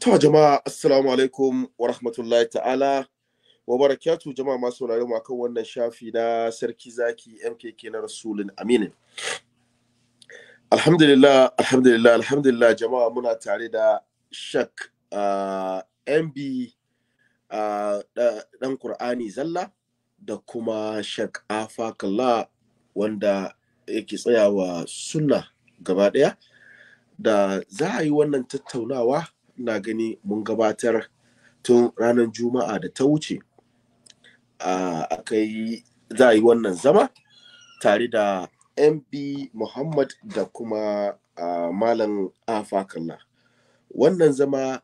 To jama'a assalamu alaikum wa rahmatullahi ta'ala wa barakatu jama'a masu saurare mu akan wannan shafi na sarki zaki MKK na Rasulun Aminin. Alhamdulillah alhamdulillah alhamdulillah jama'a muna tare da Shak uh, MB uh, ah, dan Kur'ani zalla da kuma Shak afakalla wanda yake tsayawa sunna gaba ɗaya da za a yi wannan tattaunawa ina gani mun gabatar tun ranar juma'a da ta wuce kai za a yi wannan zama tare da mb muhammad da kuma malam afakalla wannan zama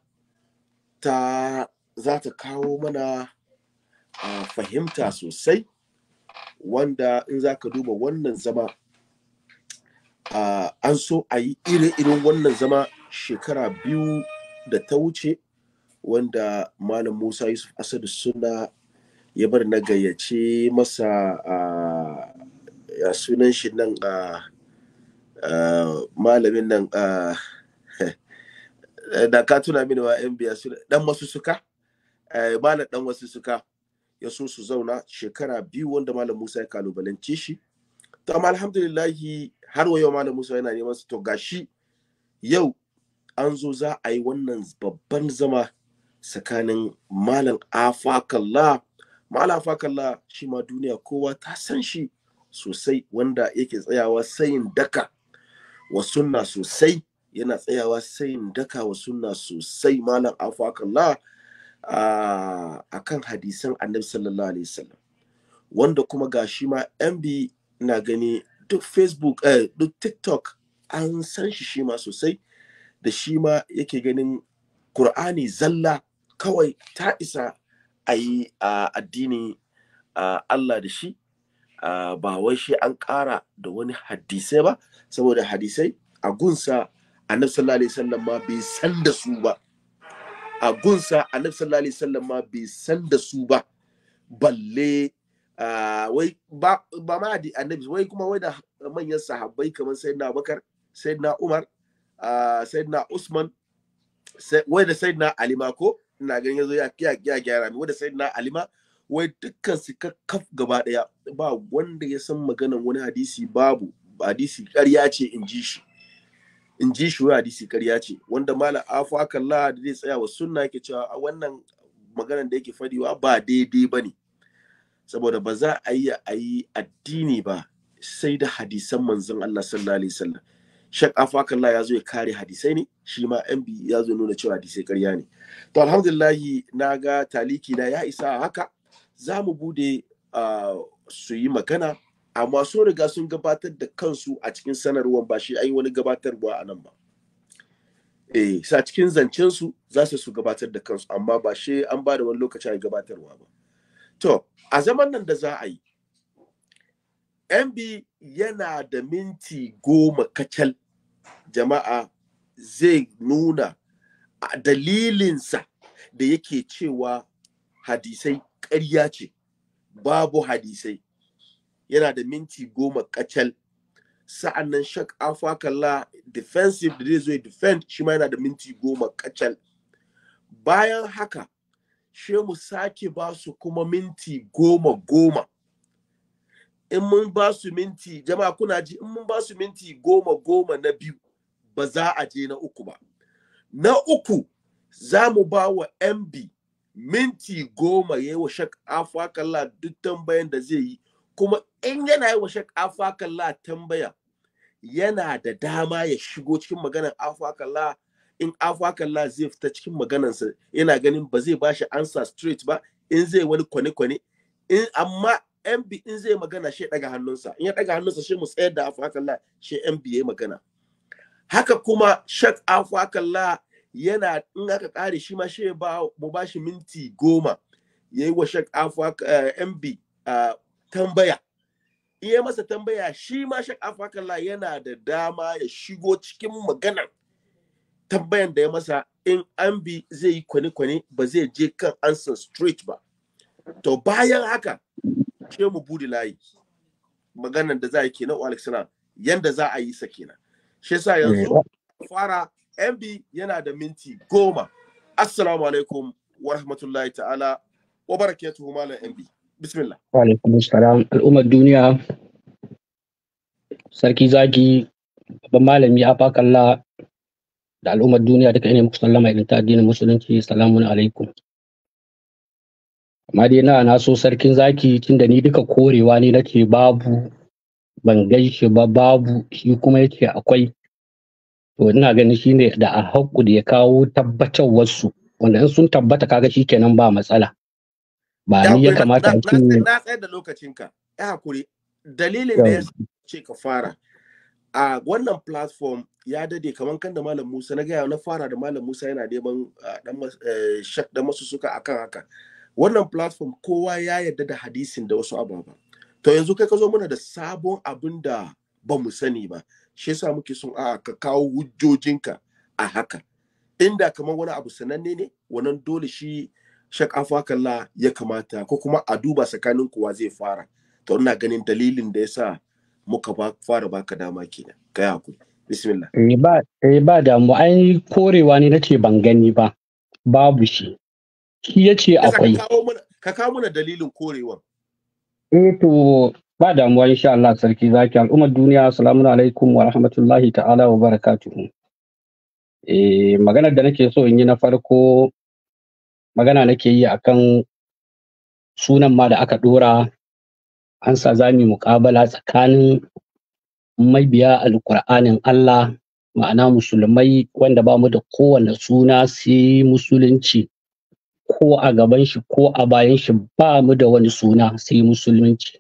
ta za ta kawo mana fahimta sosai wanda in za ka duba wannan zama an so a yi ire-iren wannan zama shekara biyu da ta wuce wanda malam musa yusuf asadu suna ya bar na gayyace masa a sunan shi nan a malamin nan a da ka tuna mini wa yan biya dan wasu suka eh, malam dan wasu suka ya so su zauna shekara biyu wanda malam musa ya kalubalance shi to amma alhamdulillahi har wa yau malam musa yana neman su to gashi yau an zo za a yi wannan babban zama tsakanin malam afakalla malam afakalla shi ma duniya kowa ta san shi sosai wanda yake tsayawa sayin daka wa sunna sosai yana tsayawa sayin daka wa sunna sosai malam afakalla a kan hadisan annabi sallallahu alaihi wasallam wanda kuma ga shi ma mb na gani duk facebook eh, duk tiktok an san shi shi ma sosai da shi ma yake ganin Kur'ani zalla kawai ta isa a yi addini Allah da shi ba wai shi an ƙara da wani hadisai ba saboda hadisai a gunsa annabi sallallahu alaihi wasallam ma bai san da su ba a gunsa annabi sallallahu alaihi wasallam ma bai san da su ba balle wai ba ma annabi wai kuma wai da manyan sahabbai kamar sayyidina Abubakar sayyidina Umar sayyidina usman wai da sayyidina alima ko ina ganin yazo ya kiya kiya gyara mi wai da sayyidina alima wai dukkan su kakkaf gaba daya ba wanda ya san maganan wani hadisi babu hadisi ƙarya ce in ji shi in ji shi wani hadisi ƙarya ce wanda malam afu akalla da zai tsaya wa sunna yake cewa wannan maganan da yake fadiwa ba daidai ba ne saboda ba za a yi a yi addini ba sai da hadisan manzon Allah sallallahu alaihi wasallam Sheikh Afakallah ya zo ya kare hadisai ne shi ma MB ya zo nuna cewa hadisai karya ne to alhamdulillah na ga taliki na ya isa haka za mu bude su yi magana amma sun riga sun gabatar da kansu a cikin sanarwar ba shi ai wani gabatarwa a nan ba eh sa cikin zancen su za su su gabatar da kansu amma ba shi an ba da wani lokaci a gabatarwa ba to a zaman nan da za a yi MB yana da minti goma kacal jama'a zai nuna a dalilinsa da yake cewa hadisai ƙarya ce babu hadisai yana da minti goma kacal sa'an nan shak afakalla defensive da zai zo defend shi ma yana da minti goma kacal bayan haka shi mu sake ba su kuma minti goma goma in mun ba su minti jama'a kuna ji in mun ba su minti goma goma na biyu ba za a je na uku ba na uku za mu ba wa mb minti goma ya yi wa shak afakalla duk tambayan da zai yi kuma in yana yi wa shak afakalla tambaya yana da dama ya shigo cikin maganar afakalla in afakalla zai fita cikin maganarsa yana ganin ba zai bashi ansa straight ba in zai wani kwane-kwane amma mb in zai magana shi daga hannunsa in ya daga hannunsa shi mu tsayar da afakalla shi mb ya magana haka kuma shak afakalla yana in aka kare shi ma shi ba mu ba shi minti goma yayi wa shak uh, eh, mb eh, tambaya iya masa tambaya shi ma shak afakalla yana da dama ya shigo cikin maganar tambayan da ya masa in mb zai yi kwane-kwane ba zai je kan ansa straight ba to bayan haka ce mu budi layi maganar da za a yi kenan alexander yanda za a yi sa kenan shesa yasa yanzu eh. fara mb yana da minti goma assalamu alaikum wa rahmatullahi ta'ala wa barakatuhu malam mb bismillah wa alaikum assalam al'ummar duniya sarki zaki babban malami ya baka Allah da al'ummar duniya duka ne muku sallama irin ta addinin musulunci salamu alaikum amma dai na na so sarkin zaki tunda ni duka korewa ne nake babu ban gan shi ba babu shi kuma ya ce akwai to ina ganin shi ne da alhaku da ya kawo tabbatar wasu wanda in sun tabbata kaga shi kenan ba matsala ba ni ya kamata a ce na tsayar da lokacinka ya hakuri dalilin da ya ce ka fara a wannan platform ya dade kamar kan da malam Musa na gaya na fara da malam Musa yana neman dan eh, shak da masu suka akan haka wannan platform kowa ya yarda da hadisin da wasu ababa to yanzu kai ka zo mana da sabon abin da ba mu sani ba shi yasa muke son a ka kawo hujjojinka a haka inda kamar wani abu sananne ne wannan dole shi shakafa kalla ya kamata ko kuma a duba tsakanin kuwa zai fara to ina ganin dalilin da yasa muka fara baka dama kenan kai hakuri bismillah eh, ba eh, ba damu ai korewa ne nace ban gani ba babu shi shi yace akwai ka kawo mana dalilin korewan Eh to ba damuwa insha Allah sarki zaki al'ummar duniya assalamu alaikum wa rahmatullahi ta'ala wa barakatuhu. Eh maganar da nake so in yi na farko magana nake yi akan sunan ma da aka dora an sa za mu muƙabala tsakanin mabiya alƙur'anin Allah ma'ana musulmai wanda ba mu da kowane suna sai musulunci ko a gaban shi ko a bayan shi ba mu da wani suna sai musulunci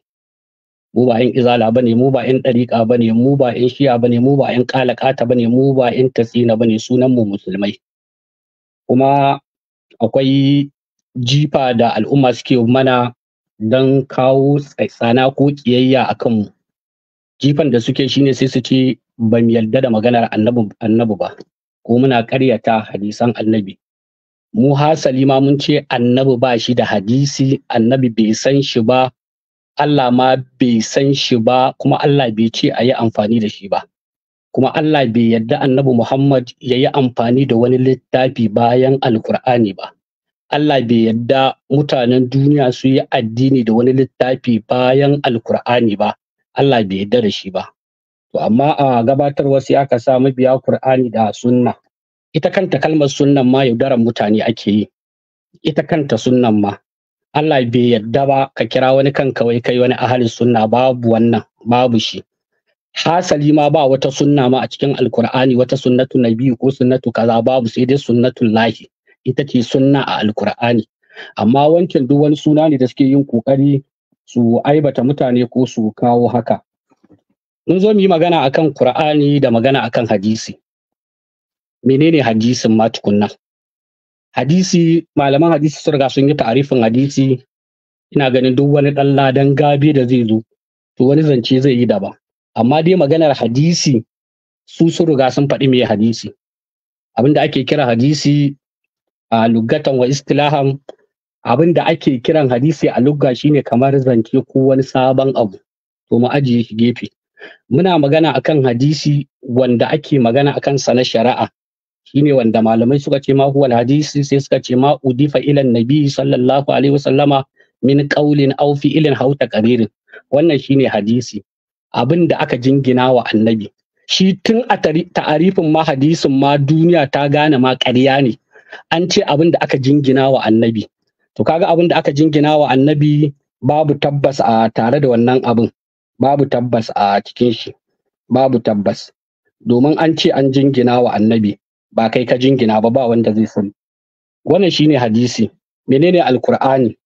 mu ba yan izala bane mu ba yan dariqa bane mu ba yan shiya bane mu ba yan kalakata bane mu ba yan tasina bane sunan mu musulmai kuma akwai jifa da al'umma suke mana don kawo tsana ko kiyayya a kanmu jifan da suke shine sai su ce ba yarda da maganar annabi ba ko muna karyata hadisan annabi mu hasali ma mun ce annabi ba shi da hadisi annabi bai san shi ba Allah ma bai san shi ba kuma Allah bai ce a yi amfani da shi ba kuma Allah bai yarda annabi Muhammad ya yi amfani da wani littafi bayan alkur'ani ba Allah bai yarda mutanen duniya su yi addini da wani littafi bayan alkur'ani ba Allah bai yarda da shi ba to amma a gabatarwa sai aka sa biya Kur'ani da sunna ita kanta kalmar sunan ma yaudaran mutane ake yi ita kanta sunan ma Allah bai yadda ba ka kira wani kan kawai kai wani ahalin sunna babu wannan babu shi hasali ma ba wata sunna ma a cikin alkur'ani wata sunnatu nabi ko sunnatu kaza babu sai dai sunnatul lahi ita ce sunna a alkur'ani amma wancan duk wani suna ne da suke yin kokari su aibata mutane ko su kawo haka mun zo mu yi magana akan Kur'ani da magana akan hadisi menene hadisin ma tukunna hadisi malaman hadisi su riga sun yi ta'arifin hadisi ina ganin duk wani dan ladan gabe da zai zo to wani zance zai yi daban amma dai maganar hadisi su sun riga sun faɗi me hadisi abinda ake kira hadisi a lugatan wa istilahan abinda ake kiran hadisi a lugga shine kamar zance ko wani sabon abu to mu ajiye shi gefe muna magana akan hadisi wanda ake magana akan sa na shari'a shine wanda malamai suka ce ma huwal hadisi sai suka ce ma udifa ilan nabi sallallahu alaihi wasallama min qaulin aw ilin hauta taqririn wannan shine hadisi abinda aka jingina wa annabi shi tun a ta'arifin ma hadisin ma duniya ta gane ma ƙarya ne an ce abin aka jingina wa annabi to kaga abin da aka jingina wa annabi babu tabbas a tare da wannan abin babu tabbas a cikin shi babu tabbas domin an ce an jingina wa annabi ba kai ka jingina ba ba wanda zai sani wannan shine hadisi menene alkur'ani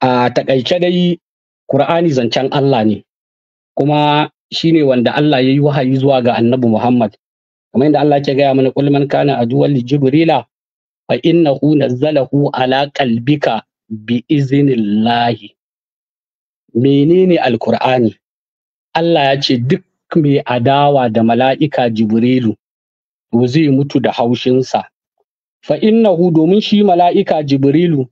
a takaice dai Kur'ani zancen Allah ne kuma shine wanda Allah ya yi wahayi zuwa ga Annabi Muhammad kamar yadda Allah ke gaya mana qul man kana aduwwan li jibrila fa innahu nazzalahu ala qalbika bi iznillahi menene alkur'ani Allah ya ce duk mai adawa da mala'ika jibrilu to zai mutu da haushinsa fa innahu domin shi mala'ika jibrilu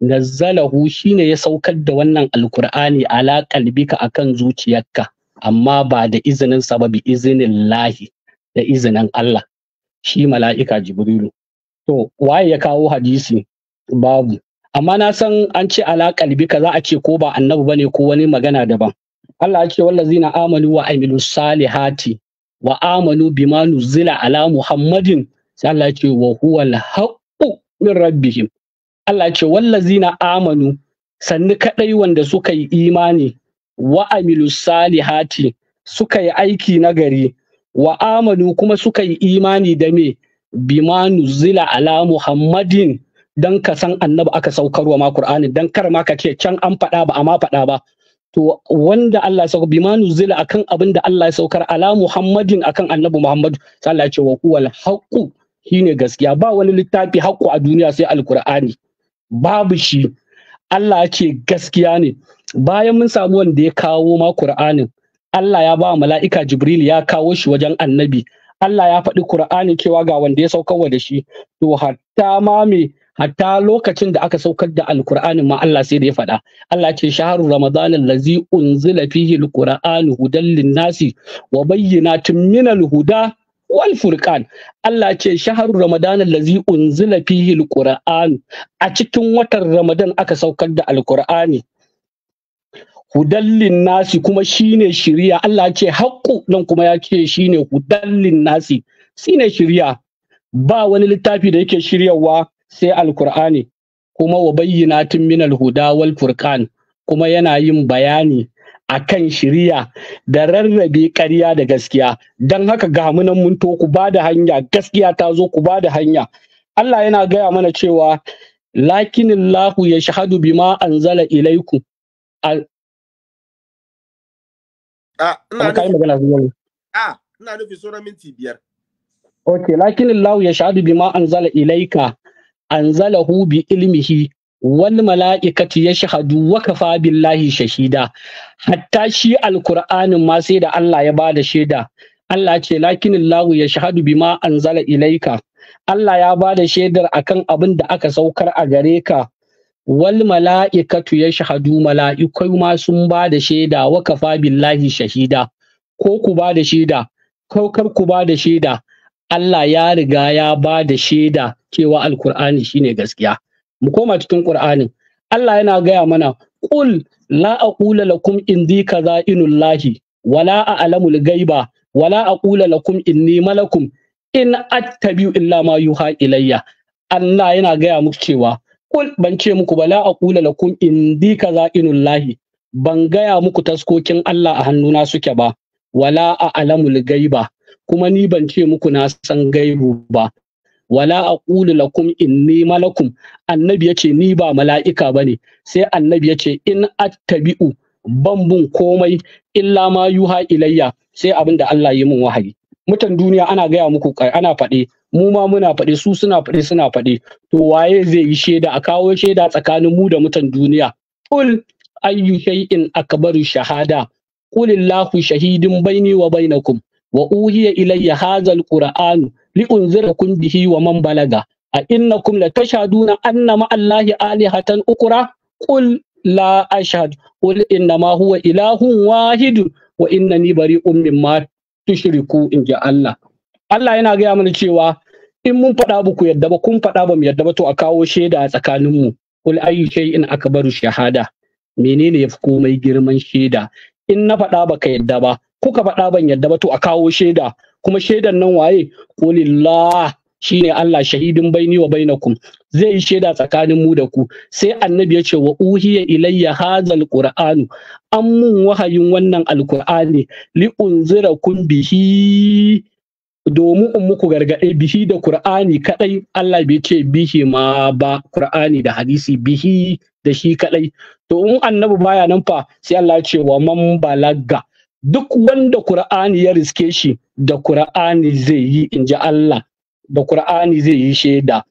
nazzalahu ne ya saukar da wannan alkur'ani ala kalbika akan zuciyarka amma ba da izinin sa ba izinin lahi da izinin Allah shi mala'ika jibrilu to waye ya kawo hadisi babu amma na san an ce ala kalbika za a ce ko ba annabi bane ko wani magana daban Allah ya ce wallazina amanu wa amilus salihati wa amanu bima nuzila ala muhammadin sai Allah ce wa huwa haqqu min rabbihim Allah ce wallazina amanu sannu kadai wanda suka yi imani wa amilu salihati suka yi aiki na gari wa amanu kuma suka yi imani da me bima nuzila ala muhammadin dan ka san annabi aka saukarwa ma qur'ani dan kar ma ka ce can an faɗa ba a ma ba to wanda Allah ya sauka bima nuzila akan abin da Allah ya saukar ala Muhammadin akan Annabi Muhammad sai Allah ya ce wa huwal haqqu shine gaskiya ba wani littafi haqqu a duniya sai alqur'ani babu shi Allah ya ce gaskiya ne bayan mun samu wanda ya kawo ma Qur'anin Allah ya ba mala'ika Jibril ya kawo shi wajen Annabi Allah ya faɗi Qur'ani cewa ga wanda ya saukar wa da shi to hatta ma me hatta lokacin da aka saukar da alkur'anin ma Allah sai da ya faɗa Allah ce shaharu ramadan allazi unzila fihi alqur'anu hudan linnasi wa bayyinatin minal huda wal furqan Allah ce shaharu ramadan allazi unzila fihi alqur'an a cikin watan ramadan aka saukar da Alkur'ani. hudallin nasi kuma shine shiriya Allah ce haƙƙu nan kuma ya ce shine hudallin nasi shine shiriya ba wani littafi da yake shiryawa sai alkur'ani kuma wa bayyinatin minal huda wal furqan kuma yana yin bayani akan shiriya da rarrabe ƙarya da gaskiya don haka ga munan mun to ku ba da hanya gaskiya ta zo ku ba da hanya Allah yana gaya mana cewa lakinillahu ya shahadu bima anzala ilaiku ina nufi sauran minti biyar. Ok, lakin Allah ya shahadu bima anzala ilaika anzalahu bi ilmihi wal mala'ikati yashhadu wa kafa billahi shahida hatta shi alqur'anin ma sai da Allah ya bada shaida Allah ce ya shahadu bima anzala ilaika Allah ya bada shaidar akan abin da aka saukar a gare ka wal mala'ikatu yashhadu mala'ikai ma sun bada shaida wa kafa billahi shahida ko ku bada shaida ko kar ku bada shaida Allah ya riga ya ba da shaida cewa alkur'ani shine gaskiya mu koma cikin qur'anin Allah yana gaya mana qul la aqula lakum indi kaza'inullahi wala a'lamul gaiba wala aqula lakum inni malakum in attabi'u illa ma yuha ilayya Allah yana gaya muku cewa qul ban ce muku ba la aqula lakum indi kaza'inullahi ban gaya muku taskokin Allah a hannuna suke ba wala a'lamul gaiba kuma ni ban ce muku na san gaibu ba wala aqulu lakum inni malakum annabi yace ni ba mala'ika ba ne. sai annabi yace in attabi'u ban bin komai illa ma yuha ilayya sai abinda Allah yi min wahayi mutan duniya ana gaya muku ana faɗe mu ma muna faɗe su suna faɗe suna faɗe to waye zai yi shaida a kawo shaida tsakanin mu da mutan duniya qul ayyu shay'in akbaru shahada qulillahu shahidin baini wa bainakum wa uhiya ilayya hazal qur'anu li unzirakum bihi wa man balaga a innakum la tashhaduna anna ma allahi alihatan ukra qul la ashhadu qul ma huwa ilahun wahidun wa innani bari'un mimma tushriku ji Allah Allah yana gaya mana cewa in mun faɗa ba ku yadda ba kun faɗa ba mu yadda ba to a kawo shaida a tsakanin mu kul ayyu shay'in akbaru shahada menene yafi komai girman shaida in na faɗa baka yadda ba kuka faɗa ban yadda ba to a kawo shaida kuma shaidan nan waye qulillah shine Allah shahidin baini wa bainakum zai yi shaida tsakanin mu da ku sai annabi ya ce wa uhiya ilayya hazal qur'anu an mun wahayin wannan alqur'ani li unzirakum bihi domin in muku gargaɗe bihi da qur'ani kadai Allah bai ce bihi ma ba qur'ani da hadisi bihi da shi kadai to in annabi baya nan fa sai Allah ya ce wa man balagga duk wanda Qur'ani ya riske shi da Qur'ani zai yi inji Allah da Qur'ani zai yi shaida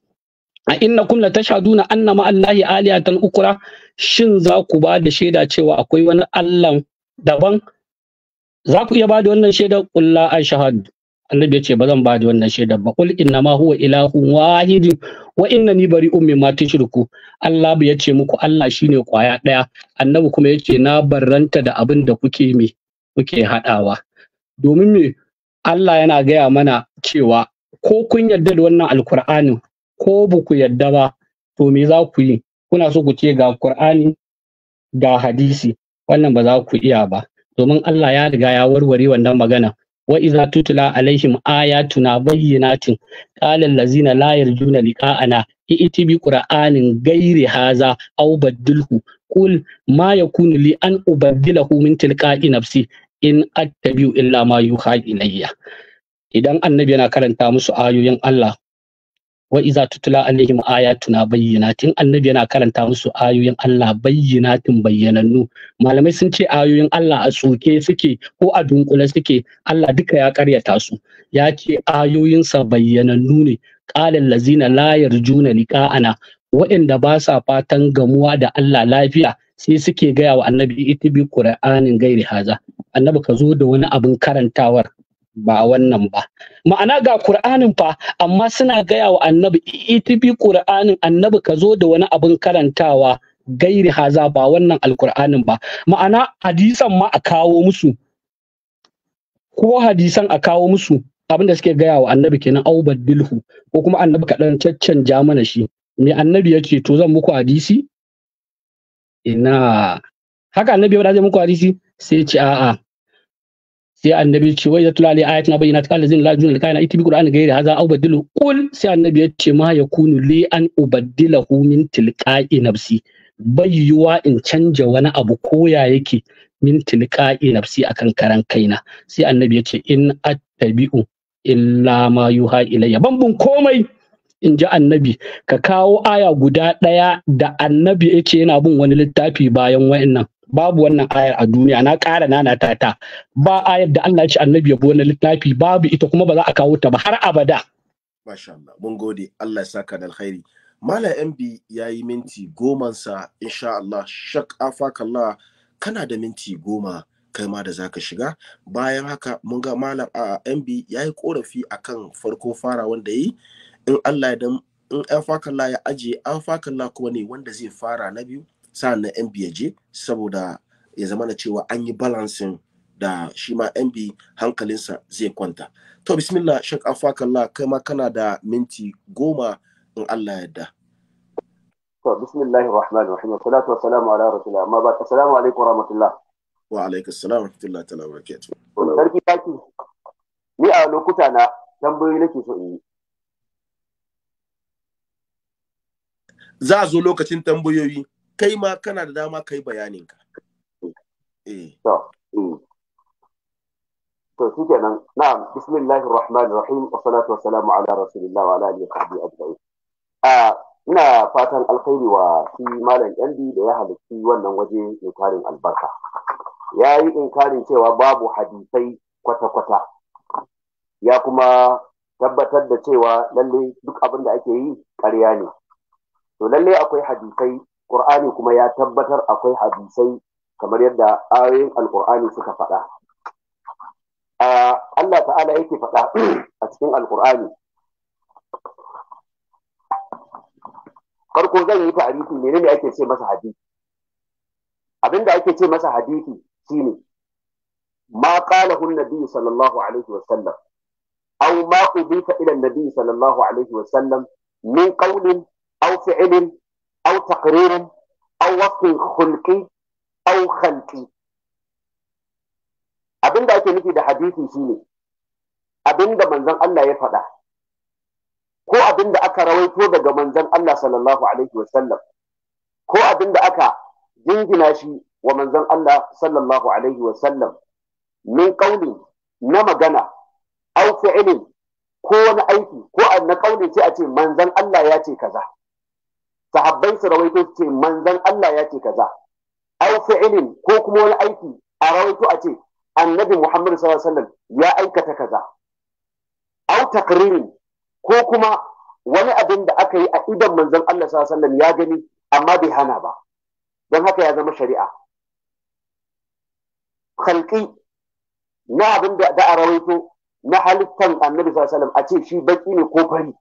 a kum la tashhaduna anna ma Allahi aliyatan ukra shin za ku ba da shaida cewa akwai wani Allah daban za ku iya ba da wannan shaidar la ashhadu annabi ya ce ba zan ba da wannan shaida ba qul inna ma huwa ilahun wahidin wa innani bari'un mimma tushriku Allah ya ce muku Allah shine kwaya daya annabi kuma yace na barranta da abin da kuke me kuke hadawa domin me Allah yana gaya mana cewa ko kun yarda da wannan alqur'ani ko ba ku yarda ba to me za ku yi kuna so ku ce ga alqur'ani ga hadisi wannan ba za ku iya ba domin Allah ya riga ya warware wannan magana wa iza tutla alaihim ayatuna bayyinatin qala allazina la yarjuna liqa'ana i'ti bi qur'anin ghairi haza aw badilhu qul ma yakunu li an ubaddilahu min tilqa'i nafsi in attabi'u illa ma yuha ilayya idan annabi yana karanta musu ayoyin Allah wa iza tutula alaihim ayatuna bayyinatin annabi yana karanta musu ayoyin Allah bayyinatin bayyanannu malamai sun ce ayoyin Allah a tsoke suke ko a dunkule suke Allah duka ya karyata su ya ce ayoyinsa bayyanannu ne qalan lazina la yarjuna liqa'ana waɗanda ba sa fatan gamuwa da Allah lafiya sai suke gaya wa annabi itibi qur'anin gairi haza annabi ka zo da wani abin karantawar ba wannan ba ma'ana ga qur'anin fa amma suna gaya wa annabi itibi qur'anin annabi ka zo da wani abin karantawa gairi haza ba wannan alkur'anin ba ma'ana hadisan ma a kawo musu ko hadisan a kawo musu abinda suke gaya wa annabi kenan au badilhu ko kuma annabi kaɗan caccan mana shi me annabi yake to zan muku hadisi ina haka annabi ya zai muku hadisi sai ce a'a sai annabi ce wai zatul ali ayatuna bayyinat qala zin la junal kana itibi qur'an gairi haza aw badilu qul sai annabi ya ce ma yakunu li an ubaddilahu min tilqa'i nafsi bayyuwa in canja wani abu koya yake min tilqa'i nafsi akan karan kaina sai annabi ya ce in attabi'u illa ma yuha ilayya ban bin komai in ji annabi ka kawo aya guda ɗaya da annabi yake yana bin wani littafi bayan wa'annan babu wannan ayar a duniya na ƙara nana ta ba ayar da Allah ya ci annabi ya bi littafi babu ita kuma ba za a kawo ta ba har abada masha Allah mun gode Allah ya saka da alkhairi Mala MB ya minti goma sa insha Allah shak afakallah kana da minti goma kai ma da zaka shiga bayan haka mun ga malam MB ya korafi akan farko fara wanda yi in Allah ya in afakalla ya aje kuma ne wanda zai fara na biyu sa'an nan mb ya je saboda ya zama na cewa an yi balansin da shi ma NB hankalinsa zai kwanta to bismillah shek afakallah kai ma kana da minti goma in allah yadda to bismillahir rahmanir rahim salatu wassalamu ala rasulillah amma ba assalamu alaikum warahmatullah wa alaikum assalam wa rahmatullah ta'ala wa barakatuh sarki baki ni a lokuta na tambayoyi nake so in yi za a zo lokacin tambayoyi kai ma kana da dama kai bayaninka. Eh. eh. To shi kenan. Na'am, bismillahir rahmanir rahim wa salatu wa salamu ala rasulillah wa ala alihi wa sahbihi ajma'in. Ah, ina fatan alkhairi wa shi malam Yandi da ya halarci wannan waje mai tarin albarka. Ya yi inkarin cewa babu hadisai kwata-kwata. Ya kuma tabbatar da cewa lalle duk abin da ake yi ƙarya ne. To lalle akwai hadisai ƙur'ani kuma ya tabbatar akwai hadisai kamar yadda ayoyin Alƙur'ani suka faɗa Allah ta'ala yake faɗa a cikin alqur'ani farko zan yi ta'arifi menene ake ce masa hadisi abinda ake ce masa hadisi shine ma qalahu an biyu sallallahu alaihi wa sallam aw ma udifa ila an-nabi sallallahu alaihi wa sallam min qawlin aw fi'lin au takririn, au waqin khulqi au khalqi abinda ake nufi da hadisi shine abinda manzon Allah ya faɗa ko abinda aka rawaito daga manzan Allah sallallahu alaihi wasallam ko abinda aka jingina shi wa manzan Allah sallallahu alaihi wasallam na magana au fi'lin ko wani aiki ko na kauli ce a ce manzon Allah ya ce kaza sahabbai su rawaito su ce manzon Allah ya ce kaza au fi'ilin ko kuma wani aiki a rawaito a ce annabi Muhammad sallallahu alaihi wasallam ya aikata kaza au takririn ko kuma wani abin da aka yi a idan manzan Allah sallallahu alaihi wasallam ya gani amma bai hana ba don haka ya zama shari'a khalqi na abin da a rawaito na halittan annabi sallallahu alaihi wasallam a ce shi baki ne ko fari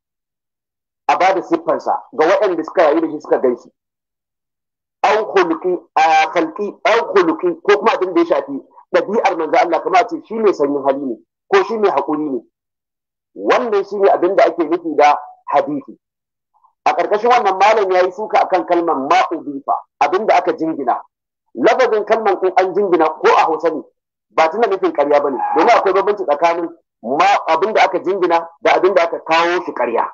a ba da siffansa ga waɗanda suka rayu da shi suka shi an hulki a kalki an ko kuma abin da ya shafi ɗabi'ar manzo Allah kamar ce shi ne sanyin hali ne ko shi ne haƙuri ne wannan shi ne abin da ake nufi da hadisi a ƙarƙashin wannan malam ya yi suka akan kalmar ma'ubifa abin da aka jingina lafazin kalmar in an jingina ko a hausa ne ba tana nufin ƙarya ba ne domin akwai bambanci tsakanin abin da aka jingina da abin da aka kawo shi ƙarya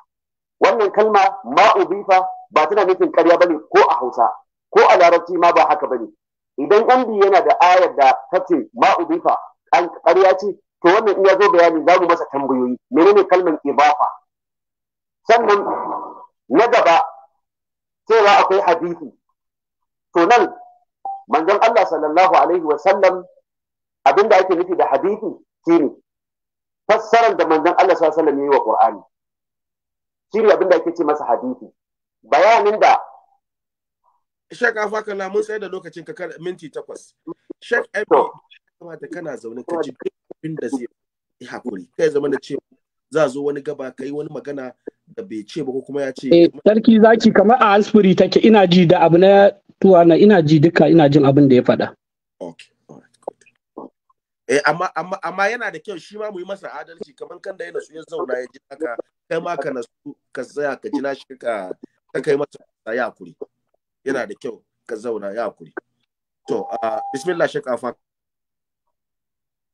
wannan kalma ma ubifa ba tana nufin ƙarya bane ko a Hausa ko a Larabci ma ba haka bane idan ambi yana da ayar da ta ce ma ubifa an ƙarya ce to wannan in ya zo bayani za mu masa tambayoyi menene kalmar ibafa sannan na gaba cewa akwai hadisi to nan manzon Allah sallallahu alaihi wa sallam abinda ake nufi da hadisi shine fassarar da manzon Allah sallallahu alaihi wa sallam yayi wa Qur'ani shine abin da ake ce masa hadisi bayanin da Shek Afakala mun sai da lokacin ka minti takwas. Shek Abi da kana zaune ka ji abin da zai hakuri. Kai zama da cewa za zo wani gaba kai wani magana da bai ce ba ko kuma ya ce. Eh, sarki zaki kamar a asfiri take ina ji da abu na tuwa na ina ji duka ina jin abin da ya faɗa. Okay. Eh, amma, amma, amma yana da kyau shi ma mu yi masa adalci kamar kan da ya nasu ya zauna ya ji haka kai ma ka nasu ka tsaya ka ji nashi ka ta kai masa ya kuri yana da kyau ka zauna ya kuri to uh, bismillah shi kafa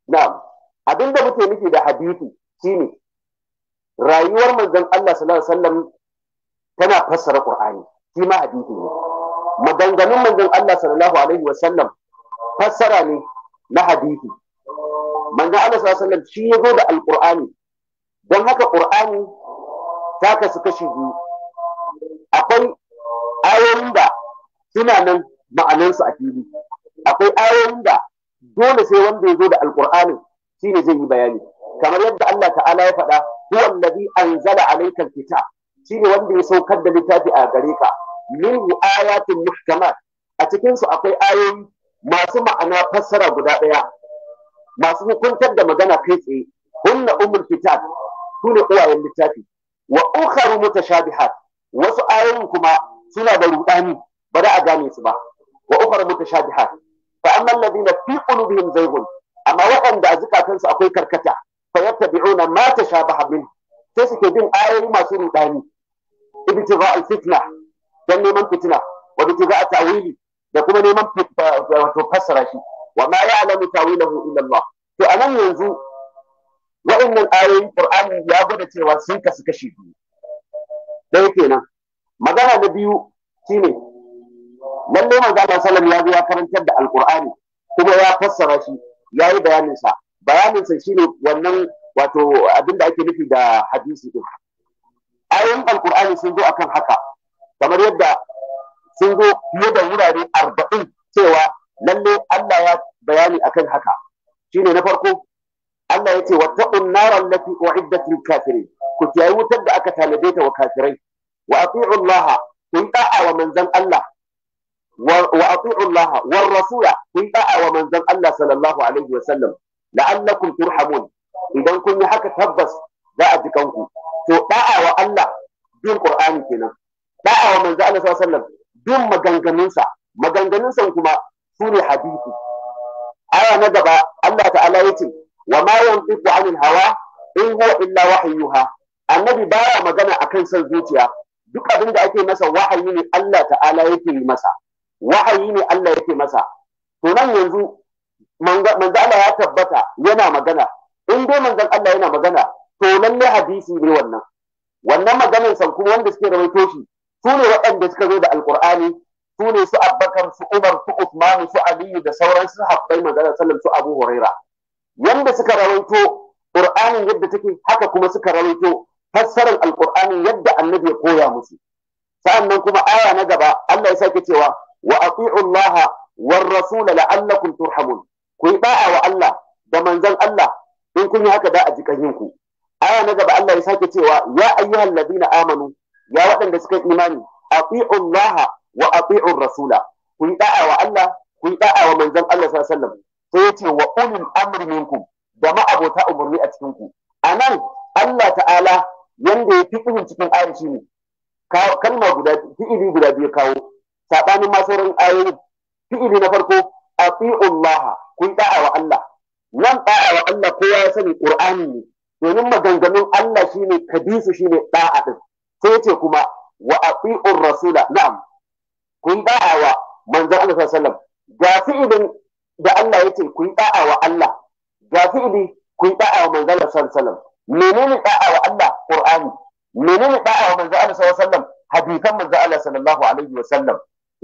na abin da muke nufi da hadithi shine rayuwar manzon Allah sallallahu alaihi wasallam tana fassara Qur'ani shi ma hadithi ne maganganun manzon Allah sallallahu alaihi wasallam fassara ne na hadithi. manzo Allah sallallahu alaihi shi ya zo da alqur'ani don haka qur'ani ta kasu kashi biyu akwai ayoyin da suna nan ma'anansu a fili akwai ayoyin da dole sai wanda ya zo da alqur'ani shine zai yi bayani kamar yadda Allah ta'ala ya faɗa huwa allazi anzala alayka alkitab shine wanda ya saukar da littafi a gare ka min ayatin muhkamat a cikin su akwai ayoyi masu ma'ana fassara guda ɗaya masu hukuntar da magana kai tsaye hunna ummul kitab sune uwayen littafi wa ukharu mutashabihat wasu ayoyin kuma suna da rudani ba za a gane su ba wa ukharu mutashabihat fa amma alladhina fi qulubihim zaygun amma waɗanda a zukatansu akwai karkata fa yattabi'una ma tashabaha min sai suke bin ayoyi masu rudani ibtigha al-fitna dan neman fitina wa ibtigha at-tawili da kuma neman wato fassara shi wa ma ya'lamu tawilahu illa Allah to anan yanzu wa'annan ayoyin Qur'ani ya gwada cewa sun kasu kashi biyu dai kenan magana na biyu shine lalle manzo sallam ya zo ya karantar da Alqur'ani kuma ya fassara shi ya yi bayanin sa bayanin sa shine wannan wato abin da ake nufi da hadisi din ayoyin Alqur'ani sun zo akan haka kamar yadda sun zo fiye da wurare arba'in cewa lalle Allah ya bayani akan haka shine na farko Allah ya ce wattaqun nar allati u'iddat lil kafirin ku kiyaye wutar da aka tanade ta wa kafirai wa ati'u Allah kun da'a wa manzon Allah wa ati'u Allah war rasula kun da'a wa manzon Allah sallallahu alaihi wa sallam la'allakum turhamun idan kun yi haka tabbas za a ji kanku to da'a wa Allah bin Qur'ani kenan da'a wa manzon Allah sallallahu alaihi wa sallam bin maganganunsa maganganunsa kuma su ne hadisi aya na gaba Allah ta'ala ya ce wa ma yantiqu anil hawa in huwa illa wahyuha annabi baya magana a kan son zuciya duk abin da ake masa wahayi ne Allah ta'ala yake yi masa wahayi ne Allah yake masa to nan yanzu manzo Allah ya tabbata yana magana in dai manzon Allah yana magana to lalle hadisi ne wannan wannan maganar san kuma wanda suke rawaito shi su ne waɗanda suka zo da alqur'ani su ne su abbakar su umar su usmanu su aliyu da sauran su habbai magana sallam su abu huraira yanda suka rawaito qur'anin yadda take haka kuma suka rawaito fassarar alqur'ani yadda annabi ya koya musu sa'annan kuma aya na gaba Allah ya sake cewa wa ati'u Allah war rasul la'allakum turhamun ku yi da'a wa Allah da manzon Allah in kun yi haka da a jikan yinku aya na gaba Allah ya sake cewa ya ayyuhal na amanu ya waɗanda suka imani ati'u Allah wa ati'ur rasula Kun yi da'a wa Allah Kun yi da'a wa manzon Allah sallallahu alaihi wasallam sai yace wa ulil amri minkum da ma'abota umarni a cikin ku anan Allah ta'ala yanda ya fiqhin cikin ayan shi ne kalma guda fi'ili guda biyu kawo sabanin ma sauran ayoyin fi'ili na farko ati'ullah kun da'a wa Allah nan da'a wa Allah kowa ya sani qur'ani ne domin maganganun Allah shine kadisu shine da'a din sai yace kuma wa ati'ur rasula na'am kun da'a wa manzon Allah sallallahu ga fi'ilin da Allah ya ce kun da'a wa Allah ga fi'ili kun da'a wa manzon Allah sallallahu alaihi menene da'a wa Allah Qur'ani menene da'a wa manzon Allah sallallahu alaihi hadisan manzon Allah sallallahu alaihi wasallam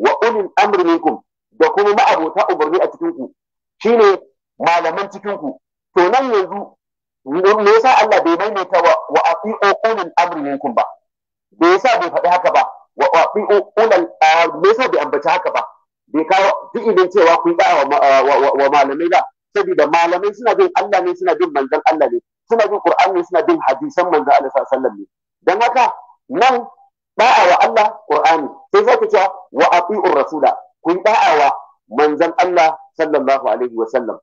wa ulil amri minkum da kuma ma'abota umarni a cikin ku shine malaman cikin ku to nan yanzu me yasa Allah bai maimaita wa aqiqu ulil amri minkum ba bai yasa bai faɗi haka ba wa ulal me yasa bai ambaci haka ba bai kawo fi'ilin cewa kun ba wa malamai ba saboda malamai suna bin Allah ne suna bin manzon Allah ne suna bin Qur'ani suna bin hadisan manzon Allah sallallahu ne dan haka nan da'a wa Allah Qur'ani sai za ka cewa wa ati'ur rasula kun da'a wa manzon Allah sallallahu alaihi wa sallam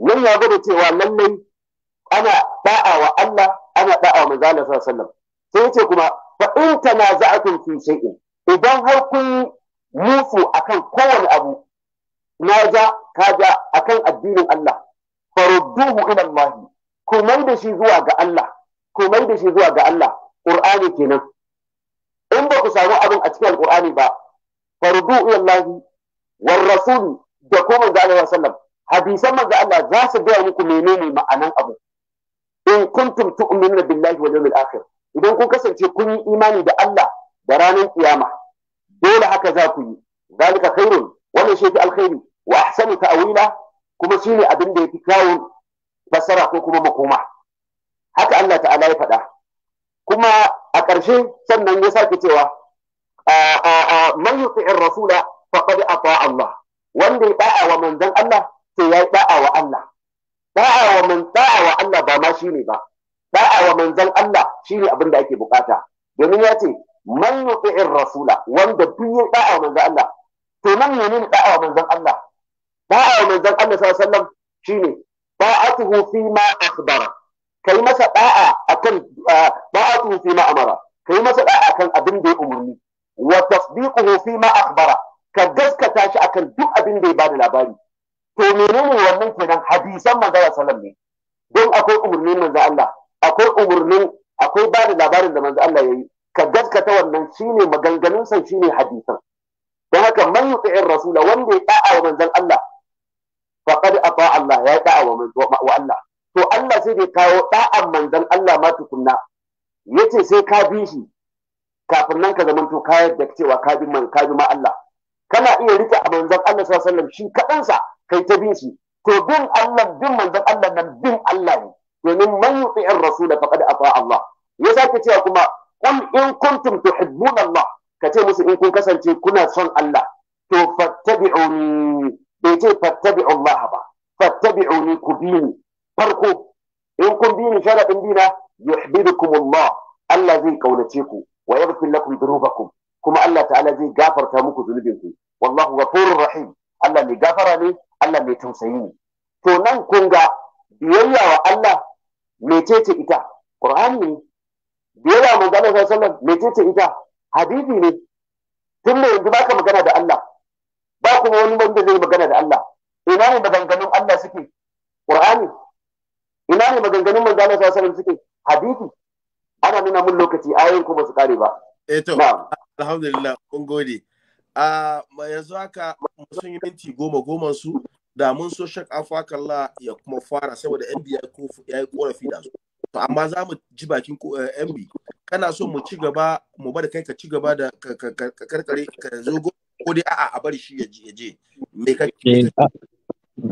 nan ya gode cewa lallai ana da'a wa Allah ana da'a wa manzon Allah sallallahu alaihi wa sallam sai yace kuma fa in tanaza'atum fi shay'in idan har kun musu akan kowane abu na ja ka ja akan addinin Allah farudduhu ila Allah ku mai da shi zuwa ga Allah ku mai da shi zuwa ga Allah Qur'ani kenan in ba ku samu abin a cikin Qur'ani ba farudduhu ila Allah war rasul da kuma manzo Allah sallam hadisan manzo Allah za su ga muku menene ma'anan abu in kuntum tu'minuna billahi wal yawmil akhir idan kun kasance kun yi imani da Allah da ranar kiyama dole haka za ku yi zalika khairun wannan shi alkhairi wa ahsanu ta'wila kuma shine abin da yake kyawun fasara ko kuma makoma haka Allah ta'ala ya faɗa kuma a ƙarshe sannan ya sake cewa man yuti'ir rasula faqad ata Allah wanda ya da'a wa manzon Allah to ya da'a wa Allah da'a wa man wa Allah ba ma shine ba da'a wa manzon Allah shine abin da ake bukata domin ya ce man yuti'ir rasula wanda duk ya da'a wa manzon Allah to nan ne menene da'a wa manzon Allah da'a wa manzon Allah sallallahu alaihi wasallam shine da'atuhu fi ma akhbara kai masa da'a akan da'atuhu fi ma amara kai masa da'a akan abin da ya umurni wa tasdiquhu fi ma akhbara ka gaskata shi akan duk abin da ya bada labari to menene wannan kenan hadisan manzon sallallahu alaihi wasallam ne don akwai umurnin manzon Allah akwai umurnin akwai ba da labarin da manzo Allah yi. ka gaskata wannan shine maganganun san shine hadisan don haka man rasula wanda ya da'a wa manzon Allah faqad ata Allah ya da'a wa wa Allah to Allah sai da kawo da'an manzon Allah ma tukunna yace sai ka bi shi kafin nan ka zamanto ka yarda cewa ka bi man ka bi ma Allah kana iya rike a manzon Allah sallallahu alaihi wasallam shi kadansa kai ta bin shi to bin Allah bin manzon Allah nan bin Allah ne domin man yuti'ir rasula faqad ata Allah ya sake cewa kuma qul in kuntum tuhibbuna Allah kace musu in kun kasance kuna son Allah to fattabi'uni bai ce fattabi'u Allah ba fattabi'uni ku bi ni farko in kun bi ni sharadin bi na yuhibbukum Allah Allah zai kaunace ku wa yaghfir lakum dhunubakum kuma Allah ta'ala zai gafarta muku zunubinku wallahu ghafurur rahim Allah mai gafara ne Allah mai tausayi ne to nan kun ga biyayya wa Allah mecece ita qur'ani ne biyayya manzon Allah sallallahu mecece ita hadisi ne tun da yanzu baka magana da Allah ba kuma wani wanda zai magana da Allah ina ne maganganun Allah suke qur'ani ina ne maganganun manzon Allah sallallahu alaihi suke hadisi ana nuna mun lokaci ayoyin ko ba su kare ba eh to alhamdulillah kun gode ah, a yanzu haka sun yi minti goma goma su da mun so shak la ya kuma fara saboda mb ya yi korafi da su to amma za mu ji bakin eh, mb kana so mu ci gaba mu bar kai ka ci gaba da karkare ka zo ko dai a'a a bari shi ya je me ka eh,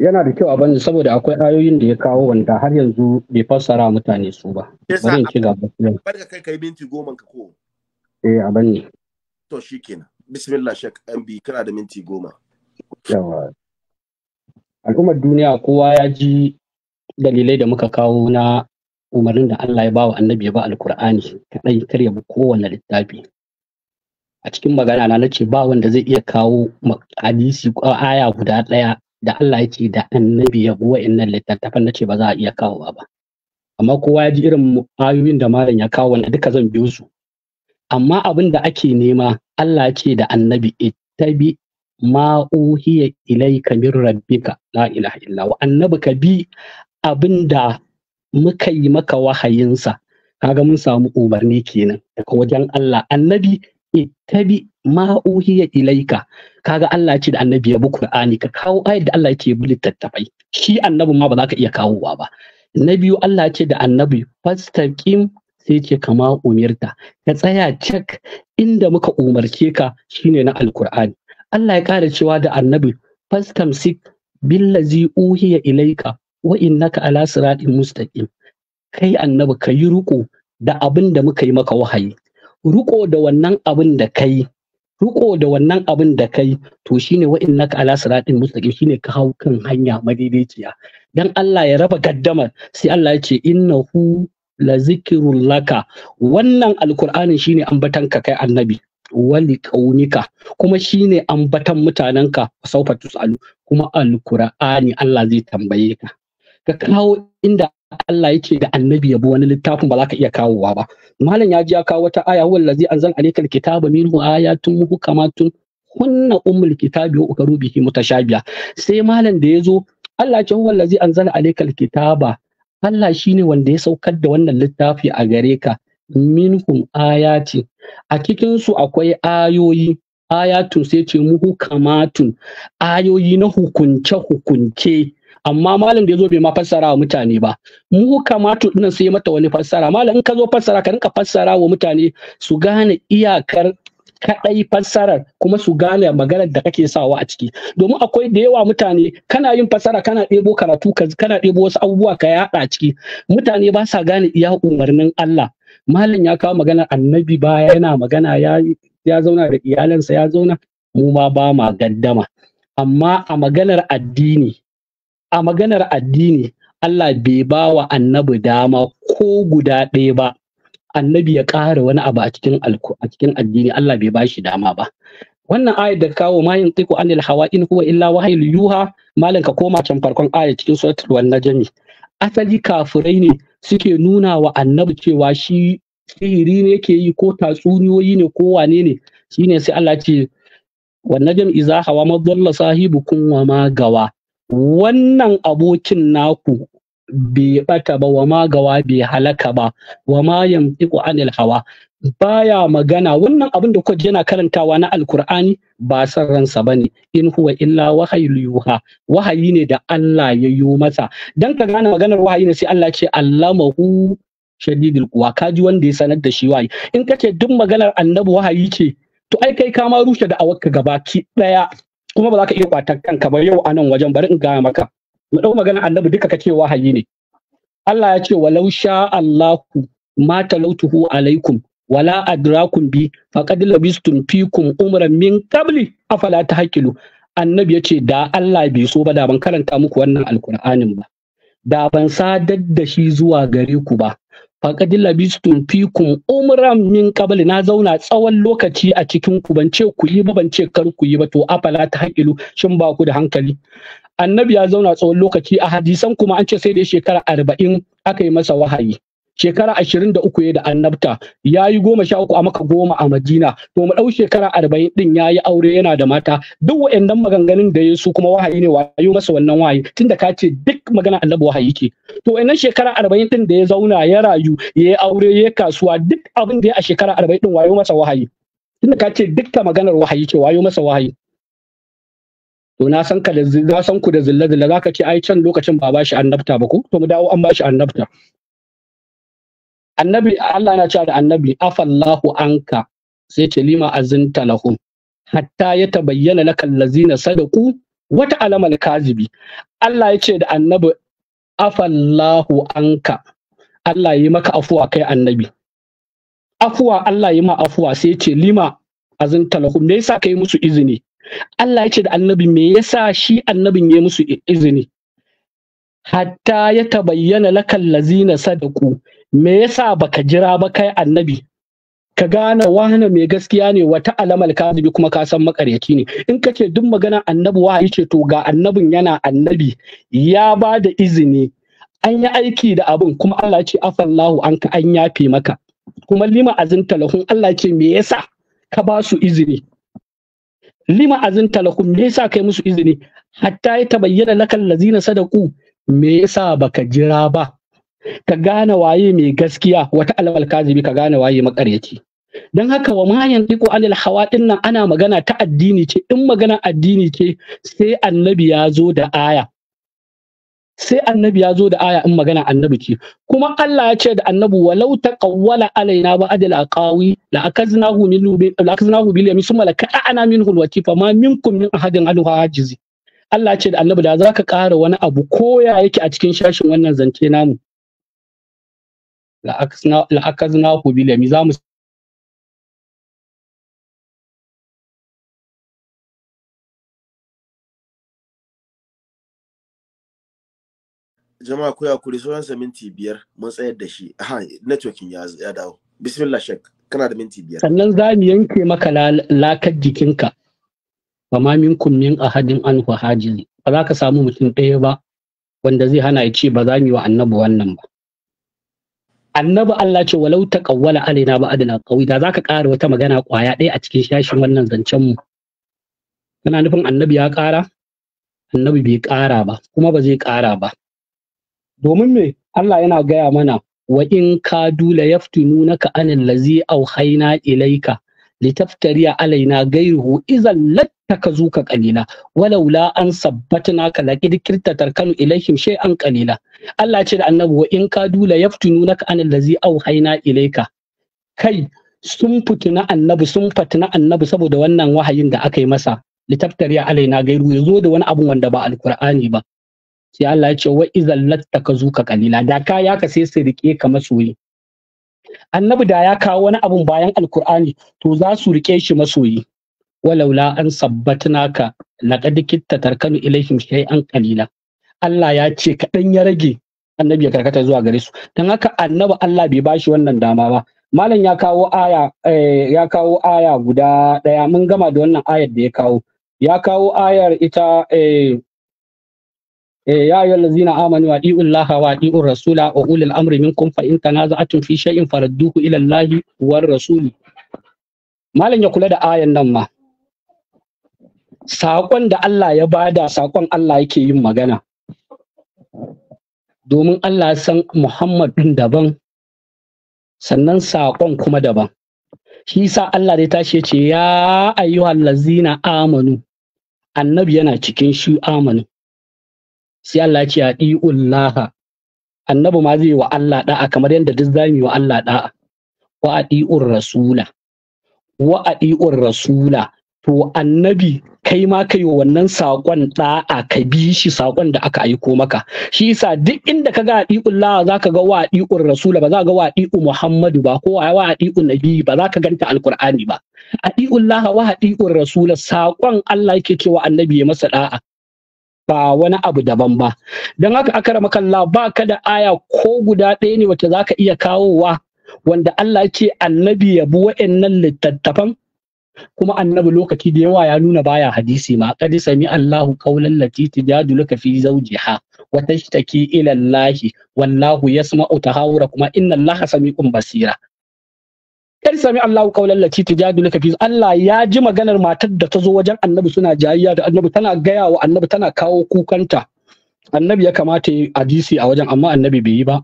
yana da kyau a banza saboda akwai ayoyin da ya kawo wanda har yanzu bai fassara mutane su ba bari in ci gaba bar ka kai kai minti goma ka ko eh a banni to shikenan bismillah shek mb kana da minti goma yawa al'ummar duniya kowa ya ji dalilai da muka kawo na umarnin da Allah ya ba wa annabi ya ba alkur'ani kadai kar ya bi kowane littafi a cikin magana na nace ba wanda zai iya kawo hadisi ko aya guda ɗaya da Allah ya ce da annabi ya bi wa'annan littattafan nace ba za a iya kawo ba amma kowa ya ji irin ayoyin da malam ya kawo wanda duka zan biyo su amma abin da ake nema Allah ya ce da annabi ittabi ma uhiya ilaika min rabbika la ilaha illa wa annabi ka bi abinda muka yi maka wahayinsa kaga mun samu umarni kenan daga wajen Allah annabi ittabi ma uhiya ilaika kaga Allah ce da annabi ya bi Qur'ani ka kawo ayat da Allah yake bi littattafai shi annabi ma ba za ka iya kawowa ba na biyu Allah ce da annabi fastaqim sai ce kama umirta ka tsaya cak inda muka umarce ka shine na alkur'ani Allah ya ƙara cewa da annabi fastamsik billazi uhiya ilaika wa innaka ala siratin mustaqim kai annabi ka yi riko da abin da muka yi maka wahayi riko da wannan abin da kai riko da wannan abin da kai to shine wa innaka ala siratin mustaqim shine ka hau kan hanya madaidaiciya dan Allah ya raba gaddamar sai Allah ya ce innahu la zikirun laka wannan alqur'ani shine ka kai annabi wali kaunika kuma shine ambatan mutanenka saufa tusalu kuma alkur'ani Allah zai tambaye ka ka kawo inda Allah yake da annabi yabo wani littafin ba za ka iya kawowa ba malam ya ji ya kawo wata aya wallazi anzal alaykal kitaba minhu ayatun muhkamatun kunna ummul kitabi wa ukaru bihi mutashabiya sai malam da yazo Allah ce wallazi anzal alaykal kitaba Allah shine wanda ya saukar da wannan littafi a gare ka minhum ayatin a cikinsu akwai ayoyi ayatun sai ce muhu kamatun ayoyi na hukunce-hukunce amma malam da ya zo bai ma fassara wa mutane ba mu kamata dinnan sai mata wani fassara malam in ka zo fassara ka rinka fassara wa mutane su gane iyakar kaɗai fassarar kuma su gane maganar da kake sawa a ciki domin akwai da yawa mutane kana yin fassara kana ɗebo karatu kana ɗebo wasu abubuwa ka yaɗa a ciki mutane ba sa gane iya umarnin Allah malin ya kawo magana annabi ba yana magana ya zauna da iyalansa ya zauna mu ma ba ma gaddama amma a maganar addini a maganar addini Allah bai ba wa annabi dama ko guda ɗaya ba annabi ya ƙara wani abu a cikin a cikin addini Allah bai ba shi dama ba wannan ayat da kawo ma yin tiku anil hawa in huwa illa wahayul yuha malin ka koma can farkon ayat cikin suratul najmi asali kafirai ne suke nuna wa annabi cewa shi sihiri ne yake yi ko tatsuniyoyi ne ko wane ne shine sai Allah ce wannan jam'i za hawa madalla kun wa ma gawa wannan abokin naku bai bata ba wa ma bai halaka ba wa ma ku anil hawa baya magana wannan abin da kuka yana karantawa na alkur'ani ba san ransa ba ne in huwa illa wahayul yuha wahayi ne da Allah ya yi masa dan ka gane maganar wahayi ne sai Allah ce allamahu shadidul quwa kaji wanda ya sanar da shi wahayi in kace duk maganar annabi wahayi ce to ai kai ka ma rushe da awakka gabaki daya kuma ba za ka iya kwatar kanka ba yau anan wajen bari in gaya maka mu dau maganar annabi duka kace wahayi ne Allah ya ce walau sha Allahu ma talautuhu alaikum wala adrakum bi faqad labistum fikum umran min qabli afala tahqilu annabi yace da Allah bai so ba da ban karanta muku wannan alkur'anin ba da ban sadar da shi zuwa gare ku ba faqad labistum fikum umran min qabli na zauna tsawon lokaci a cikin ku ban ce ku yi ba ban ce kar ku yi ba to afala tahqilu shin ba ku da hankali annabi ya zauna tsawon lokaci a hadisan kuma an ce sai da shekara arba'in aka yi masa wahayi shekara ashirin da uku ya da annabta ya yi goma sha uku a maka goma a madina to mu ɗau shekara arba'in ɗin ya yi aure yana da mata duk wa'annan maganganun da ya su kuma wahayi ne wayo masa wannan wahayi tunda ka ce duk magana annabi wahayi ke to wa'annan shekara arba'in ɗin da ya zauna ya rayu ya yi aure ya kasuwa duk abin da ya a shekara arba'in ɗin wayo masa wahayi tunda ka ce ta maganar wahayi ke wayo masa wahayi to na san ka da na san ku da zilla zilla zaka ce ai can lokacin ba bashi annabta ba ko to mu dawo an shi annabta annabi Allah yana cewa da annabi afallahu anka sai ce lima azinta lahum hatta ya tabayyana laka allazina sadaku wata alamal kazibi Allah ya ce da annabi afallahu anka Allah yi maka afuwa kai annabi afuwa Allah yi ma afuwa sai ya ce lima azinta lahum me yasa kai musu izini Allah ya ce da annabi me yasa shi annabin ya musu izini hatta ya tabayyana lakal lazina sadaku me yasa baka jira ba kai annabi ka gane wahana mai gaskiya ne wata alamal kadibi kuma ka san makaryaci ne in ka ce duk magana annabi wahayi ce to ga annabin yana annabi ya ba da izini an yi aiki da abin kuma Allah ce afallahu an ka an yafe maka kuma lima azin talahun Allah ce me yasa ka ba su izini lima azin talahun me yasa kai musu izini hatta ya tabayyana lakal lazina sadaku me yasa baka jira ba ka gane waye mai gaskiya wata alal kazibi ka gane waye makaryaci don haka wa ma yantiqu anil hawa nan ana magana ta addini ce in magana addini ce sai annabi ya zo da aya sai annabi ya zo da aya in magana annabi ce kuma Allah ya ce da annabi walau taqawwala alaina ba adil aqawi la akaznahu min la akaznahu bil yamin summa la ka'ana minhu alwati fa ma minkum min ahadin alu hajizi Allah ya ce da annabi da zaka ƙara wani abu ko ya yake a cikin shashin wannan zance namu la'akazna ku bilami za mu jama'a koya kuri sauransa minti biyar mun tsayar da shi aha networking ya dawo bismillah shek kana da minti biyar sannan za mu yanke maka lakar jikinka ba ma minkum min ahadin an hajiri ba za ka samu mutum ɗaya ba wanda zai hana ya ce ba za mu yi wa annabi wannan ba annabi Allah ce walau taqawwala alaina ba adala qawi da zaka ƙara wata magana kwaya ɗaya a cikin shashin wannan zancen mu kana nufin annabi ya ƙara annabi bai ƙara ba kuma ba zai ƙara ba domin me Allah yana gaya mana wa in ka dula yaftinunaka anil lazi haina ilayka litaftariya alaina gairuhu idan lattaka zuka kalila walaula an sabbatna ka laqid kirta tarkanu ilaihim shay'an qalila Allah ce da annabi wa in kadu la yaftununaka an allazi auhayna ilaika kai sun fituna annabi sun fatuna annabi saboda wannan wahayin da aka yi masa litaftariya alaina gairuhu yazo da wani abun wanda ba alqur'ani ba sai Allah ce wa idan lattaka zuka kalila da kaya ka sai su rike ka masoyi annabi da ya kawo wani abun bayan alkur'ani to za su rike shi masoyi walaula an sabbatnaka laqad kitta tarkanu ilaihim shay'an qalila Allah ya ce kaɗan ya rage annabi ya karkata zuwa gare su dan haka annabi Allah bai bashi wannan dama ba malam ya kawo aya eh, ya kawo aya guda ɗaya mun gama da wannan ayar da ya kawo ya kawo ayar ita eh, يا أيها الذين آمنوا أطيعوا الله وأطيعوا الرسول وأولي na za a تنازعتم في شيء فردوه إلى war والرسول malam ya kula da ayan nan ma saƙon da Allah ya bada saƙon Allah yake yin magana domin Allah san Muhammad ɗin daban sannan saƙon kuma daban shi sa Allah ya tashi ce ya ayyuhal lazina amanu annabi yana cikin shi amanu sai Allah ya ce adi'ullaha annabi ma zai wa Allah da'a kamar yadda duk zamu wa Allah da'a wa adi'ur rasula wa adi'ur rasula to annabi kai ma kai wannan saƙon ɗa'a ka bi shi saƙon da aka aiko maka shi yasa duk inda ka ga adi'ullah za ka ga wa adi'ur rasula ba za ka ga wa adi'u muhammadu ba ko wa adi'u nabi ba za ka ganta alqur'ani ba adi'ullah wa adi'ur rasula saƙon Allah yake cewa annabi ya masa ɗa'a ba wani abu daban ba don haka akara makalla ba ka da aya ko guda ɗaya ne wacce ka iya kawowa wanda Allah ce annabi ya bi wa'annan littattafan kuma annabi lokaci da yawa ya nuna baya hadisi ma qad sami Allahu qawlan lati tujadiluka fi zawjiha wa tashtaki ila Allah wallahu yasma'u haura, kuma inna Allaha sami'un basira kar sami Allahu qawlan lati tujadiluka fi Allah ya ji maganar matar da ta zo wajen Annabi suna jayayya da Annabi tana gaya wa Annabi tana kawo kukanta Annabi ya kamata ya hadisi a wajen amma Annabi bai yi ba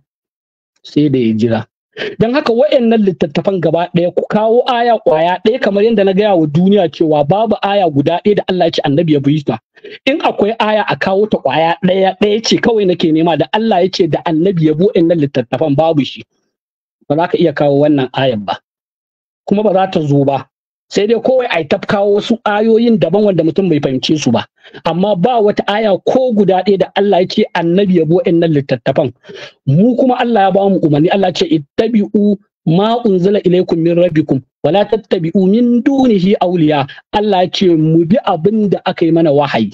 sai da ya jira don haka wayannan littattafan gaba ɗaya ku kawo aya kwaya ɗaya kamar yadda na gaya wa duniya cewa babu aya guda ɗaya da Allah ya ce annabi ya bi ta in akwai aya a kawo ta kwaya ɗaya ɗaya ce kawai nake nema da Allah ya ce da annabi ya bi wayannan littattafan babu shi ba za ka iya kawo wannan ayan ba kuma ba za ta zo ba sai dai kowai a yi tafkawo wasu ayoyin daban wanda mutum bai fahimce su ba amma ba wata aya ko guda ɗaya da Allah yake annabi ya buwa nan littattafan mu kuma Allah ya ba mu umarni Allah ce ittabi'u ma unzila ilaikum min rabbikum wala tattabi'u min dunihi awliya Allah ya ce mu bi abin da aka yi mana wahayi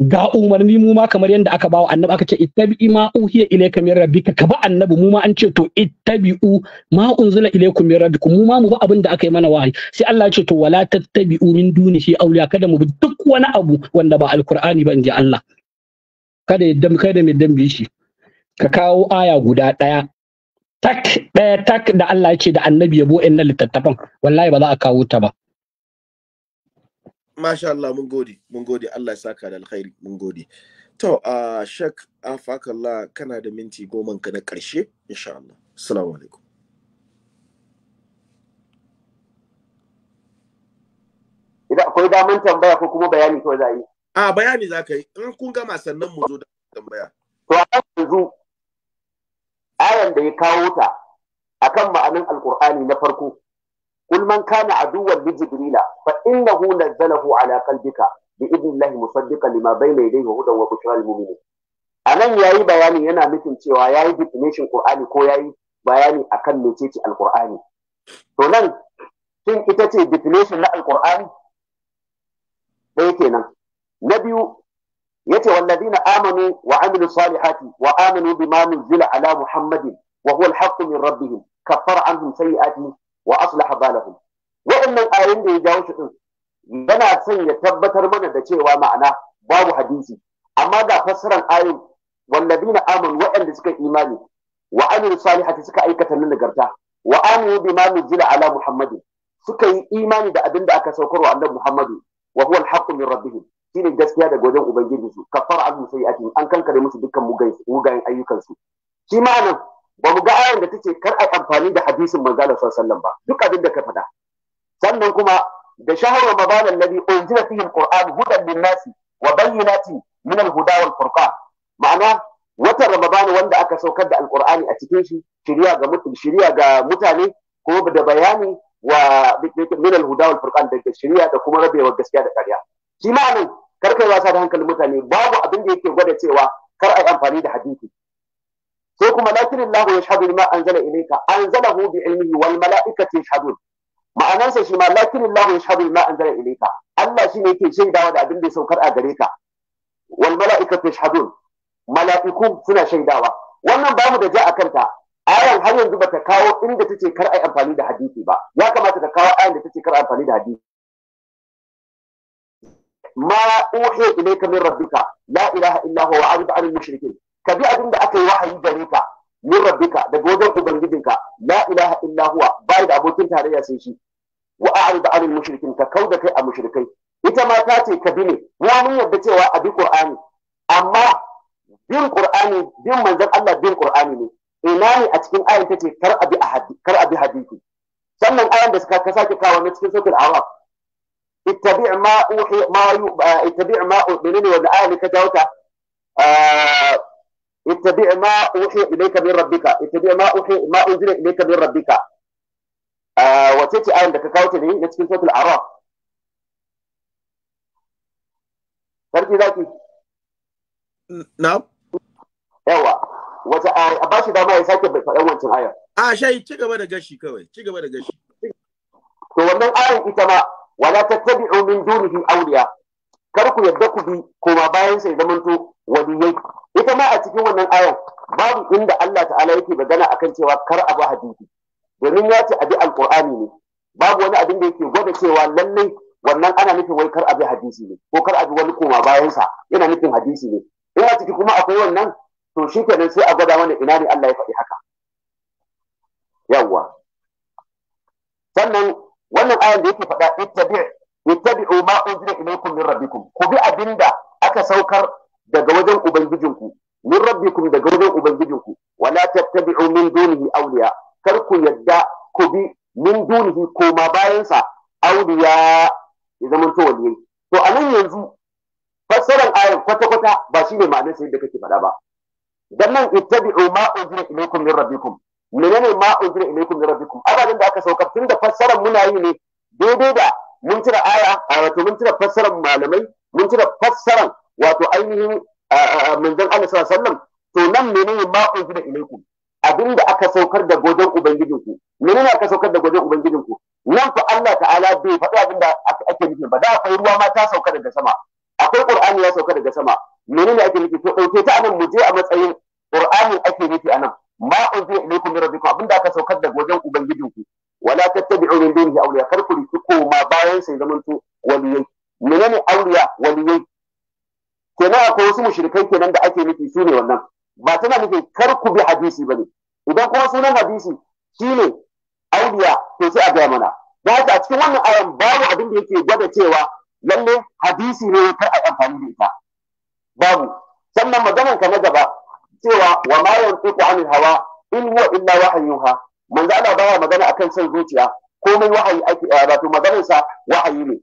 ga umarni mu ma kamar yadda aka bawa annabi aka ce ittabi'i ma uhiya ilayka min rabbika ka ba annabi mu ma an ce to ittabi'u ma unzila ilaykum min rabbikum mu ma mu ba abin da aka yi mana wahayi sai Allah ya ce to wala tattabi'u min dunihi awliya kada mu bi duk wani abu wanda ba alqur'ani ba inji Allah kada ya dam kada mai dambe shi ka kawo aya guda daya tak daya tak da Allah ya ce da annabi ya bo innal littattafan wallahi ba za a kawo ta ba Masha Allah mun gode, mun gode Allah ya saka da alkhairi, mun gode. To, a Shek Afakallah kana da minti goma ka na ƙarshe, insha Allah. Assalamu alaikum. Idan akwai damun tambaya ko kuma bayani ko za yi? A bayani za ka yi, in kun gama sannan mu zo da tambaya. To, a kan yanzu, ayan da ya kawo ta akan ma'anin Alƙur'ani na farko, قل من كان عدوا لجبريل فإنه نزله على قلبك بإذن الله مصدقا لما بين يديه وهدى وبشرى للمؤمنين anan yayi bayani yana nufin cewa yayi definition Qur'ani ko yayi bayani akan mecece Al-Qur'ani to nan kin ita ce definition na Al-Qur'ani ɗaya kenan na biyu yace wallazina amanu wa amilu salihati wa amanu bima nuzila ala muhammadin wa huwa al-haqqu min rabbihim kaffara anhum sayi'atihim wa aslaha balahum wa'annan ayoyin da ya jawo shi din yana son ya tabbatar mana da cewa ma'ana babu hadisi amma ga fassaran ayoyin wallazina amanu wa'anda suka imani wa amilu salihati suka aikata nagarta wa aminu bima nuzila ala muhammadin suka yi imani da abin da aka saukarwa annabi muhammadu wa huwa alhaqqu min rabbihim shine gaskiya daga wajen ubangiji su kafara azmu sayyi'atin an kankare musu dukkan mugayen ayyukansu. su shi ma'anar ba mu ga ayan da take kar a amfani da hadisin manzo Allah sallallahu ba duk abin da ka faɗa sannan kuma da shahar ramadan alladhi unzila fihi alquran hudan lin-nasi wa bayyinatin min al wal furqan ma'ana watan ramadan wanda aka saukar da alqur'ani a cikin shi shiriya ga shiriya ga mutane ko da bayani wa min al-huda wal furqan da shiriya da kuma rabewa gaskiya da ƙarya shi ma'anin kar kai wasa da hankalin mutane babu abin da yake gwada cewa kar a amfani da hadisi ko kuma lakin Allah ya shahadu lima anzala ilayka anzalahu bi ilmihi wal malaikatu yashhadun ma'anarsa shi ma lakin Allah ya shahadu lima anzala ilayka Allah shi shine yake shaidawa da abin da ya saukar a gare ka wal malaikatu yashhadun mala'iku suna shaidawa wannan bamu da ja akan ta ayan har yanzu bata kawo inda tace kar ai amfani da hadisi ba ya kamata ta kawo ayan da tace kar amfani da hadisi ma uhiya ilayka min rabbika la ilaha illa huwa wa 'arid 'anil ka bi abin da aka yi wahayi gare ka min rabbika daga wajen ubangijinka la ilaha illa huwa bai da abokin tarayya sai shi wa a'rid anil mushrikin ka kauda kai a mushrikai ita ma ta ce ka bi ne mu mun yarda cewa a bi qur'ani amma bin qur'ani bin manzon Allah bin qur'ani ne ina ne a cikin ayan ce kar abi kar abi hadisi sannan ayan da suka ka sake kawo na cikin suratul araf ittabi ma uhi ma ittabi ma ne wannan ayan ka jawta ah, اتبع ما اوحي اليك من ربك اتبع ma اوحي ما انزل اليك من ربك wace ce ايه da ka kawo ne na cikin suratul araf sarki zaki na yawa wata a ba shi dama ya sake bai faɗan wancan ayar a ci gaba da gashi kawai to wannan ayin ita ma wala tattabi'u min dunihi awliya kar ku yadda ku bi koma bayan sai zamanto waliyai ita ma a cikin wannan ayan babu inda Allah ta'ala yake magana akan cewa kar a bi hadisi domin ya ce a bi alqur'ani ne babu wani abin da yake gwada cewa lallai wannan ana nufin wai kar a bi hadisi ne ko kar a bi wani koma bayansa yana nufin hadisi ne in a ciki kuma akwai wannan to shi sai a gwada mana ina ne Allah ya faɗi haka yawwa sannan wannan ayan da yake faɗa ittabi ittabi'u ma unzila ilaykum min rabbikum ku bi abinda aka saukar daga wajen ubangijinku min rabbikum daga wajen ubangijinku wala tattabi'u min dunihi awliya kar ku yadda ku bi min dunihi koma bayansa awliya ya zama to waliyai to a nan yanzu fassarar ayar kwata-kwata ba shi ne ma'anar sai da kake faɗa ba dan nan ittabi'u ma unzila ilaykum min rabbikum menene ma unzila ilaykum min rabbikum abadan da aka saukar tun da fassarar muna yi ne daidai da mun cire aya a wato mun cire fassarar malamai mun cire fassarar wato ainihin manzon Allah sallallahu alaihi to nan menene ma unzila ilaikum abinda aka saukar da godon ubangijinku menene aka saukar da godon ubangijinku nan fa Allah ta'ala bai faɗi abinda ake nufi ba da akwai ruwa ma ta sauka daga sama akwai qur'ani ya sauka daga sama menene ake nufi to dauke ta anan mu je a matsayin qur'ani ake nufi nan? ma unzila ilaikum min rabbikum abinda aka saukar da godon ubangijinku wala tattabi'u min dunihi awliya kar ku riki koma bayan sai zamanto waliyai menene awliya waliyai kenan akwai wasu mushrikai kenan da ake nufi su ne wannan ba tana nufi kar ku bi hadisi ba ne. idan kuma sunan hadisi shine auliya to sai a gaya mana da haka a cikin wannan ayan babu abin da yake gwada cewa lalle hadisi ne kar a amfani da ita babu sannan maganan ka na gaba cewa wa ma yantiqu anil hawa in huwa illa wahyuha manzo Allah baya magana akan son zuciya komai wahayi ake wato maganar sa wahayi ne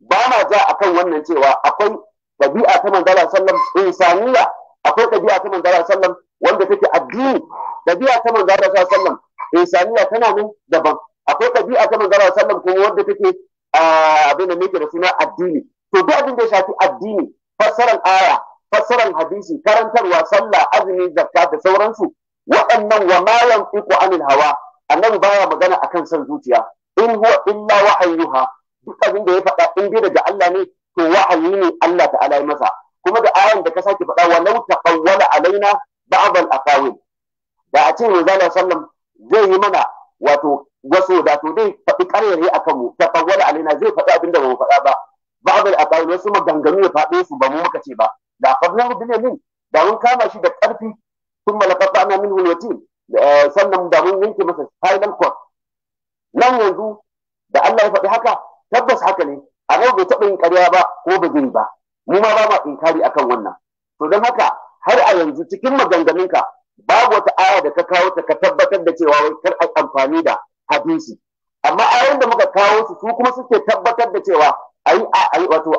ba ma ja akan wannan cewa akwai ɗabi'a ta manzala sallam insaniya akwai ɗabi'a ta manzala sallam wanda take addini ɗabi'a ta manzala sallam insaniya tana nan daban akwai ɗabi'a ta manzala sallam kuma wanda take abin da nake da suna addini to duk abin da ya shafi addini fassarar aya fassarar hadisi karantarwa sallah azumi zakka da sauransu waɗannan wa ma yanfiqu anil hawa annabi baya magana akan son zuciya in huwa illa wahayuha duk abin da ya faɗa in bi daga Allah ne to wa'ayi ne Allah ta'ala ya masa kuma da ayan da ka sake faɗa wa law taqawwala alaina ba'd al aqawil da a ce manzo sallam zai yi mana wato waso da to dai faɗi ƙarere akan mu taqawwala alaina zai faɗi abin da ba mu faɗa ba ba'd al aqawil wasu maganganu ya faɗo su ba mu muka ce ba da farnan bilimin da mun kama shi da ƙarfi sun malakata ana min hulwatin eh, sannan da mun yanke masa final court nan yanzu da Allah ya faɗi haka tabbas haka ne a yau bai taɓa yin ƙarya ba ko gini ba mu ma ba ma inkari akan wannan to don haka har a yanzu cikin maganganunka babu wata aya da ka kawo ta ka tabbatar da cewa wai kar a amfani da hadisi amma ayoyin da muka kawo su su kuma suke tabbatar da cewa ayi ayi wato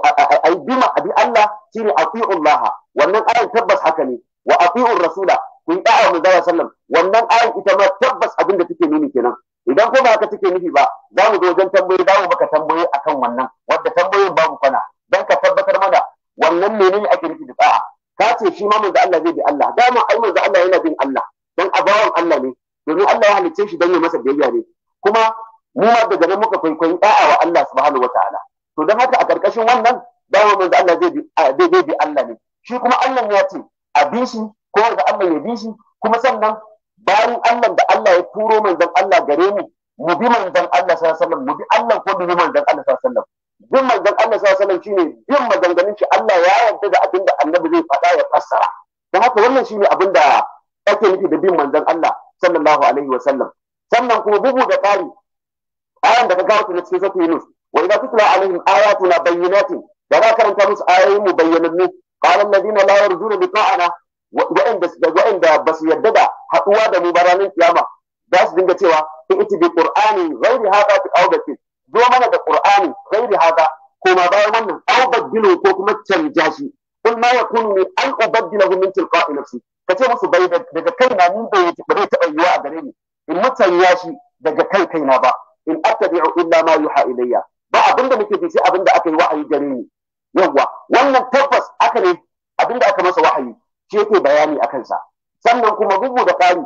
ayi bima abi Allah shine Allah wannan ayin tabbas haka ne wa atiur rasula kun da'a mu zawa sallam wannan ayin ita ma tabbas abin da take nuni kenan idan ko ba haka take nufi ba za mu zo wajen tambayi za mu baka tambayi akan wannan wadda tambayoyin ba mu kwana dan ka tabbatar mana wannan menene ake nufi da tsa'a ka ce shi ma manzo Allah zai bi Allah mu ai manzo Allah yana bin Allah dan abawan Allah ne domin Allah ya halicce shi dan ya masa biyayya ne kuma mu ma daga nan muka kwaikwayi da'a wa Allah subhanahu wataala to don haka a karkashin wannan mu manzo Allah zai bi zai bi Allah ne shi kuma Allah ya ce a bi shi ko da Allah ya bi shi kuma sannan bayan Allah da Allah ya turo manzon Allah gare mu mu bi manzon Allah sallallahu alaihi mu bi Allah ko bi manzon Allah sallallahu alaihi wasallam bin manzon Allah sallallahu alaihi wasallam shine bin maganganun shi Allah ya yarda da abinda Annabi zai faɗa ya fassara don haka wannan shine abin da ake nufi da bin manzon Allah sallallahu alaihi wa sallam. sannan kuma bugu da ƙari ayan da ka gawo na cikin sura Yunus wa idza tutla alaihim ayatuna bayyinatin da za karanta musu ayoyin mu bayyanannu qala alladhina la yarjuna liqa'ana waɗanda ba su yarda da haɗuwa da mu ba ranar kiyama za su dinga cewa in iti bi ƙur'ani ghairi hadha fi awdatin zo mana da ƙur'ani ghairi hadha ko ma bayan wannan aw ko kuma canja shi kun ma yakunu ni an ubaddilahu min tilqa'i nafsi ce musu bai daga kaina mun bai bai taɓa yiwa a gare ni in musanya shi daga kai kaina ba in attabi'u illa ma yuha ilayya ba abinda nake bi sai abinda aka yi wa'ayi gare ni yawwa wannan tabbas aka ne abinda aka masa wahayi shi yake bayani a kansa sannan kuma bugu da ƙari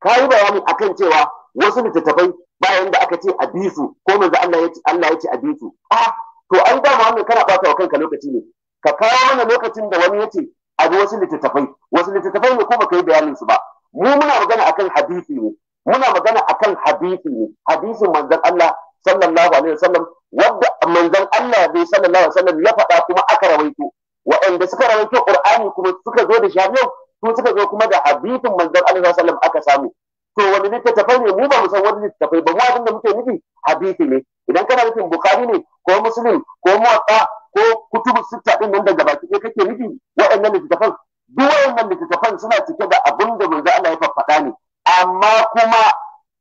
ka yi bayani a kan cewa wasu littattafai bayan da aka ce a bisu ko manzo Allah ya ce Allah ya ce a bisu. a to an da ma kana ɓata wa kanka lokaci ne ka kawo mana lokacin da wani ya ce a bi wasu littattafai wasu littattafai ne kuma ka yi bayanin su ba mu muna magana akan hadisi ne muna magana akan hadisi ne hadisin manzon Allah sallallahu alaihi wasallam wanda manzon Allah zai sallallahu alaihi wasallam ya faɗa kuma aka rawaito waɗanda suka rawaito Qur'ani kuma suka zo da shi su suka zo kuma da hadisin manzon Allah sallallahu aka samu to wani littattafai ne mu ba mu san wani littattafai ba mu abin da muke nufi hadisi ne idan kana nufin bukari ne ko muslim ko muwatta ko kutubu sitta din nan daga baki kake nufi waɗannan littattafan duk waɗannan littattafan suna cike da abin da manzon Allah ya faffaɗa ne amma kuma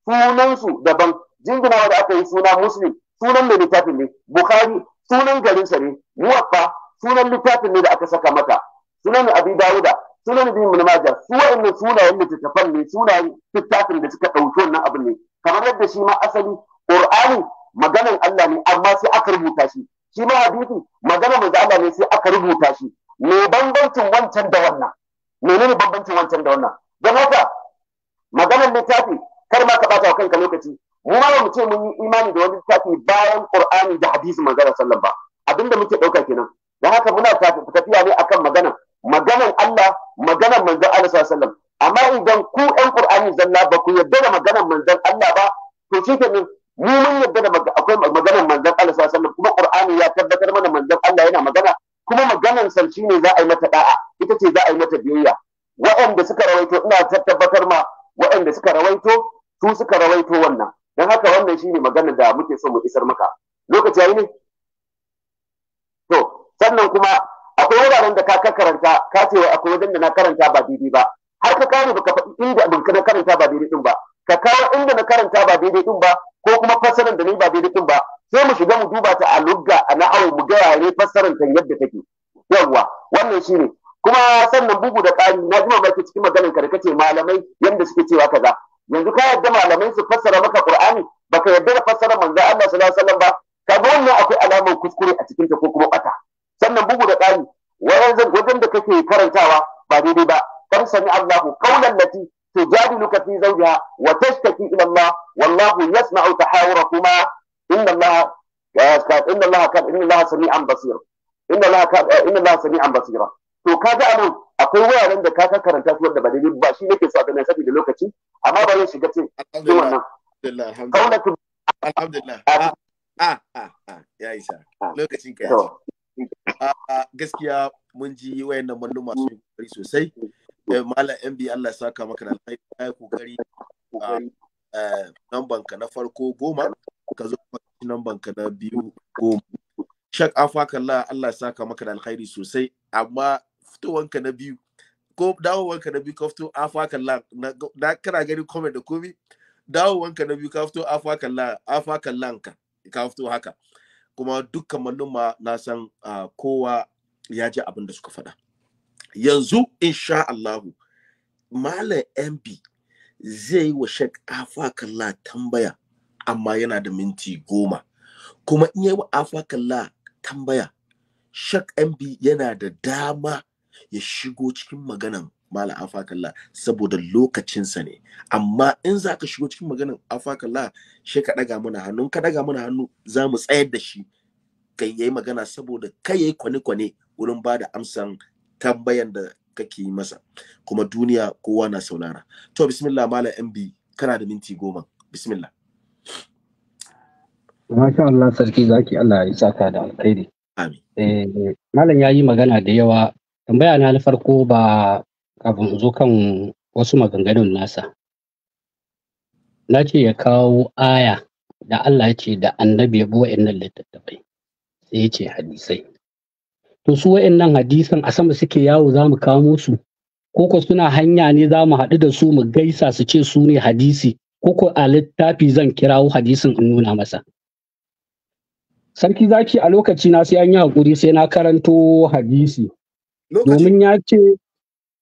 sunansu daban jinginawa da aka yi suna muslim sunan mai littafin ne bukari sunan garinsa ne muwaffa sunan littafin ne da aka saka mata sunan abi dawuda sunan ibn majah su wa'annan sunayen littattafan ne sunayen littafin da suka ɗauki wannan abin ne kamar yadda shi ma asali qur'ani maganan Allah ne amma sai aka rubuta shi shi ma hadisi maganar manzo Allah ne sai aka rubuta shi me bambancin wancan da wannan menene bambancin wancan da wannan don haka maganar littafi kar ma ka bata wa kanka lokaci mu ma mu ce mun yi imani da wani littafi bayan qur'ani da hadisi manzo sallallahu alaihi wasallam ba abinda muke dauka kenan da haka muna tafiya ne akan maganan maganan Allah maganan manzon Allah sallallahu alaihi wasallam amma idan ku ɗan Qur'ani zalla ba ku yarda da maganan manzon Allah ba to shi ke mu mun yarda da akwai maganan manzon Allah sallallahu alaihi wasallam kuma Qur'ani ya tabbatar mana manzon Allah yana magana kuma maganan sa shine za a yi mata da'a ita ce za a yi mata biyayya waɗanda suka rawaito ina tabbatar ma waɗanda suka rawaito su suka rawaito wannan dan haka wannan shine maganar da muke so mu isar maka lokaci yayi ne to sannan kuma akwai wuraren da ka karanta ka ce akwai wajen da na karanta ba daidai ba har ka kawo baka faɗi inda abin na karanta ba daidai din ba ka kawo inda na karanta ba daidai din ba ko kuma fassarar da ni ba daidai din ba sai mu shiga mu duba ta a lugga a na awo mu ga yare fassarar ta yadda take yawwa wannan shine kuma sannan bugu da ƙari na ji mamaki cikin maganar ka da kace malamai yanda suke cewa kaza yanzu ka yadda malamai su fassara maka qur'ani baka yadda da fassarar manzo Allah sallallahu alaihi wasallam ba kaga wannan akwai alamar kuskure a cikin ta ko kuma bata sannan bugu da ƙari wajen wajen da kake karantawa ba daidai ba kan sami Allahu qaulan lati tujadiluka fi zawjiha wa tashtaki ila Allah wallahu yasma'u tahawurakuma inna Allah inna Allah kan inna Allah sami'an basir inna Allah kan eh, inna Allah sami'an basira to kaga anan akwai wuraren da ka karanta su wanda ba daidai ba shi nake so a ganin saboda lokaci amma ba zan shiga cikin wannan alhamdulillah alhamdulillah a a a ya isa ah. lokacin ka ya gaskiya mun ji wayannan mallu masu kokari sosai eh, mala mb allah saka maka da alkhairi ka yi kokari ah, eh, namban ka na farko goma ka zo nan banka na biyu goma shak afakalla allah saka maka da alkhairi sosai amma fitowanka na biyu ko dawowanka na biyu ka fito afakalla na kana gani comment da komi dawowanka na biyu ka fito afakallan ka ka fito haka kuma dukkan malluma na san kowa ya ji abin da suka faɗa yanzu insha Allahu malam MB zai yi wa Sheikh Afakalla tambaya amma yana da minti goma kuma in yi wa Afakalla tambaya Sheikh MB yana da dama ya shigo cikin maganan mala afakalla saboda lokacinsa ne amma in za ka shigo cikin maganin afakalla shi ka ɗaga mana hannu ka ɗaga mana hannu za mu tsayar da shi ka yayi magana saboda kai yayi kwane-kwane wurin ba da amsan tambayan da kake yi masa kuma duniya kowa na saurara to bismillah mala mb kana da minti goma bismillah Masha Allah sarki zaki Allah ya saka da alkhairi. Amin. Eh, malam ya yi magana da yawa tambaya na na farko ba kafin in zo kan wasu maganganun nasa na ce ya kawo aya da Allah ya ce da annabi ya bi wa'annan littattafai sai ya ce hadisai to su wa'annan hadisan a sama suke yawo za mu kamo su koko suna hanya ne za mu haɗu da su mu gaisa su ce su ne hadisi koko a littafi zan kirawo hadisin in nuna masa sarki zaki a lokaci na sai an yi hakuri sai na karanto hadisi domin ya ce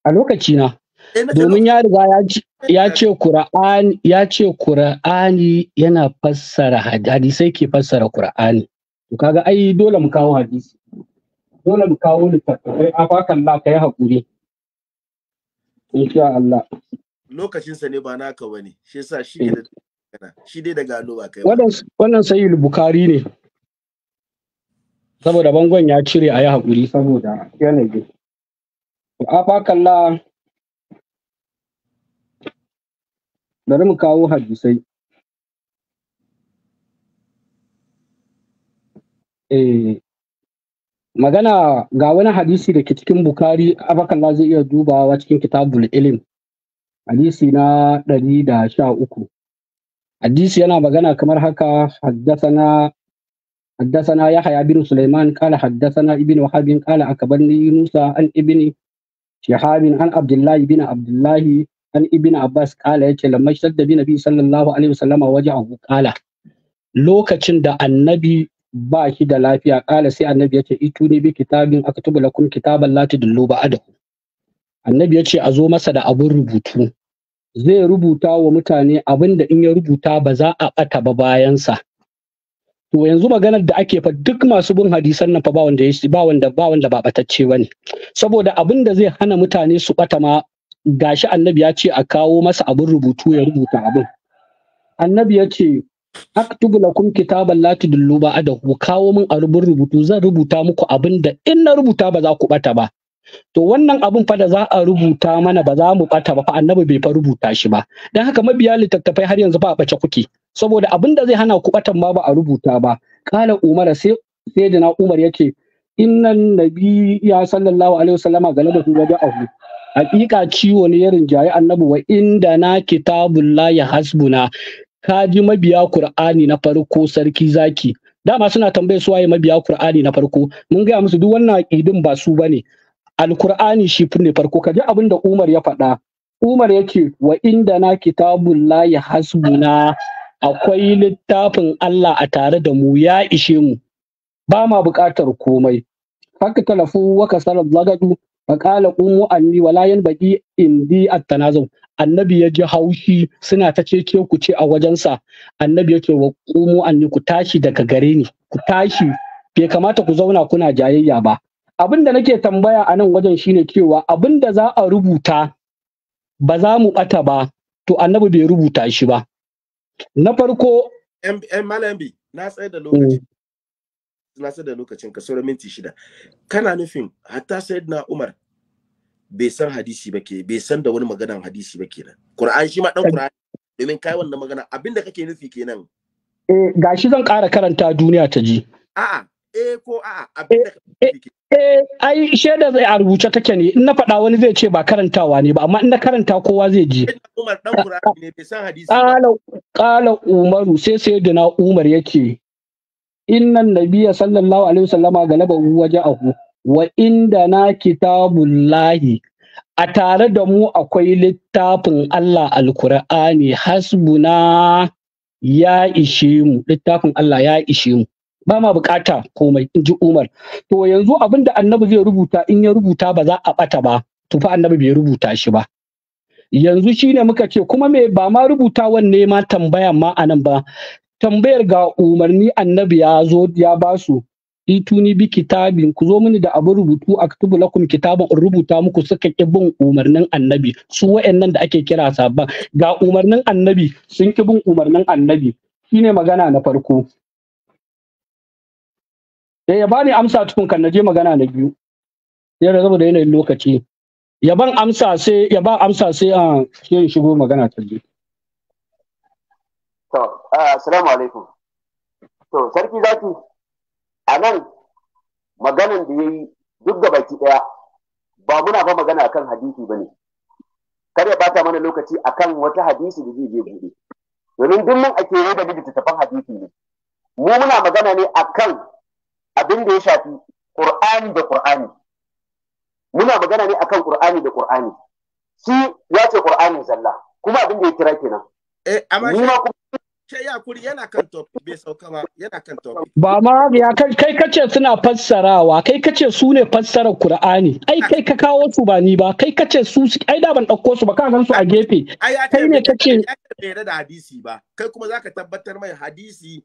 a lokacina eh, domin ya riga ya ce ƙura'ani eh. ya ce Kur'ani yana fassara hadisai ke fassara ƙura'ani. to kaga ai dole mu kawo hadisi dole mu kawo littattafai a bakan la kai hakuri insha Allah lokacinsa ne ba naka bane shi yasa shi eh. da shi dai daga gano ba kai wannan sayyid Bukhari ne saboda bangon ya cire a yi hakuri saboda yanayi Afakallah bari mu kawo hadisai. Eh, magana ga wani hadisi da ke cikin Bukari, abakalla zai iya dubawa cikin kitabul ilim. Hadisi na ɗari sha uku. Hadisi yana magana kamar haka haddasana Yahaya يحيى Suleiman, سليمان قال حدثنا Ibn kala akabar ni Musa an ابن shihabin an abdullahi bin abdullahi an ibn abbas kala yace lamma shadda bi nabi sallallahu alaihi wasallam wajahu kala lokacin da annabi ba shi da lafiya kala sai annabi yace ituni bi kitabin aktubu lakum kitaban la tudillu ba'dahu annabi yace a zo masa da abun rubutu zai rubuta wa mutane abin da in ya rubuta ba za a ɓata ba bayansa to yanzu maganar da ake fa duk masu bin hadisan nan fa ba wanda ba wanda ba wanda ba batacce bane saboda abin da zai hana mutane su bata ma gashi annabi ya ce a kawo masa abin rubutu ya rubuta abin annabi ya ce aktubu lakum kitaban la tudillu ba adahu kawo min a rubutu zan rubuta muku abin da in na rubuta ba za ku bata ba to wannan abin fa da za a rubuta mana ba za mu bata ba fa annabi bai fa rubuta shi ba dan haka mabiya littattafai har yanzu ba a bace kuke saboda abin da zai hana ku batan ma ba a rubuta ba kala umar sai sai da na umar yake innan nabi ya sallallahu alaihi wasallama galaba tu wajen ahu hakika ciwo ne ya rinjaye annabi wa inda na kitabullahi hasbuna ka ji mabiya qur'ani na farko sarki zaki dama suna tambayar su waye mabiya qur'ani na farko mun gaya musu duk wannan aqidin ba su bane alqur'ani shi ne farko kaji abin da umar ya faɗa umar yake wa inda na kitabullahi hasbuna akwai littafin Allah a tare da mu ya ishe mu ba ma buƙatar komai haka talafu wa kasar lagadu fa qala qumu anni wala yanbaghi indi at annabi ya ji haushi suna ta cece ku ce a wajensa annabi yake wa qumu anni ku tashi daga gare ni ku tashi bai kamata ku zauna kuna jayayya ba abin da nake tambaya a nan wajen shine cewa abin da za a rubuta ba za mu bata ba to annabi bai rubuta shi ba na farko eh, malam na tsaye da lokaci mm. na tsaye da lokacin ka sauran minti shida kana nufin hatta na umar bai san hadisi ba ke bai san da wani maganan hadisi ba ke nan qur'an shi ma ɗan ƙura'an domin kai wannan magana abinda kake nufi kenan eh gashi zan ƙara karanta duniya ta ji a'a eh ko a'a abinda kake eh, eh, nufi Eh, ai shaida zai a rubuce take ne in na faɗa wani zai ce ba karantawa ne ba amma in na karanta kowa zai ji. Kala Umaru sai sai Umar yake innan nabiya sallallahu alaihi wasallama galaba waje ahu wa inda na kitabullahi a tare da mu akwai littafin Allah alkur'ani hasbuna ya ishe mu littafin Allah ya ishe mu ba ma bukata komai in ji umar to yanzu abin da annabi zai rubuta in ya rubuta ba za a bata ba to fa annabi bai rubuta shi ba yanzu shine muka ce kuma me ba ma rubuta ne ma tambayan ma anan ba tambayar ga umarni annabi ya zo ya ba su ituni bi kitabin ku zo mini da abin rubutu a kitabu lakum kitaban in rubuta muku suka ƙi bin umarnin annabi su wa'annan da ake kira sabban ga umarnin annabi sun ki bin umarnin annabi shine magana na farko Eh, ya bani amsa tukun kan na je magana na biyu sai da da yanayin lokaci ya ban amsa sai ya ba amsa sai a ah, sai shigo magana ta biyu to ah, assalamu alaikum to sarki zaki a nan maganan da yayi duk da baki daya ba muna ba magana akan hadisi bane kar ya bata mana lokaci akan wata hadisi da zai je domin duk mun ake yi da littattafan hadisi ne mu muna magana ne akan abin da ya shafi Ƙur'ani da Ƙur'ani. muna magana ne akan Ƙur'ani da Ƙur'ani. shi ya ce Ƙur'ani zalla kuma abin da ya kira kenan eh amma ni ma ke yana kan topic bai sauka ba yana kan topic ba ma ya kai kai kace suna fassarawa kai kace su ne fassarar Ƙur'ani. ai kai ka kawo su ba ni ba kai kace su ai da ban dauko su ba ka gan su a gefe kai ne kace bai da hadisi ba kai kuma zaka tabbatar mai hadisi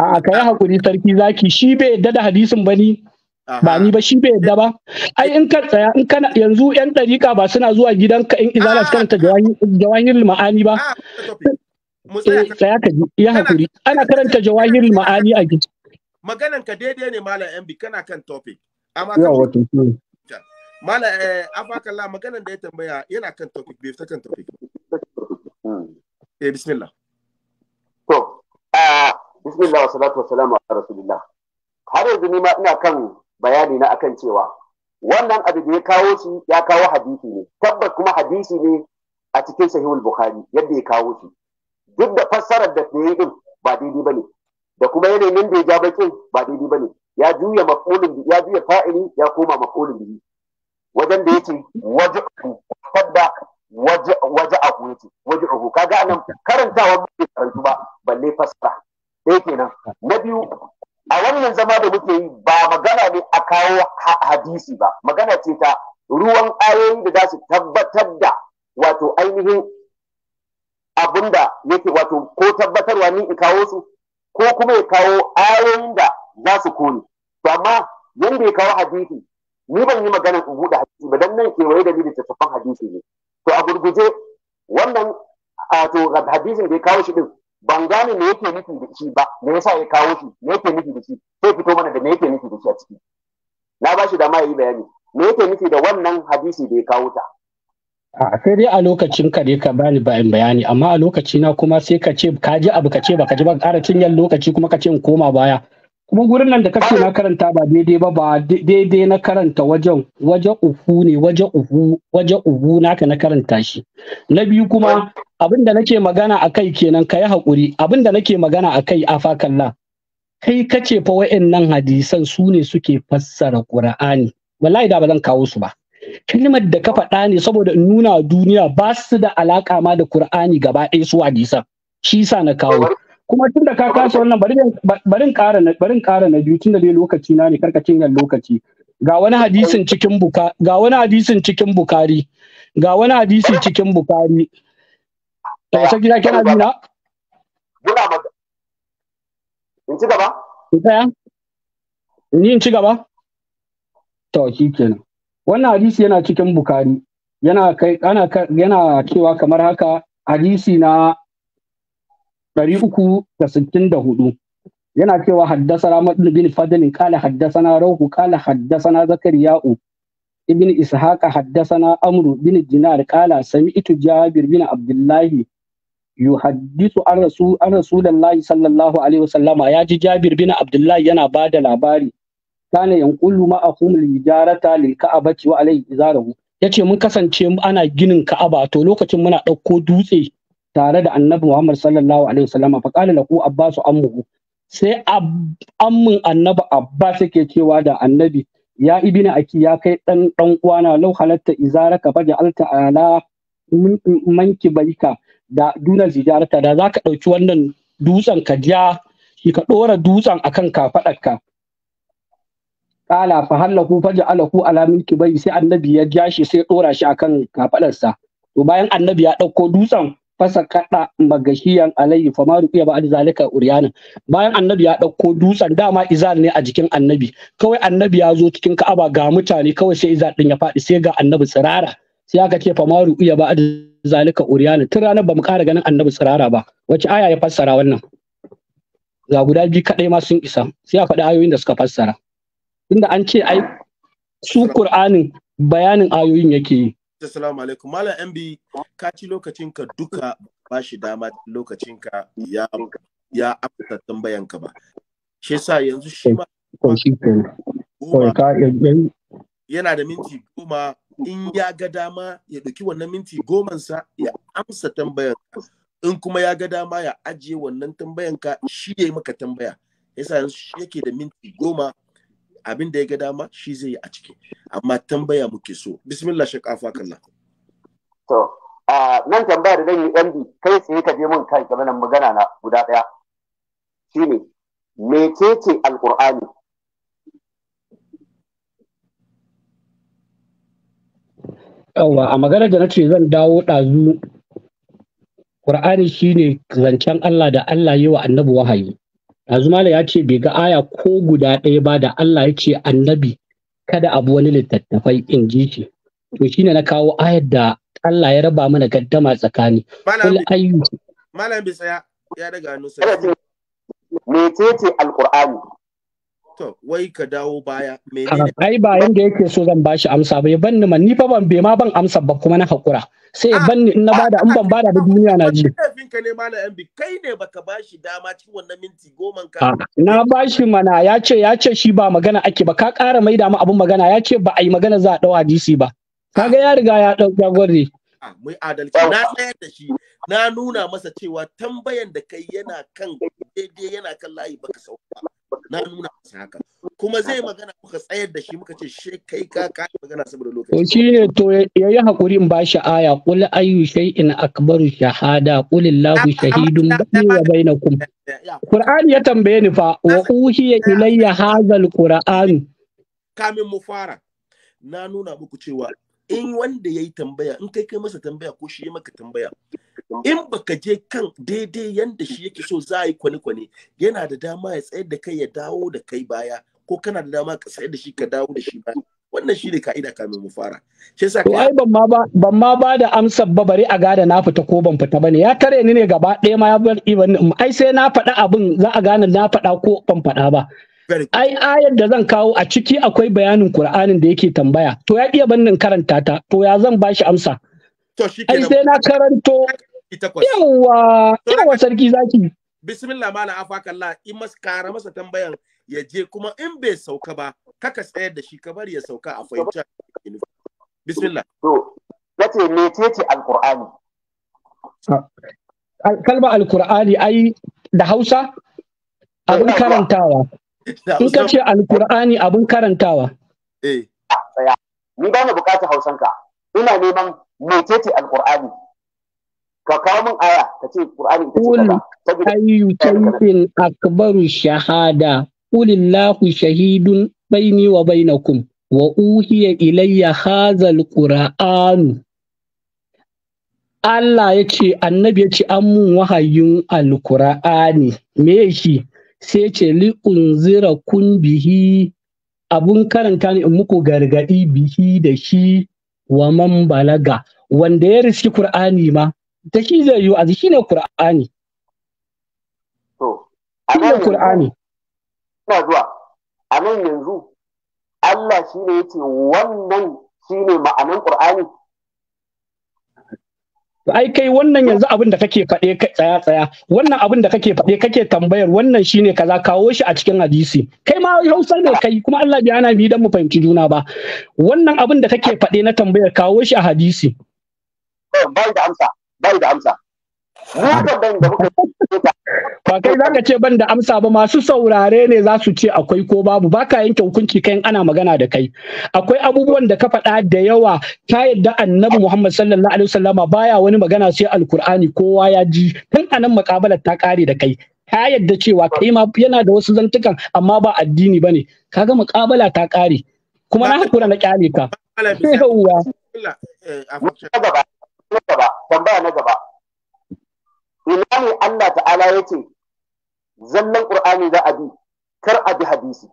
A'a ka yi hakuri sarki zaki shi bai yadda da hadisin ba ba ni ba shi bai yadda ba ai in ka tsaya in kana yanzu yan dariƙa ba suna zuwa gidanka in izala suka karanta jawahir ma'ani ba eh, tsaya ka ji ya hakuri ana karanta jawahir ma'ani a gidan maganan ka daidai ne malam MB kana kan topic amma ka mala eh afakallah maganan da ya tambaya yana kan topic bai ta kan topic hmm. eh bismillah to ah bismillah wa salatu wa ala rasulillah har yanzu ni ma ina kan bayani na akan cewa wannan abu da ya kawo shi ya kawo hadisi ne tabbas kuma hadisi ne a cikin sahihul bukhari yadda ya kawo shi duk da fassarar da ya yi din ba daidai bane da kuma yanayin da ya ja bakin ba daidai bane ya juya maf'ulin ya juya fa'ili ya koma maf'ulin bihi wajen da yace waj'u fadda waj'ahu yace waj'uhu kaga anan karantawa bai karantu ba balle fassara ɗaya kenan na biyu a wannan zama da muke yi ba magana ne a kawo hadisi ba magana ce ta ruwan ayoyi da za su tabbatar da wato ainihin abin da yake wato ko tabbatarwa ni in kawo su ko kuma ya kawo ayoyin da za su kone to amma yanda ya kawo hadisi ni ban yi magana in buɗe hadisi ba dan nan kewaye da ni da tattafan hadisi ne to a gurguje wannan ato hadisin da ya kawo shi din ban gane me yake nufi da shi ba me yasa ya kawo shi me yake nufi da shi sai fito mana da me yake nufi da shi a ciki na ba shi da ma bayani me yake nufi da wannan hadisi da ya kawo ta a sai dai a lokacin ka dai ka bani bayan bayani amma a lokaci na kuma sai ka ce ka ji abu ka ce baka ji ba ƙara cinyar lokaci kuma ka ce in koma baya kuma gurin nan da kake na karanta ba daidai ba ba daidai na karanta wajen waje uhu ne waje uhu waje uhu naka na karanta shi na biyu kuma abin da nake magana a kai kenan ka yi haƙuri abin da nake magana a kai a fakalla kai kace fa wa'annan hadisan su ne suke fassara qur'ani wallahi da ba zan kawo su ba kalmar da ka faɗa ne saboda in nuna duniya ba su da alaƙa ma da qur'ani gaba ɗaya su hadisan shi sa na kawo kuma tun da ka kasa wannan barin ƙara na barin ƙara na biyu tun da dai lokaci na ne karkacin yan lokaci ga wani hadisin cikin buka ga wani hadisin cikin bukari ga wani hadisi cikin bukari to sai gida kana bi na gida ba in ci gaba ɗaya ni in ci gaba to shi kenan wannan hadisi yana cikin bukari yana kai ana yana cewa kamar haka hadisi na ɗari uku da sittin da hudu yana cewa haddasana madin bin fadlin kala haddasana rauhu kala haddasana zakariya'u ibn ishaqa haddasana amru bin dinar kala sami'tu jabir bin abdullahi yuhaddisu an rasu an rasulullahi sallallahu alaihi wasallama ya ji jabir bin abdullahi yana ba da labari kana yanqulu ma'ahum lijarata lil ka'abati wa alaihi izaruhu yace mun kasance ana ginin ka'aba to lokacin muna dauko dutse tare da annabi Muhammad sallallahu alaihi wasallam fa qala lahu Abbas ammuhu sai ammun annabi Abbas yake cewa da annabi ya ibina aki ya kai dan dan uwana lau halatta izaraka fa alta ala manki baika da duna zijarata da zaka dauki wannan dutsen ka ja shi ka dora dutsen akan kafadarka kala fa halahu faja alahu ala manki bai sai annabi ya ja shi sai dora shi akan kafadarsa to bayan annabi ya dauko dutsen fasa kada magashiyan alayhi fa ma ruqiya ba'd zalika uryana bayan annabi ya dauko dutsen dama izal ne a jikin annabi kawai annabi ya zo cikin ka'aba ga mutane kawai sai izal din ya faɗi sai ga annabi tsirara sai aka ce fa ma ruqiya ba'd zalika uryana tun ranar ba mu kara ganin annabi tsirara ba wace aya ya fassara wannan ga guda biyu kadai ma sun isa sai a faɗi ayoyin da suka fassara tunda an ce ai su Qur'anin bayanin ayoyin yake yi Assalamu alaikum. Mala MB ka ci lokacinka duka ba shi dama lokacinka ya ya amsa tambayanka ba. Shi sa yanzu shi ba. yana da minti goma in ya ga dama ya ɗauki wannan minti gomansa ya amsa tambayanka in kuma ya ga dama ya ajiye wannan tambayanka shi ya yi maka tambaya yasa yanzu shi yake da minti goma abin da ya ga dama shi zai yi a ciki amma tambaya muke so bismillah shi kafa kalla to a nan tambaya da zan yi md kai sai ka je mun kai game da magana na guda daya shine mecece alqur'ani yawa a maganar da na ce zan dawo ɗazu qur'ani shine zancen Allah da Allah yi wa annabi wahayi azumala ya ce bai ga aya ko guda ɗaya ba da Allah ya ce annabi kada abu wani littattafai in ji shi to shine na kawo ayar da Allah ya raba mana gaddama tsakani malam bi tsaya ya daga mecece alqur'ani To, wai ka dawo baya. Ai ba yanda yake so zan bashi amsa ba, ya banni man ni fa ban bai ma ban amsa ba kuma na hakura. Sai ya ah, banni in na ah, bada in ban ah, bada da duniya na ji. Kafin ka ne kai ne baka bashi dama cikin wannan minti goma ka. Na bashi mana ya ce ya ce shi ba magana ake ba ka ƙara maida mu abin magana ya ce ba a yi magana za a ɗau hadisi ba. Kaga ya riga ya ɗau jagorri. Mai adalci na tsayar da shi na nuna masa cewa tambayan da kai yana kan daidai yana kan layi baka sauka. na nuna masa haka kuma zai magana muka tsayar da shi muka ce she kai ka ka magana saboda lokaci to shine to yayi hakuri in bashi aya qul ayyu shay'in akbaru shahada qul illahu shahidun bayni wa bainakum qur'an ya tambaye ni fa wa uhiya ilayya hadha alquran kamin mu fara na nuna muku cewa in wanda ya yi tambaya in kai kai masa tambaya ko shi ya maka tambaya in baka je kan daidai yanda shi yake so za a yi kwane-kwane yana da dama ya tsayar da kai ya dawo da kai baya ko kana da dama ka tsayar da shi ka dawo da shi baya wannan shi ne ka'ida kamin mu fara shi yasa kai ai ban ma ba ban ma ba da amsar ba bari a gada na fita ko ban fita bane ya tare ni ne gaba ɗaya ma ya bar ai sai na faɗa abin za a gane na faɗa ko ban faɗa ba ai ayar da zan kawo a ciki akwai bayanin Kur'anin da yake tambaya to ya iya bannin karanta ta to ya zan bashi amsa ai sai na karanto yawa yawa sarki zaki bismillah mala la in mas kara masa tambayan ya je kuma in bai sauka ba kaka tsayar da shi ka bari ya sauka a fahimta bismillah to nace mecece alqur'ani Al-Qur'ani ai da Hausa abin karantawa In ka ce Alƙur'ani abin karantawa. Eh. Ni ba na Hausan Hausanka. Ina neman mecece Alƙur'ani. Ka kawo min aya ka ce Qur'ani ita ce kaza. Kul ayyu shay'in akbaru shahada. Qul Allahu shahidun baini wa bainakum. Wa uhiya ilayya hazal Qur'anu. Allah ya ce annabi ya ce an mun wahayin Alƙur'ani me shi sai ce li unzira kun bihi abun karanta ne in muku gargadi bihi da shi wa man balaga wanda ya riski qur'ani ma da shi zai yi azu shine qur'ani to shine qur'ani ina zuwa a nan yanzu Allah shine yace wannan shine ma'anan qur'ani ai kai wannan yanzu abin da kake faɗe tsaya tsaya wannan abin da kake faɗe kake tambayar wannan shine kaza kawo shi a cikin hadisi kai ma hausa ne kai kuma Allah bai ana bi dan mu fahimci juna ba wannan abin da kake faɗe na tambayar kawo shi a hadisi eh, bai da amsa bai da amsa kai za ka ce ban da amsa ba masu saurare ne za su ce akwai ko babu ba ka yanke hukunci kai ana magana da kai. Akwai abubuwan da ka faɗa da yawa ta yadda annabi Muhammad sallallahu alaihi wasallama baya wani magana sai alkur'ani kowa ya ji tun anan makabalar ta kare da kai. Ta yadda cewa kai ma yana da wasu zantukan amma ba addini ba Ka kaga mukabala ta kare kuma na hakura na kyale ka. Yawwa. Eh, tambaya na gaba. ina ne Allah ta'ala ya ce zallan ƙur'ani za a bi kar a bi hadisi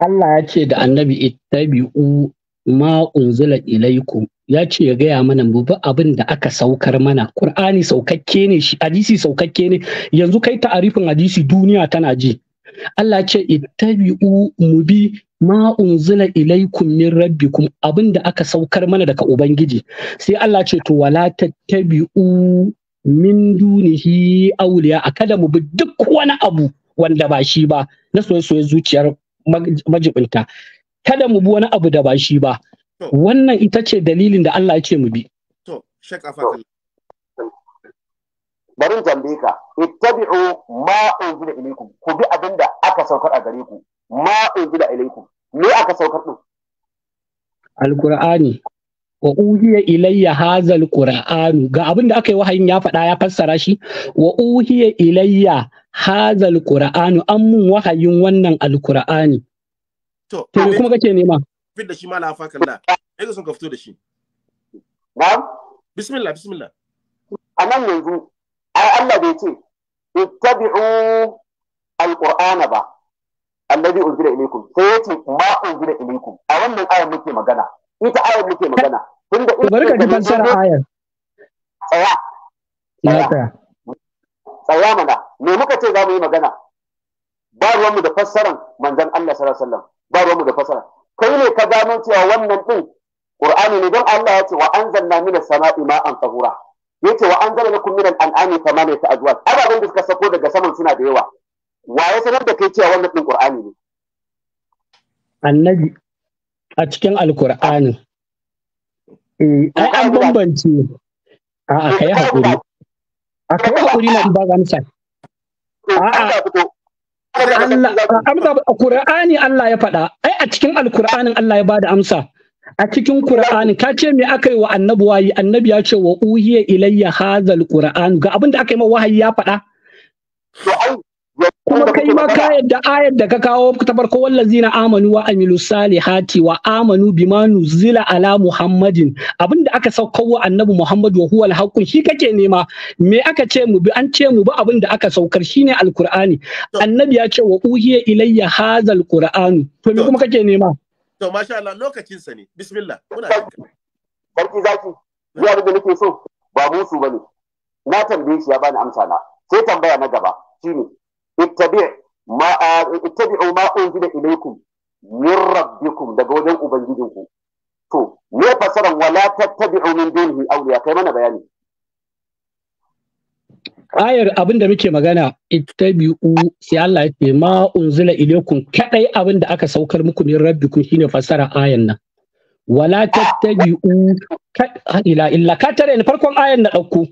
Allah ya ce da annabi ittabi'u ma unzila ilaikum ya ce ya gaya mana mu bi abin da aka saukar mana Qur'ani saukakke ne shi hadisi saukakke ne yanzu kai ta'arifin hadisi duniya tana ji Allah ce ittabi'u mu bi ma unzila ilaikum min rabbikum abin da aka saukar mana daga ubangiji sai Allah ce to wala tattabi'u min dunihi auliya a kada mu bi duk wani abu wanda ba shi ba na soye-soye zuciyar majibinta kada mu bi wani abu da ba shi ba wannan ita ce dalilin da Allah ya ce mu bi to shek bari tambaye ka ittabi'u ma unzila ilaykum ku bi abinda aka saukar a gare ku ma unzila ilaykum me aka saukar din alqur'ani wa uhiya ilayya hazal qur'anu ga abin da aka yi wahayin ya faɗa ya fassara shi wa uhiya ilayya hazal qur'anu an mun wahayin wannan alqur'ani to me kuma kake nema fit da shi ma lafa kalla ai sun ka fito da shi ba bismillah bismillah anan yanzu ai Allah bai ce ittabi'u alqur'ana ba alladhi unzila ilaykum sai ya ce ma unzila ilaykum a wannan ayar muke magana ita ayar muke magana tunda in bari ka ji fassara ayar tsaya tsaya tsaya mana me muka ce za mu yi magana ba ruwanmu da fassaran manzan Allah sallallahu alaihi wasallam ba ruwanmu da fassara kai ne ka gano cewa wannan din Qur'ani ne don Allah ya ce wa anzalna ma sama'i ma'an tahura yace wa anzala lakum minal an'ami thamaniyata azwaj ababen da suka sako daga saman suna da yawa wa ya sanar da kai cewa wannan din Qur'ani ne annabi a cikin alkur'anin eh, ai an bambance a a kai hakuri a kai hakuri na ba nisa a a Qur'ani Allah ya faɗa ai a cikin alkur'anin Allah ya bada amsa a cikin Qur'ani ka ce me aka yi wa annabi wayi annabi ya ce wa uhiya ilayya hazal Qur'an ga abin da aka yi ma wahayi ya faɗa kuma kai ma ka yadda ayar da ka kawo ta farko wallazina amanu wa amilu salihati wa amanu bima nuzila ala muhammadin abinda aka saukarwa annabi muhammadu wa huwal haqqun shi kake nema me aka ce mu bi an ce mu bi abinda aka saukar shine alqur'ani annabi ya ce wa uhiya ilayya hazal qur'anu to me kuma kake nema to masha Allah lokacin sa ne bismillah muna barki zaki ya da nake so ba musu bane na tambaye shi ya bani amsa na sai tambaya na gaba shine ittabi' ma ittabi'u ma unzila ilaykum min rabbikum daga wajen ubangijinku to me fasaran wala tattabi'u min dunihi awliya kai mana bayani ayar abin da muke magana ittabi'u sai Allah ya ce ma unzila ilaykum kadai abin da aka saukar muku min rabbikum shine fasara ayan nan wala tattabi'u ila illa ka tare ni farkon ayan na dauko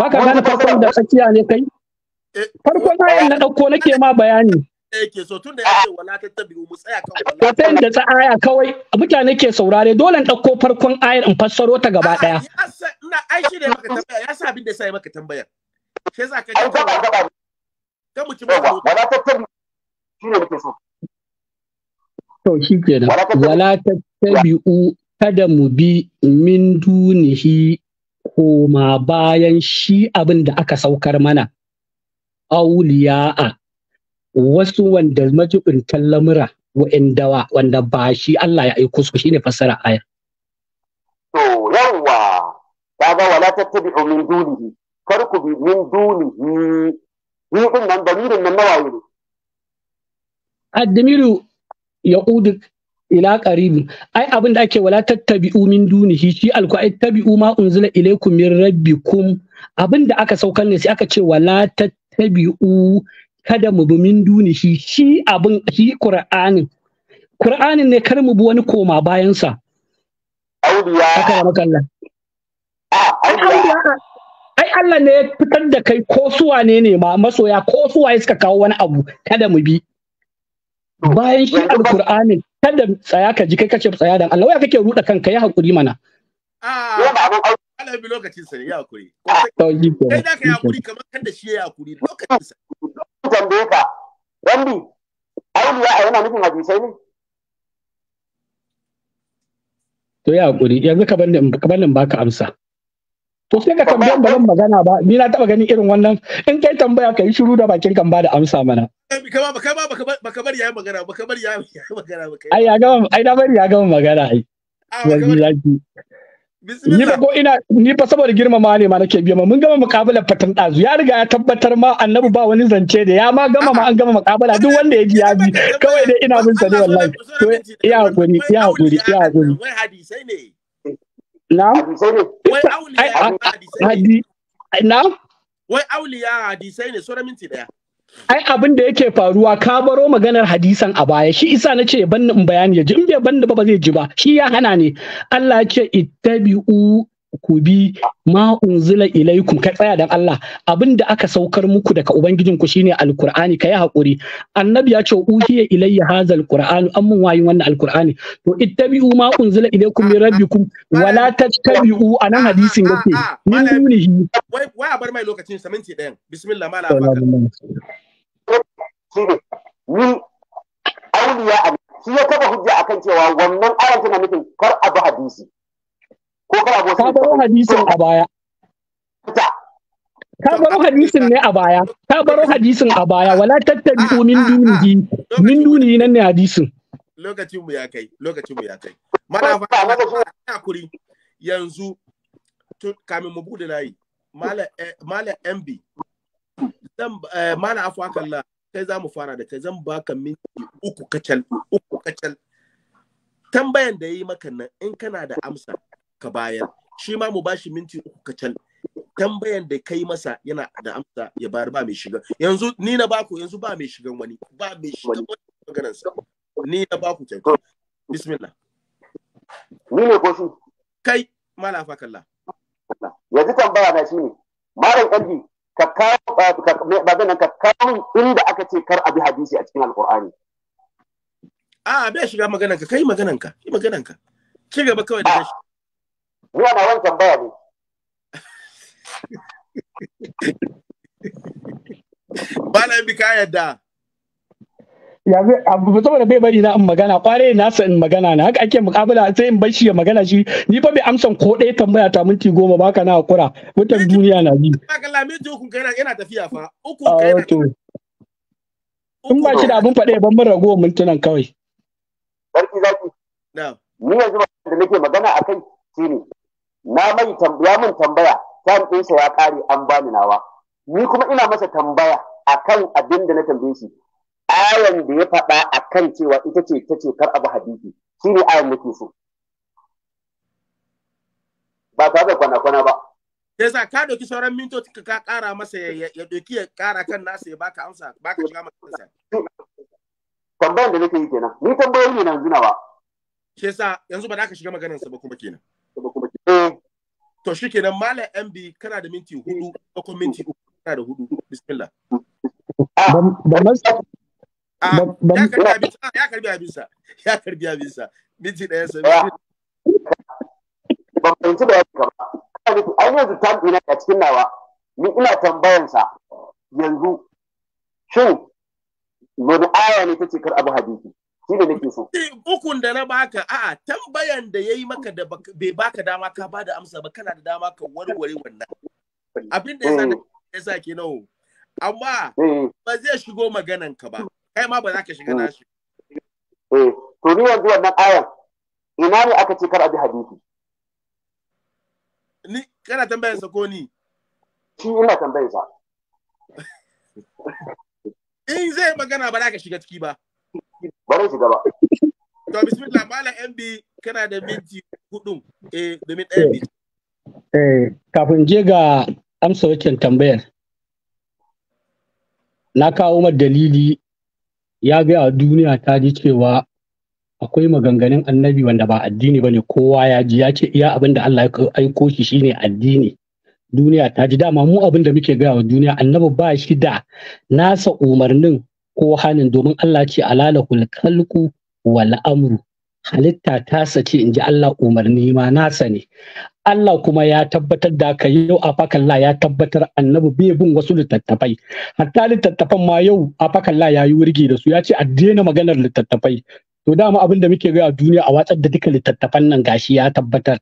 baka gane farkon da tsakiya ne kai Farkon eh, ayan na ɗauko nake ma bayani. Eh, yake so tun da ya ce wala tattabi'u mu tsaya kawai. wala ta da ta aya kawai mutane ke saurare dole in dauko farkon ayar in fassaro ta gaba daya ina ai shi ne maka tambaya ya sa abin da sai maka tambaya. sai za ka ji ka mutum wala tattabi'u shi ne muke so to shi ke kenan wala tattabi'u kada mu bi min dunihi koma bayan shi abin da aka saukar mana auliya'a wasu wanda majibintan lamura wa'inda wanda ba shi Allah ya aiko su shine fassara ayar to ta ga wala tattabi'u min dunihi ku bi min dunihi ni din nan dalilin nan nawaye ne addimiru yaqudu ila qaribin ai abin da ake wala tattabi'u min dunihi shi alqur'ani tabi'u ma unzila ilaykum min rabbikum abin da aka saukar ne sai aka ce wala tattabi'u tabi'u kada mu bi min duni shi shi abin shi qur'anin qur'anin ne kar mu bi wani koma bayan sa auliya haka maka Allah ah, ai Allah ne ya fitar da kai ko suwa ne ne ma masoya ko suwa suka kawo wani abu kada mu bi bayan shi alqur'anin kada tsaya ka ji kai kace tsaya dan Allah waya kake ruda kanka ya hakuri mana ah. Allah bi lokacin sa ya hakuri. Ah, kai da ka ya hakuri kamar kan da shi ya hakuri lokacin sa. yana nufin hadisai ne? To ya hakuri yanzu ka bani ka bani baka amsa. To sai ka tambaya ba zan magana ba ni na taba ganin irin wannan in kai tambaya ka yi shiru da bakin kan ba da amsa mana. Kama baka ba bari magana bari magana Ai ya gama ai na bari ya gama magana ai. Ah, Ni ba ina ni fa saboda girmama ne ma nake biya ma mun gama mukabalar fatan dazu ya riga ya tabbatar ma annabi ba wani zance da ya ma gama ma an gama mukabala duk wanda ya ji ya bi kawai dai ina bin sa ne wallahi to iya hakuri iya hakuri iya hakuri wai hadisai ne na wai auliya hadisai ne na wai auliya hadisai ne sauran minti daya ai abin da yake faruwa ka baro maganar hadisan a baya shi isa na ce ban in bayani ya ji in bai ban ba ba zai ji ba shi ya hana ne Allah ya ce ittabi'u ku bi ma unzila ilaikum ka tsaya dan Allah abin da aka saukar muku daga ubangijin ku shine alqur'ani kai hakuri annabi ya ce uhiya ilayya hadha qur'an an mun wayin wannan alqur'ani to ittabi'u ma unzila ilaikum min rabbikum wala tattabi'u anan hadisin yake min dunihi wai wai a bar mai lokacin sa minti dayan bismillah mala shi ne min auliya a shi ya taba hujja akan cewa wannan ayan tana nufin kar a bi hadisi ko kar a bi ka baro hadisin a baya ka baro hadisin ne a baya ka baro hadisin a baya wala tattabi'u min ah, ah, ah. dunihi min dunihi nan ne hadisin lokacin mu ya kai lokacin mu ya kai mana ba ya kuri yanzu kamin mu bude layi mala eh, mala mb zan eh, mala afwa kallah kai za mu fara da kai zan baka minti uku kacal uku kacal tambayan da yayi maka nan in kana da amsa ka bayar shi ma mu bashi minti uku kacal tambayan da kai masa yana da amsa ya bayar ba mai shiga yanzu ni na baku yanzu ba mai shigan wani ba mai shigan wani maganar sa ni na baku kyauta bismillah ni ne ko shi kai mala fakalla yanzu tambaya na shine malam kalbi ka kawo ba zan ka kawo inda aka ce kar abi hadisi a cikin alqur'ani a bai shiga maganan ka kai maganan ka yi maganan ka ci gaba kawai da shi ni ana wancan baya ne ba na bi ka yadda abu saboda bai bari na in magana kware na sa in magana na haka ake mukabala sai in bar shi ya magana shi ni fa bai amsan ko ɗaya tambaya ta minti goma baka na hakura mutan duniya na bi yana tafiya fa uku ah, in ba shi da abin faɗe ban mun ragowar mintunan kawai za zaki ni yanzu da nake magana shi ne. na mai tambaya mun tambaya kan ɗinsa ya ƙare an bani nawa ni kuma ina masa tambaya akan abin da na tambaye shi ayan da ya faɗa a kan cewa ita ce ta ce kar abu hadisi shi ne ayan muke so ba ta da kwana-kwana ba sai sa ka doki sauran mintoci ka kara masa ya doki ya kara kan nasa ya baka amsa baka shiga masa tambayan da nake yi kenan ni tambayoyi ne nan zinawa Ke sa yanzu ba za ka shiga maganarsa ba kuma kenan eh. to shi kenan malam MB kana da minti hudu ko minti uku kana da hudu bismillah ya karbi abinsa ya karbi abinsa ya karbi abinsa minti ɗaya sai ban da yadda ba an yanzu ta ina a cikin nawa ni ina tambayansa yanzu shin wani aya ne ce kar abu hadisi shi ne nake so Bukun eh, da na baka a'a tambayan da yayi maka da bai baka dama ka bada amsa ba kana da dama ka warware wannan abin da ya yasa eh. yasa kenan amma eh. ba zai shigo maganan ka ba kai ma ba za ka shiga hmm. nashi eh to ni wannan ayan ina ne aka ce kar a bi hadisi ni kana tambayar sa ko ni shi ina tambayar sa in zai magana ba za ka shiga ciki ba ba zai shiga ba to bismillah malam MB kana da minti hudu eh domin ɗaya bi eh, eh kafin je ga amsa waccan tambayar na kawo ma dalili ya gaya duniya ta ji cewa akwai maganganun annabi wanda ba addini bane kowa ya ji ya ce iya abin da Allah ya aiko shi shine addini duniya ta ji dama mu abin da muke gaya wa duniya annabi ba shi da nasa umarnin ko hanin domin Allah ce alala kalku wal amru halitta tasa ce ji Allah umarni ma nasa ne Allah kuma ya tabbatar da haka yau a La ya tabbatar annabi bai bin wasu littattafai hatta littattafan ma yau a La ya yi wurgi da su ya ce a daina maganar littattafai to dama abin da muke gaya a duniya a watsar da duka littattafan nan gashi ya tabbatar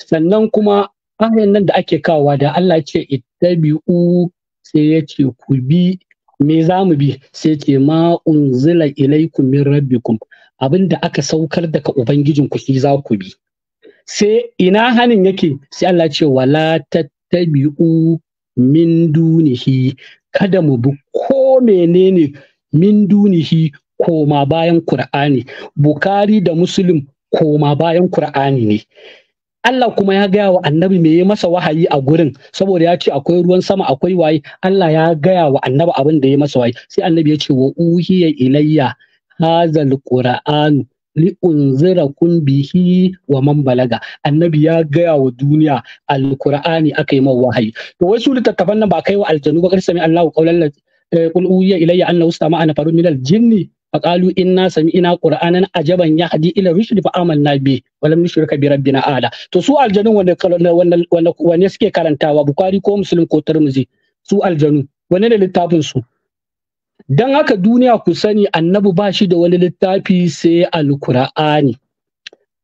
sannan kuma ayan nan da ake kawowa da Allah ce ittabi'u sai ya ce ku bi me za mu bi sai ce ma unzila ilaikum min rabbikum abin aka saukar daga ubangijinku shi za ku bi sai ina hanin yake sai Allah ce wala tattabi'u min dunihi kada mu bi ko menene min dunihi koma bayan Kur'ani bukhari da Muslim koma bayan Kur'ani ne Allah kuma ya gaya wa annabi me ya masa wahayi a gurin saboda ya ce akwai ruwan sama akwai waye Allah ya gaya wa annabi abin da ya masa wahayi sai annabi ya ce wa uhiya ilayya hazal qur'anu li kun bihi wa man balaga annabi ya gaya wa duniya alqur'ani akai man wahayi to wai su littattafan nan ba kai wa aljanu ba karsami allahu qawlan la eh, qul uyya ilayya anna ustama ana farun min aljinni faqalu inna sami'na qur'anan ajaban yahdi ila rushd fa amanna bi wa lam nushrika bi rabbina ala to su aljanu wanda wanda wanda suke karantawa bukhari ko muslim ko tirmidhi su aljanu wanne ne littafin su don haka duniya ku sani annabi ba shi da wani littafi sai alkur'ani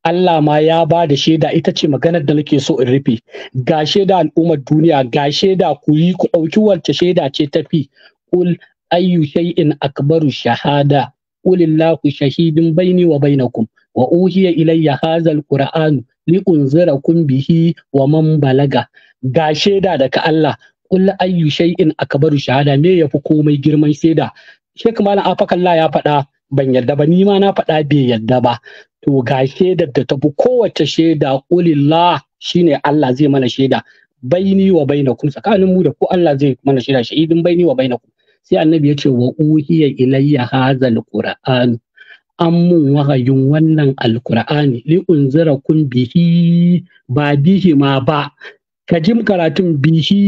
Allah ma ya ba da shaida ita ce maganar da nake so in rufe ga shaida al'ummar duniya ga shaida ku yi ku ɗauki wacce shaida ce tafi kul ayyu shay'in akbaru shahada qul illahu shahidin baini wa bainakum wa uhiya ilayya hadha alquran li unzirakum bihi wa man balaga ga shaida daga Allah kullu ayyu shay'in akbaru shahada me yafi komai girman shaida Sheikh Malam Afakalla ya faɗa ban yarda ba ni ma na faɗa bai yarda ba to ga shaidar da tafi kowace shaida kulillah shine Allah zai mana shaida baini wa bainakum tsakanin mu da ku Allah zai mana shaida sha'idin baini wa bainakum sai annabi ya ce wa uhiya ilayya hadzal qur'an an mun wahayin wannan alkur'ani li unzira kun bihi ba bihi ma ba ka jim karatun bihi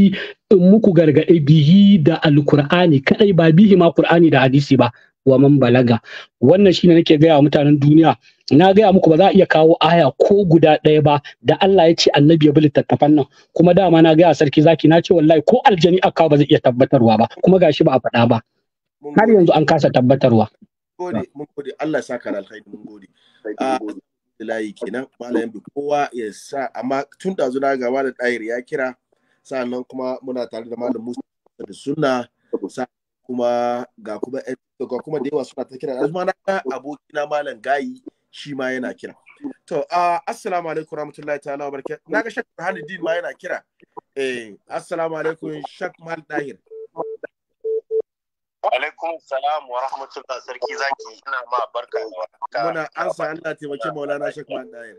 in muku gargaɗe bihi da alkur'ani kadai ba bihi ma kur'ani da hadisi ba wa man balaga wannan shine nake gaya wa mutanen duniya na gaya muku ba za a iya kawo aya ko guda ɗaya ba da Allah ya ce annabi ya bi littattafan nan kuma dama na gaya sarki zaki na ce wallahi ko aljani aka ba zai iya tabbatarwa ba kuma gashi ba a faɗa ba har yanzu an kasa tabbatarwa gode mun gode Allah saka alkhairi mun gode ah, kenan malayan bi kowa ya sa amma tun da zuna gaba da ɗayar ya kira sa'annan kuma muna tare da malam Musa da sunna kuma ga kuma ga kuma da yawa suna ta kira ma na abokina malam gayi shi ma yana kira to assalamu alaikum rahmatullahi ta'ala wa na ga shak Burhanuddin ma yana kira eh assalamu alaikum shak mal dahir alaikum salam wa rahmatullah sarki zaki ina ma barka da warhaka muna ansa Allah taimake maulana shak mal dahir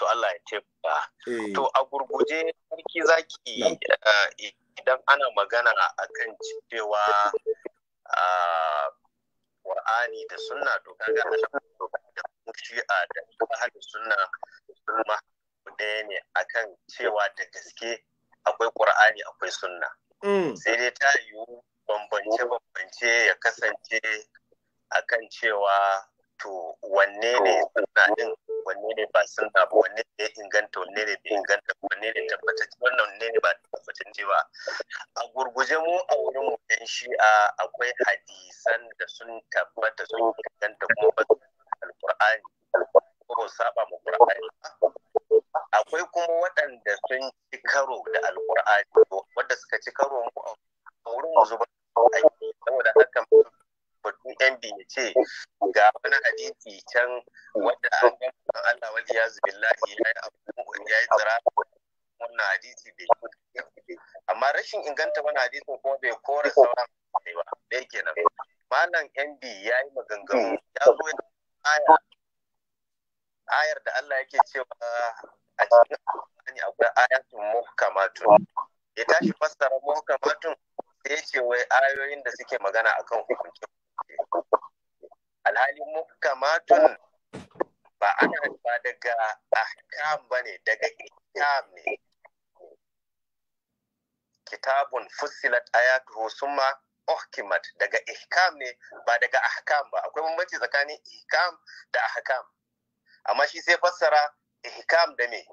to Allah ya taimaka eh. to a gurguje sarki zaki eh, idan ana magana akan cewa ah, Qur'ani da sunna to kaga da shi'a da ahlus sunna sunna ɗaya ne akan cewa da gaske akwai Qur'ani akwai sunna mm. sai dai ta yiwu bambance-bambance ya kasance akan cewa to wanne ne suna din wanne ne ba suna ba wanne ne inganta wanne ne bai inganta wanne ne tabbata wannan wanne ne ba tabbatacce ba a gurguje mu a wurin mu shi a akwai hadisan da sun tabbata sun inganta kuma ba alqur'ani ko saba mu qur'ani akwai kuma waɗanda sun ci karo da Alƙur'ani, wanda suka ci karo mu a wurin mu zuba aiki saboda hakan kudin yan ya ce ga wani hadisi can wanda Allah wal ya billahi ya yi abu ya yi tsira wannan hadisi bai amma rashin inganta wani hadisin ko bai kore sauran ba dai nan. malam ND ya yi maganganu ya zo aya ayar da Allah yake cewa a cikin Qur'ani akwai ayatun muhkamatun ya tashi fassara muhkamatun sai ya ce wai ayoyin da suke magana akan hukuncin alhali muhkamatun ba ana ba daga ahkam ba ne daga kitab ne kitabun fusilat ayatuhu summa uhkimat daga ihkam ne ba daga ahkam ba akwai bambanci tsakanin ihkam da ahkam amma shi sai fassara ihkam da me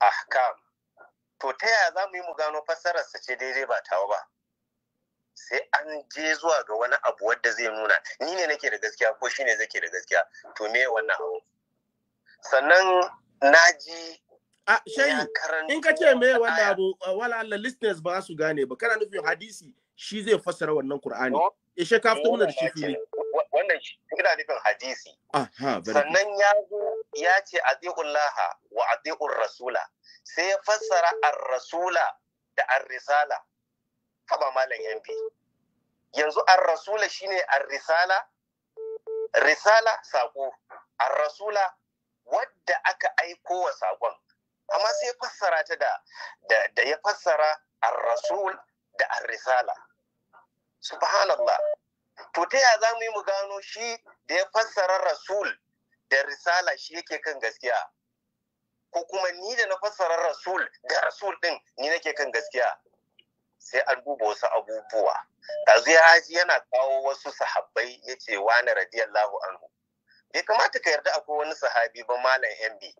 ahkam to ta yaya zamu yi mu gano fassararsa ce daidai ba tawa ba sai an je zuwa ga wani abu wadda zai nuna ni ne nake da gaskiya ko shine zake da gaskiya to me wannan abu sannan naji a shayi in ka ce me wannan abu uh, wala Allah listeners ba su gane ba kana nufin hadisi shi zai fassara wannan Qur'ani ya eh, she ka fito mana da shi fili wannan shi ina nufin hadisi sannan ya zo ya ce laha wa atiur rasula sai ya fassara ar-rasula da ar-risala haba malam yanzu ar-rasula shine ar-risala risala sako ar-rasula wadda aka aiko wa sakon amma sai fassara ta da da ya fassara ar-rasul da ar-risala subhanallah to ta ya za mu yi mu gano shi da ya fassara rasul da risala shi yake kan gaskiya ko kuma ni da na fassara rasul da rasul din ni nake kan gaskiya sai an duba wasu abubuwa yanzu ya haji yana kawo wasu sahabbai ya ce wani radiyallahu anhu bai kamata ka yarda akwai wani sahabi ba malam yambi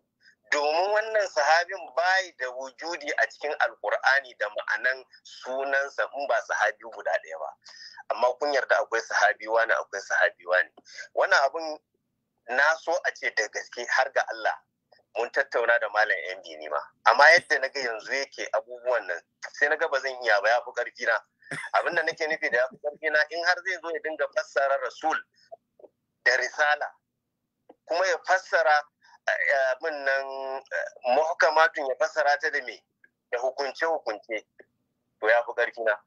domin wannan sahabin bai da wujudi a cikin alkur'ani da ma'anan sunansa in ba sahabi guda ɗaya ba amma kun yarda akwai sahabi wani akwai sahabi wani wannan abun na so a ce da gaske har ga Allah mun tattauna da malam yan ni ma amma yadda na ga yanzu yake abubuwan nan sai na ga ba zan iya ba ya fi karfi na abin da nake nufi da ya fi karfi na in har zai zo ya dinga fassara rasul da risala kuma ya fassara eh, abin nan eh, muhkamatun ya fassara ta da me da hukunce hukunce to ya fi karfi na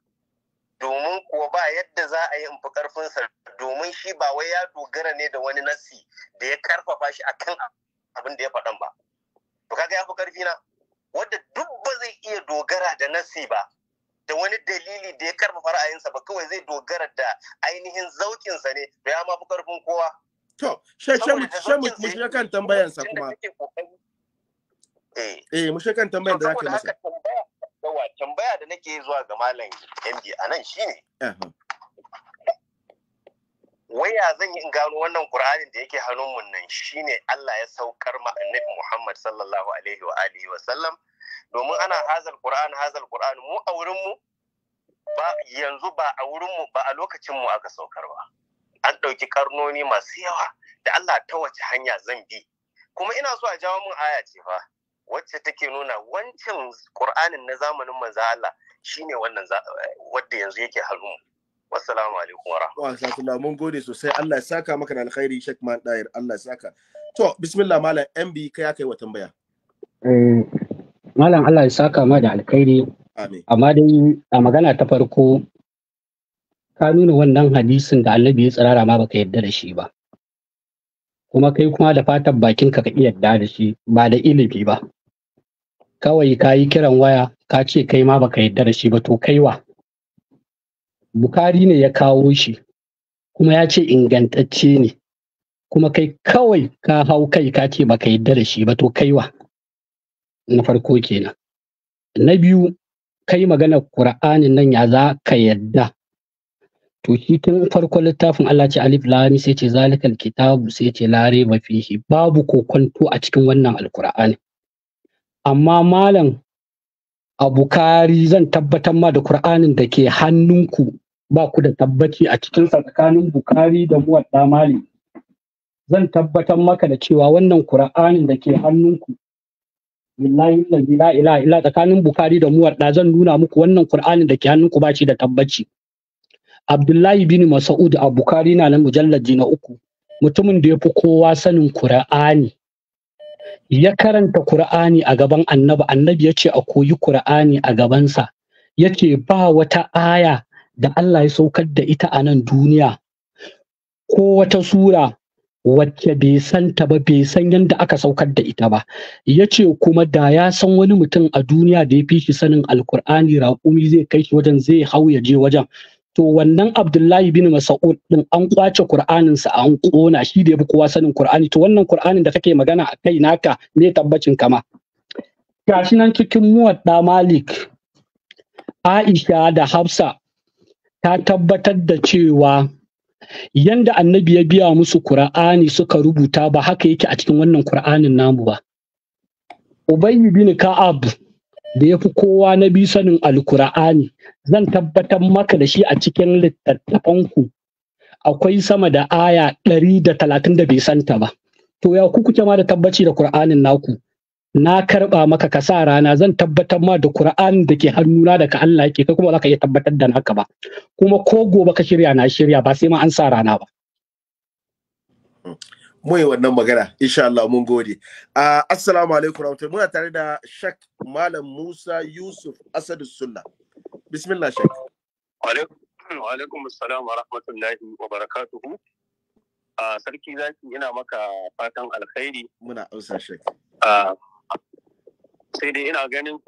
domin kuwa ba yadda za a yi in fi karfinsa domin shi ba wai ya dogara ne da wani nasi da ya karfafa shi akan abin da ya faɗan ba to kaga ya fi ƙarfi na wanda duk ba zai iya dogara da nasi ba da wani dalili da ya karfafa ra'ayinsa ba kawai zai dogara da ainihin zaukinsa ne da ya ma fi ƙarfin kowa to mu shiga kan tambayansa kuma eh. eh mu shiga kan tambayan da zaka masa tambaya da nake zuwa ga malam MD anan shine waya zan yi gano wannan qur'anin da yake hannun nan shine Allah ya saukar ma annabi Muhammad sallallahu alaihi wa alihi wa sallam domin ana hazal qur'an hazal qur'an mu a wurin mu ba yanzu ba a wurin mu ba a lokacin mu aka saukar ba an ɗauki karnoni masu yawa da Allah ta wace hanya zan bi kuma ina so a jawo min aya ce fa wacce take nuna wancan qur'anin na zamanin manzo Allah shine wannan wanda yanzu yake hannun mu wassalamu alaikum wa rahmatullahi mun gode sosai Allah ya saka maka da alkhairi Sheikh Man Dair Allah ya saka to bismillah malam MB kai ya kai wa tambaya eh, malam Allah ya saka ma da alkhairi amma dai a magana ta farko ka nuna wannan hadisin da annabi ya tsirara ma baka yarda da shi ba kuma kai kuma da fatan bakinka ka iya yadda da shi ba da ilimi ba kawai ka yi kiran waya ka ce kai ma baka yarda da shi ba to kai wa Bukari ne ya kawo shi kuma ya ce ingantacce ne kuma kai kawai ka hau kai ka ce baka yi da shi ba to kaiwa na farko kenan na biyu kai maganar ƙura'ani nan ya za ka yadda to shi tun farkon littafin Allah ce alif lami sai ce zalikal kitabu sai ce lare raiba fihi babu kokonto a cikin wannan alqur'ani amma malam a bukari zan tabbatar ma da kur'anin da ke hannunku ba ku da tabbaci a cikinsa tsakanin bukari da muwadda mali zan tabbatar maka da cewa wannan kur'anin da ke hannunku tsakanin bukari da muwadda zan nuna muku wannan kur'anin da ke hannunku ba shi da tabbaci abdullahi bin mas'ud a bukari na nan mujallaji na uku mutumin da ya fi kowa sanin kur'ani ya karanta Kur'ani a gaban annabi annabi ya ce a koyi Kur'ani a gabansa ya ce ba wata aya da Allah ya saukar da ita a nan duniya ko wata sura wacce bai san ta ba bai san yadda aka saukar da ita ba ya ce kuma da ya san wani mutum a duniya da ya fi shi sanin alkur'ani raƙumi zai kai shi wajen zai hau ya je wajen to wannan Abdullahi bin Mas'ud din an kwace Qur'anin sa an kona shi da yabi kowa sanin Qur'ani to wannan Qur'anin da kake magana a kai naka me tabbacin kama gashi nan cikin muwadda Malik Aisha da Hafsa ta tabbatar da cewa yanda annabi ya biya musu Qur'ani suka rubuta ba haka yake a cikin wannan Qur'anin namu ba ubayyi bin Ka'ab da ya fi kowa na biyu sanin alkur'ani zan tabbatar maka da shi a cikin littattafanku akwai sama da aya ɗari da talatin da bai santa ba to ya ku kuke ma da tabbaci da kur'anin naku na karɓa maka ka sa rana zan tabbatar ma da kur'anin da ke hannuna daga Allah yake kai kuma za ka iya tabbatar da naka ba kuma ko gobe ka shirya na shirya ba sai ma an sa rana ba mai wannan magana insha Allah mun gode uh, assalamu alaikum rahmatullahi muna tare da shak malam Musa Yusuf Asadu Sunna bismillah shak wa alaikum assalam wa rahmatullahi wa barakatuh uh, sarki zaki ina maka fatan alkhairi muna ausa shak uh, sai dai ina ganin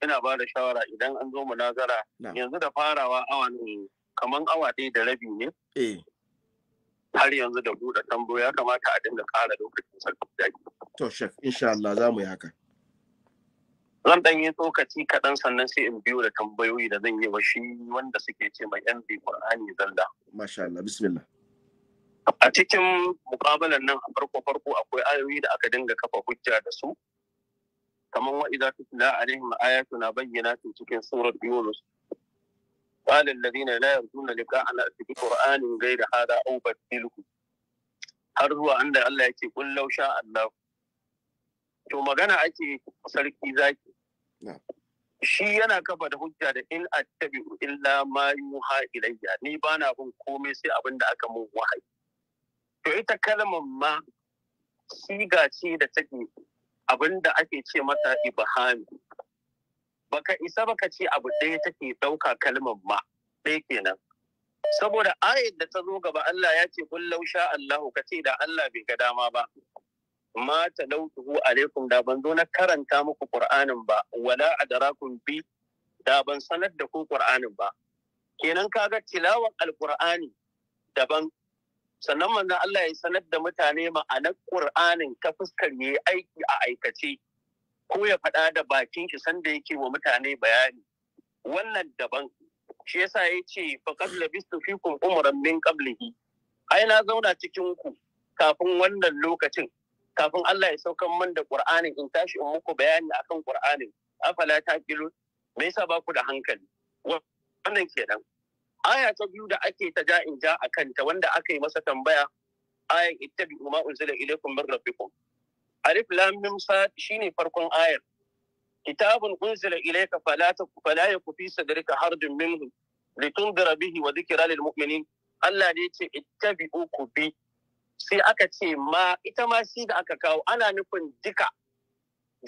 ina ba da shawara idan an zo munazara yanzu da farawa awa ne kaman awa ɗaya da rabi ne eh. har yanzu da buɗe tambayoyi ya kamata a dinga ƙara lokacin sarkin sarki to chef insha Allah za mu yi haka zan ɗan yi tsokaci kaɗan sannan sai in biyo da tambayoyi da zan yi wa shi wanda suke ce mai yan bi Qur'ani zalla masha Allah bismillah a cikin mukabalan nan a farko farko akwai ayoyi da aka dinga kafa hujja da su kamar wa'iza idza tutla alaihim ayatuna bayyana cikin surat yunus قال na لا يرجون لقاءنا في gai غير هذا أو بدله har zuwa an Allah ya ce kun lausha Allah to magana ake sarki zaki shi yana kafa da hujja da in attabi'u illa ma yuha ilayya ni bana bin komai sai abin da aka mun wahayi to ita kalmar ma siga ce da take abin da ake ce mata ibhami baka isa baka ce abu ɗaya take ɗauka kalmar ma ɗaya kenan saboda ayat da ta zo gaba Allah ya ce kun lausha Allahu ka ce da Allah bai ga dama ba ma talautuhu alaikum da ban zo na karanta muku Qur'anin ba wala adarakum bi da ban sanar da ku Qur'anin ba kenan kaga tilawar alqur'ani daban sannan manzon Allah ya sanar da mutane ma'anar Qur'anin ta fuskar yayi aiki a aikace ko ya faɗa da bakin shi sanda yake wa mutane bayani wannan daban shi yasa ya ce faqad labistu fikum umran min qablihi ai na zauna cikin ku kafin wannan lokacin kafin Allah ya saukan man da Qur'anin in tashi in muku bayani akan Qur'anin afala taqilu me yasa ba ku da hankali wannan kenan aya ta biyu da ake ta ja in ja a kanta wanda aka yi masa tambaya ayan ittabi'u ma unzila ilaykum min rabbikum alif lam mim sad shine farkon ayar kitabun unzila ilayka fala fala yaku fi sadrika hardun minhu litundira bihi wa dhikra lil mu'minin Allah ne ce ittabi'u ku bi sai aka ce ma ita ma shi da aka kawo ana nufin duka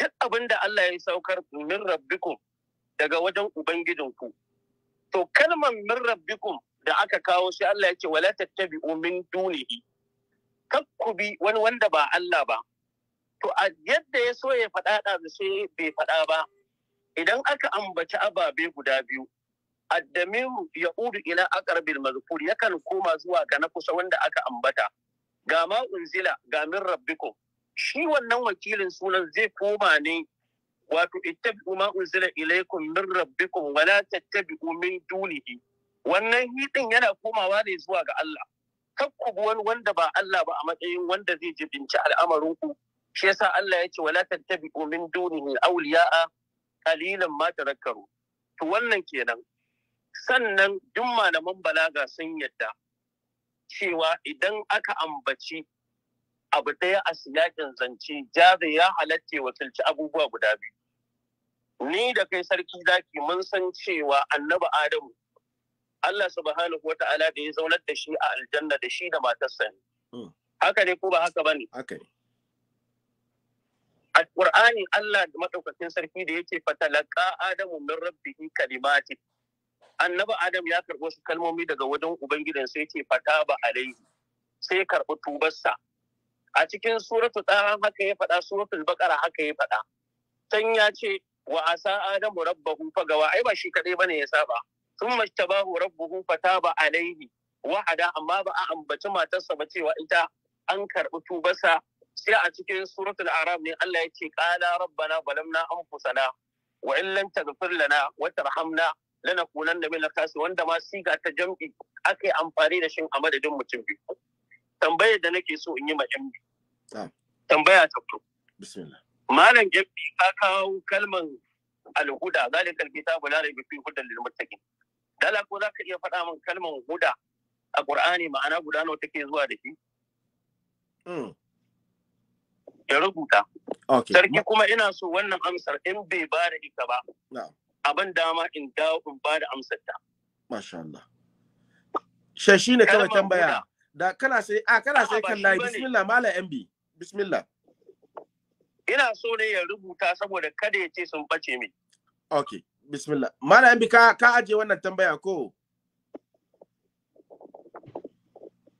duk abin da Allah ya saukar min rabbikum daga wajen ubangijinku to kalmar min rabbikum da aka kawo sai Allah ya ce wala tattabi'u min dunihi kakku bi wani wanda ba Allah ba to a yadda ya so ya faɗa da sai bai faɗa ba idan aka ambaci ababe guda biyu addamiru ya udu ila akarbil mazkur yakan koma zuwa ga na kusa wanda aka ambata ga ma unzila ga min rabbiko shi wannan wakilin sunan zai koma ne wato ittabi'u ma unzila ilaykum min rabbikum wa la tattabi'u min dunihi wannan hidin yana komawa ne zuwa ga Allah kakku wani wanda ba Allah ba a matsayin wanda zai jibinci al'amarinku ku shi yasa Allah ya ce wala tattabi'u min dunihi awliya'a qalilan ma tadhakkaru to wannan kenan sannan duk malaman balaga sun yadda cewa idan aka ambaci abu ɗaya a siyakin zance jaza ya halatta wakilci abubuwa guda biyu ni da kai sarki zaki mun san cewa annabi adamu Allah subhanahu wa ta'ala da ya zaunar da shi a aljanna da shi da matarsa ne hmm. haka ne ko ba haka bane Alƙur'ani Allah da maɗaukakin sarki da yake fatalaka adamu min rabbihi kalimati annabi adam ya karɓo su kalmomi daga wajen ubangidan sai yake fata ba alaihi sai ya karbi tubarsa a cikin suratu taha haka ya faɗa suratu bakara haka ya faɗa san ya ce wa asa adamu rabbahu fagawa ai ba shi kaɗai bane ya saba thumma tabahu rabbuhu fataba alaihi wa'ada amma ba a ambaci matarsa ba cewa ita an karɓi tubarsa sai a cikin suratul arab ne Allah ya ce qala rabbana balamna anfusana wa in lam taghfir lana wa tarhamna lanakunanna min al-khasirin wanda ma siga ta jam'i aka amfani da shin a madadin mutum biyu tambayar da nake so in yi ma jam'i tambaya ta fito malam jam'i ka kawo kalman al'huda, huda zalikal kitabu la raiba fihi hudan lil muttaqin dala ko zaka iya faɗa min kalman huda a Qur'ani ma'ana guda nawa take zuwa da shi hmm. ya rubuta. Sarki kuma ina so wannan amsar in bai ba da ita ba. Abin dama in dawo in ba da amsar ta. Masha Allah. Shashi ne kawai tambaya. Da kana sai a kana sai kan layi bismillah mala MB bismillah. Ina so ne ya rubuta saboda kada ya ce sun bace min. Okay bismillah. Mala MB ka ka ajiye wannan tambaya ko?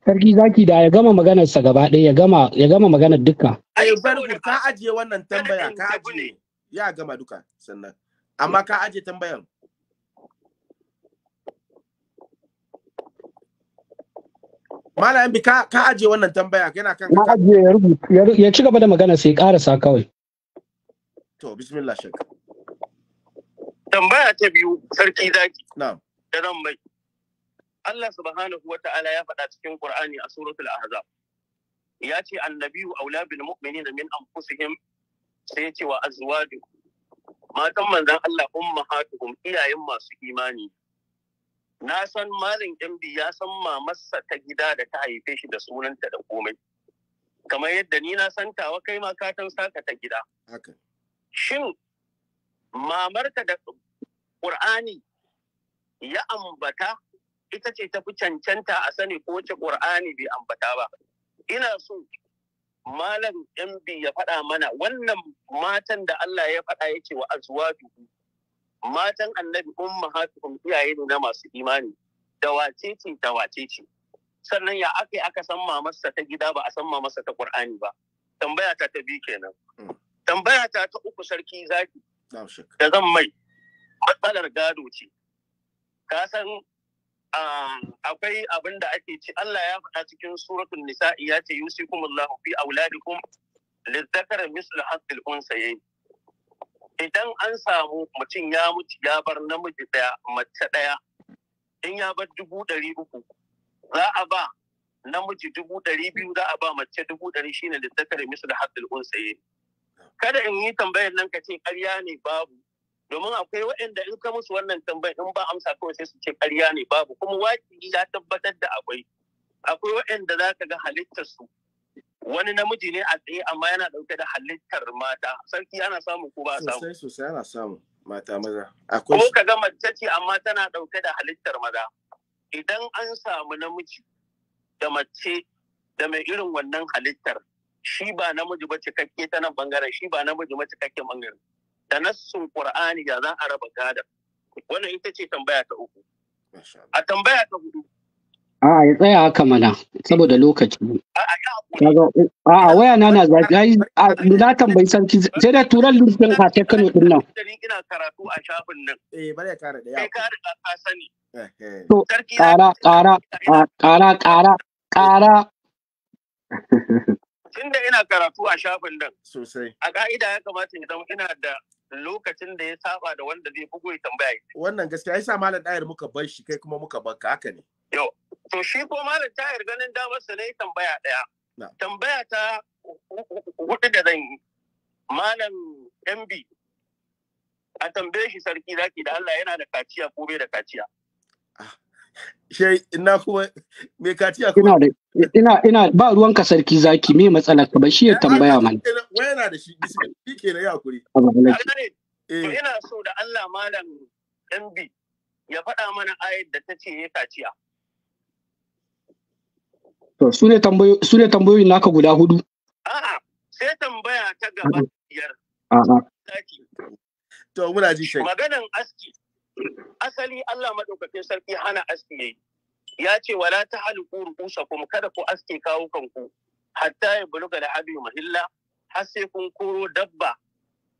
sarki zaki da ya gama maganar sa gaba ɗaya ya gama maganar duka ai barku ka ajiye wannan tambaya ka ajiye ya gama duka sannan amma ka ajiye tambayan Malam bi ka ka ajiye wannan tambaya yana kan ka ajiye ya rubuta ya ci gaba da magana sai karasa kawai to bismillah shek tambaya ta biyu sarki zaki na'am da zan mai Allah subhanahu wa ta'ala ya faɗa cikin Qur'ani a suratul Ahzab ya ce annabiyu aula bil mu'minina min anfusihim sai ya ce wa matan manzan Allah ummahatuhum iyayen masu imani na san malin Kyambi ya san mamarsa ta gida da ta haife shi da sunanta da komai kamar yadda ni na san tawa kai ma katan saka ta gida shin mamarka da ƙur'ani ya ambata ita ce ta fi cancanta a sani ko wace ƙur'ani bai ambata ba ina so malam yambi ya faɗa mana wannan matan da Allah ya faɗa ya ce wa azwajuhu matan annabi ummahatuhum iyaye ne na masu imani da wace ce da wace ce sannan ya aka aka san mamarsa ta gida ba a san mamarsa ta ƙur'ani ba tambaya ta ta bi kenan hmm. tambaya ta ta uku sarki zaki da zan mai matsalar gado ce ka san Um, akwai abin da ake ci Allah ya faɗa cikin suratul nisa'i ya ce yusikumullahu fi auladikum lizzakar misl hasil unsaye idan an samu mutum ya mutu ya bar namiji daya mace daya in ya bar dubu ɗari uku za a ba namiji dubu ɗari biyu za a ba mace dubu ɗari shine lizzakar misl hasil unsaye kada in yi tambayar nan ka ce ƙarya ne babu domin akwai waɗanda in ka musu wannan tambayar in ba amsa kawai sai su ce ƙarya ne babu kuma waƙi ya tabbatar da akwai akwai waɗanda za ka ga halittar su wani namiji ne a tsaye amma yana ɗauke da halittar mata sarki ana samu ko ba samu sosai sosai ana samu mata maza akwai ko ka ga mace ce amma tana ɗauke da halittar maza idan an samu namiji da mace da mai irin wannan halittar shi ba namiji ba cikakke ta nan bangaren shi ba namiji ba cikakken bangaren da nassun Qur'ani ya za a raba gadar wannan ita ce tambaya ta uku a tambaya ta hudu a ya tsaya haka mana saboda lokaci a waya na na zagayi na tambayi sarki sai da turan lurfin a ta kano din nan ina karatu a shafin nan eh bari ya da yawa kai ka sani to kara kara kara kara kara tunda ina karatu a shafin nan sosai a ka'ida ya kamata ya zama ina da lokacin da ya saba da wanda zai bugu ya tambaya wannan gaskiya yasa malam da muka bar shi kai kuma muka bar haka ne yau to shi ko malam dayar ganin damar sa ne tambaya ɗaya. tambaya ta hudu da zan yi malam mb a tambaye shi sarki zaki da Allah yana da kaciya ko bai da kaciya ah, shai ina kuma me ba ruwan sarki zaki me matsalar ba shi ya tambaya da eh. ina so da Allah malam dambi ya faɗa mana ayat da ta ce kaciya to tambayoyin naka guda hudu a'a sai tambaya ta gaba biyar a'a aski asali Allah madaukakin sarki hana aski yayi ya ce wala ta haliku rukusakum kada ku aske kawo kanku hatta ya buluga da hadu mahilla har sai kun koro dabba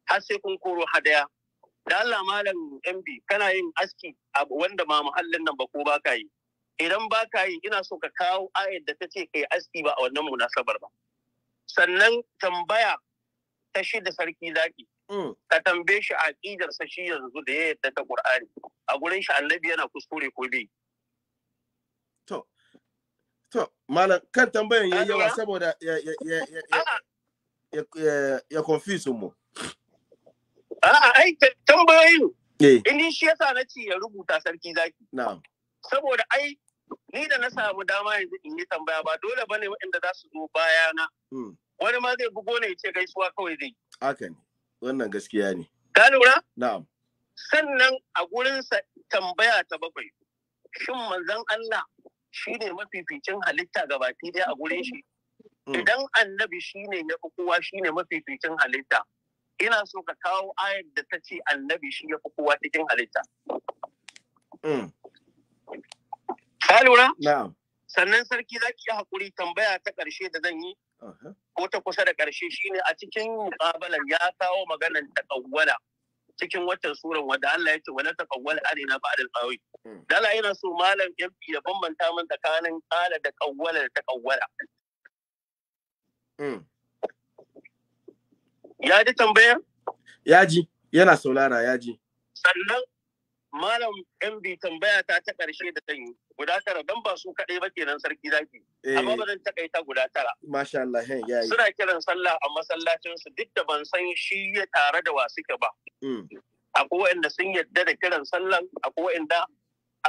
har sai kun koro hadaya da Allah malam MB kana yin aski abu wanda ma muhallin nan ba ko ba yi idan ba yi ina so ka kawo ayar da ta ce ka aski ba a wannan munasabar ba sannan tambaya ta da sarki zaki Mm. ka tambaye shi a ƙidarsa shi yanzu da ya yadda ta ƙur'ani a gurin shi annabi yana kuskure ko bai to to malam kan tambayan yi yawa saboda ya ya ya ya ya ya ya confuse mu a'a ai tambayoyin eh. in shi yasa na ce ya rubuta sarki zaki na'am saboda ai ni da na samu dama yanzu in yi tambaya ba dole ba ne waɗanda za su zo bayana mm. wani ma zai bugo ne ya ce gaisuwa kawai zai haka ne Wannan gaskiya ne. Ka lura? Na'am. Sannan a gurinsa tambaya ta bakwai. Shin manzon Allah shi ne mafificin halitta gabaki daya a gurin shi? Mm. Idan annabi shi ne ya fi kowa shi ne mafificin halitta. Ina so ka kawo ayar da ta ce annabi shi ya fi kowa cikin halitta. Mm. Ka lura? Na'am. Sannan sarki za ki yi haƙuri tambaya ta ƙarshe da zan yi. ko ta kusa da ƙarshe shine a cikin muƙabalar ya kawo maganar taƙawwala cikin watan suran wanda Allah ya ce wala taqawwal na ba'd al ƙawai. Hmm. dala yana so malam MP ya bambanta min tsakanin ƙala da ƙawwala da ƙawwala. Hmm. ya ji tambayar ya ji yana saulara ya ji sannan malam MB tambaya ta ta ƙarshe da ta yi guda tara don ba su kaɗai ba kenan sarki zaki eh. amma ba zan takaita guda tara masha Allah ya yi suna kiran sallah a masallacinsu duk da ban san shi ya tare da wa suke ba mm. akwai wanda sun yadda da kiran sallan akwai wanda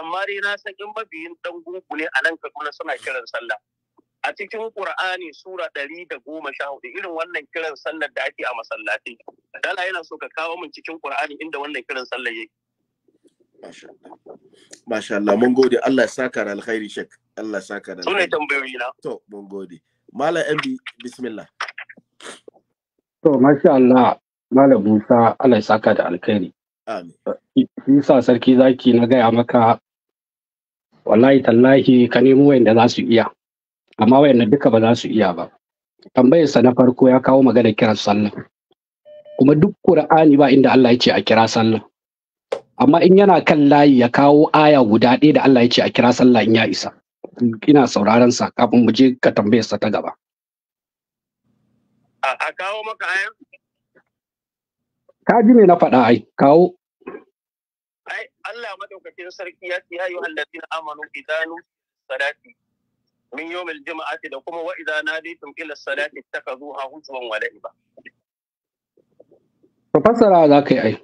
amma dai na san in mabiyin dan gungu ne a nan Kaduna suna kiran sallah a cikin Qur'ani sura ɗari da goma sha hudu irin wannan kiran sallar da ake a masallaci dala yana so ka kawo min cikin Qur'ani inda wannan kiran sallar yake Masha Allah. Allah, mun gode. Allah saka da alkhairi shek. Allah ya saka da alkhairi. Sune tambayoyi na. To, mun gode. Malam MB, bismillah. To, masha Allah, Malam Musa, Allah ya saka da alkhairi. Amin. sa sarki zaki na gaya maka wallahi tallahi ka nemo wayanda za su iya. Amma wayanda duka ba za su iya ba. Tambayarsa na farko ya kawo magana kiran sallah. Kuma duk Qur'ani ba inda Allah ya ce a kira sallah. amma in yana kan layi ya kawo aya guda ɗaya da Allah ya ce a kira sallah in ya isa ina sauraron sa kafin mu je ka tambayar sa ta gaba a kawo maka aya ka ji me na faɗa ai kawo ai Allah madaukakin sarki ya ce ayu yi allazina amanu idanu salati min yawmil juma'ati da kuma wa idza naditum ila salati takhazuha hujwan wa la'iba to fassara za ka yi ai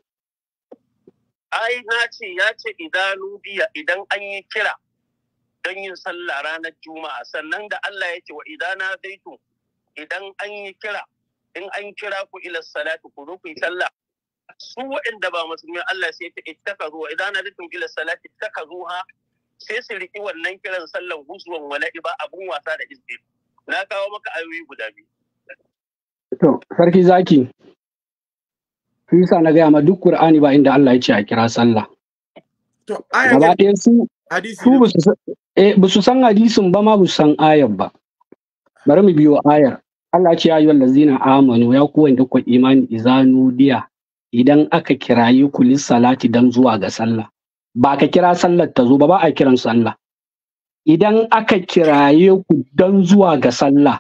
ai na ce ya ce Idanubiya idan an yi kira don yin sallah ranar juma'a sannan da Allah ya ce wa idana daitu idan an yi kira in an kira ku ila salatu ku zo ku yi sallah su waɗanda ba musulmi Allah sai ta ittaka zuwa idan na dukkan ila salati ittaka zuwa sai su riki wannan kiran sallan husuwan wala'i ba abun wasa da izbi na kawo maka ayoyi guda biyu to sarki zaki shi yasa na gaya ma duk Qur'ani ba inda Allah ya ce a kira sallah gaba ɗaya su su eh, ba su san hadisin ba ma ba su san ayar ba bari mu biyo ayar Allah ce ya yi wallazina amanu ya kuwa da kwa imani izanu diya idan aka kiraye ku salati dan zuwa ga sallah ba ka kira sallar ta zo ba ba a kiran sallah idan aka kiraye ku dan zuwa ga sallah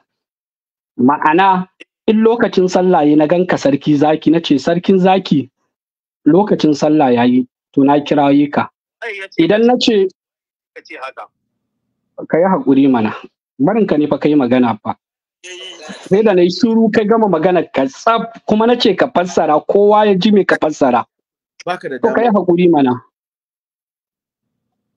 ma'ana in lokacin sallah ya na ganka sarki zaki na ce sarkin zaki lokacin sallah ya yi to na kira yi ka idan na ce ka yi haƙuri mana barin ka ne fa ka yi magana fa sai da na yi suru ka gama magana ka tsaf kuma na ce ka fassara kowa ya ji me ka fassara to ka yi haƙuri mana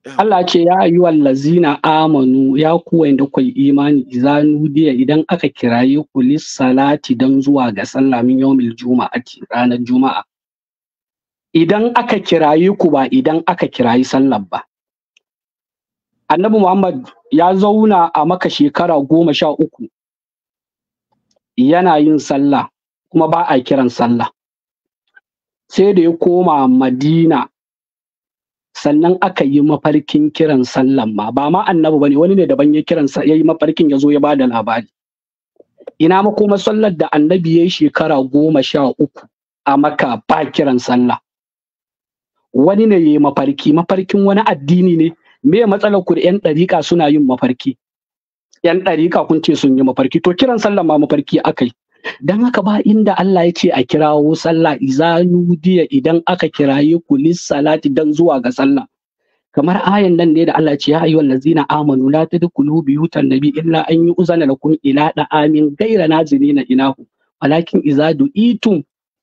Allah ce ya yi wallazina amanu ya kuwa da kwai imani zanu diya idan aka kiraye ku salati don zuwa ga sallah min yawmil juma'ati ranar juma'a idan aka kiraye ku ba idan aka kirayi sallar ba annabi Muhammad ya zauna a maka shekara goma sha uku yana yin sallah kuma ba a kiran sallah sai da ya koma madina sannan aka yi mafarkin kiran sallan ma ba ma annabi bane wani ne daban ya kiran ya yi mafarkin ya zo ya bada labari ina ma kuma sallar da annabi ya yi shekara goma sha uku a maka ba kiran sallah wani ne ya yi mafarki mafarkin wani addini ne me matsalar ku da yan dariƙa suna yin mafarki yan dariƙa kun ce sun yi mafarki to kiran sallah ma mafarki akai don haka ba inda Allah ya ce a kirawo sallah iza nudiya idan aka kiraye ku salati dan zuwa ga sallah kamar ayan nan ne da Allah ce ya ayu allazina amanu la tadkhulu buyutan nabi illa an yu'zana lakum ila da amin gaira nazilina inahu walakin iza du'itum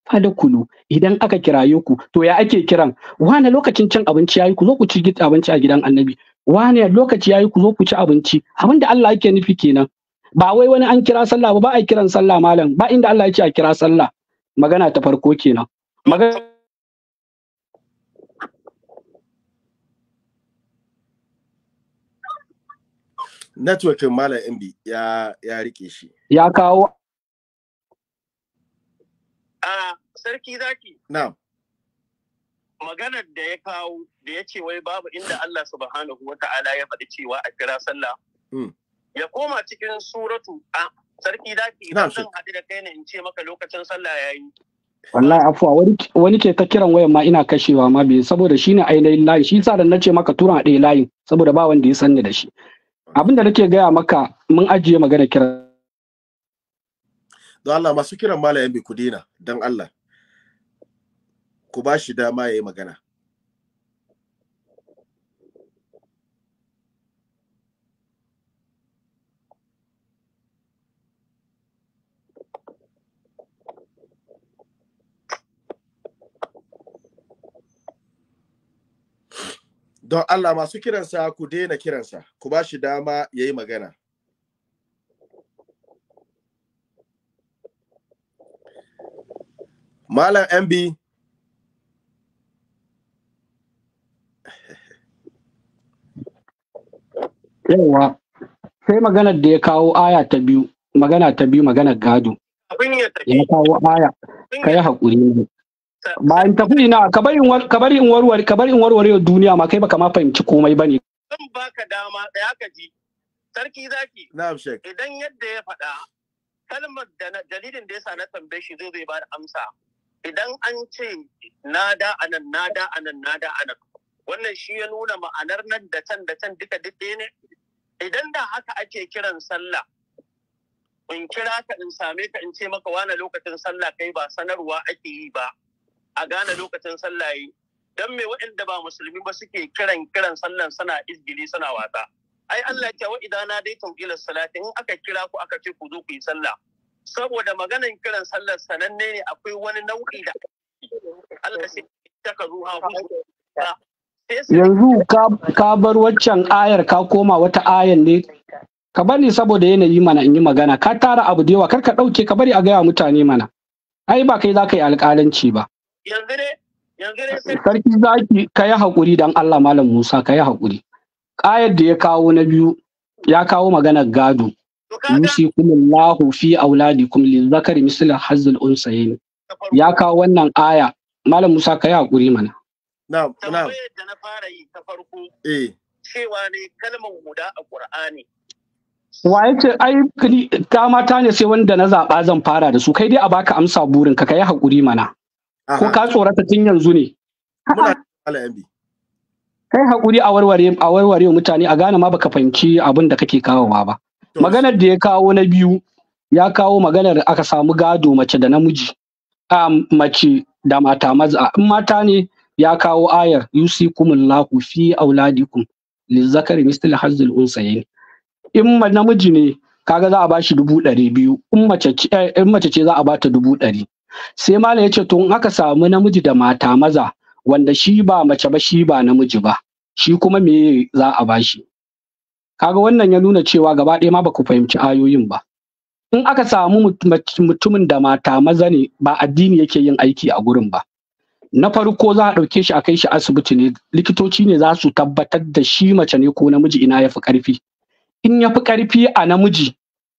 fadkhulu idan aka kiraye ku to ya ake kiran wani lokacin cin abinci yayi ku zo ku ci abinci a gidan annabi wani lokaci yayi ku zo ku ci abinci abinda Allah yake nufi kenan ba wai wani an kira sallah ba ba a kiran sallah malam ba inda Allah yake a kira sallah magana ta farko kenan magana network malam MB ya ya rike shi ya kawo a sarki zaki na'am maganar da ya kawo da ya ce wai babu inda Allah subhanahu wa ta'ala ya faɗi cewa a kira sallah hmm. ya koma cikin suratu a sarki daki idan zan haɗu da kai ne in ce maka lokacin sallah yayi wallahi afuwa wani ke ta kiran wayan ma ina kashewa ma bai saboda shi ne ainihin layi shi yasa da na ce maka turan ɗaya layin saboda ba wanda ya sanni da shi abin da nake gaya maka mun ajiye magana kira don Allah masu kiran malayan bi ku daina don Allah ku ba shi dama ya yi magana don Allah masu kiransa ku daina kiransa ku ba shi dama ya yi magana Malam MB Yawwa, sai maganar da ya kawo aya ta biyu magana ta biyu maganar gado ya kawo aya ka yi haƙuri ne. ba in tafi ina ka bari in warware ka bari in warware duniya ma kai baka ma fahimci komai bane zan baka dama daya ka ji sarki zaki na'am shek idan yadda ya faɗa kalmar da dalilin da yasa na tambaye shi zai zai bada amsa idan an ce nada anan nada anan nada anan wannan shi ya nuna ma'anar nan da can da can duka duk ne idan da haka ake kiran sallah in kira ka in same ka in ce maka wani lokacin sallah kai ba sanarwa ake yi ba a gane lokacin sallaye don me waɗanda ba musulmi ba suke kiran kiran sallan sana izgili sana wasa ai Allah ya wa idan na dai tawqilas salati in aka kira ku aka ce ku zo ku yi sallah saboda maganan kiran sallar sananne ne akwai wani nau'i da Allah sai ta ka zuwa yanzu ka bar waccan ayar ka koma wata ayar ne ka bari saboda yanayi mana in yi magana ka tara abu da yawa kar ka ɗauke ka bari a gaya mutane mana ai ba kai za ka yi alƙalanci ba yanzu ne yanzu ne sarki zaki ka yi haƙuri dan Allah malam Musa ka yi haƙuri ƙayar da ya kawo na biyu ya kawo maganar gado kullahu fi auladikum lizakari misl hazzul unsayin ya kawo wannan aya malam Musa ka yi haƙuri mana na'am na'am da na fara yi ta farko eh cewa ne kalmar guda a Qur'ani wa ce ai ta mata ne sai wanda na zaɓa zan fara da su kai dai a baka amsa burin ka kai haƙuri mana ko ka tsorata tun yanzu ne kai hakuri a warware a warware mutane a gane ma baka fahimci abin da kake kawowa ba maganar da ya kawo na biyu ya kawo maganar aka samu gado mace da namiji a mace da mata maza in mata ne ya kawo ayar yusikumullahu fi auladikum lizakari mistil hazzul unsayin in namiji ne kaga za a bashi dubu ɗari biyu in mace ce eh, za a bata dubu ɗari sai malam yace to in aka samu namiji da mata maza wanda shi ba mace ba shi ba namiji ba shi kuma me za a bashi kaga wannan ya nuna cewa gaba ɗaya ma ba ku fahimci ayoyin ba in aka samu mutumin da mata maza ne ba addini yake yin aiki a gurin ba na farko za a ɗauke shi a kai shi asibiti ne likitoci ne za su tabbatar da shi mace ne ko namiji ina yafi fi ƙarfi in yafi fi ƙarfi a namiji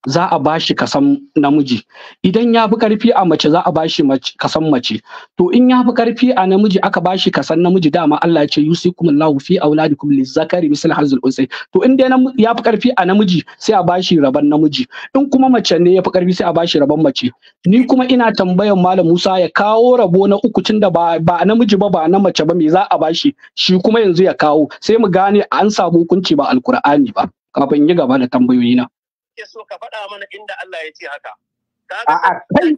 za a bashi kasan namiji idan ya fi karfi a mace za a bashi kasan mace to in ya fi karfi a namiji aka bashi kasan namiji dama Allah ya ce yusikum Allahu fi auladikum lizakari misal hazul unsay to in dai ya fi karfi a namiji sai a bashi raban namiji in kuma mace ne ya fi karfi sai a bashi raban mace ni kuma ina tambayan malam Musa ya kawo rabo na uku tunda ba ba namiji ba ba na mace ba me za a bashi shi kuma yanzu ya kawo sai mu gane an samu hukunci ba alkur'ani ba kafin yi gaba da tambayoyi na. kake so ka faɗa mana inda Allah ya ce haka kai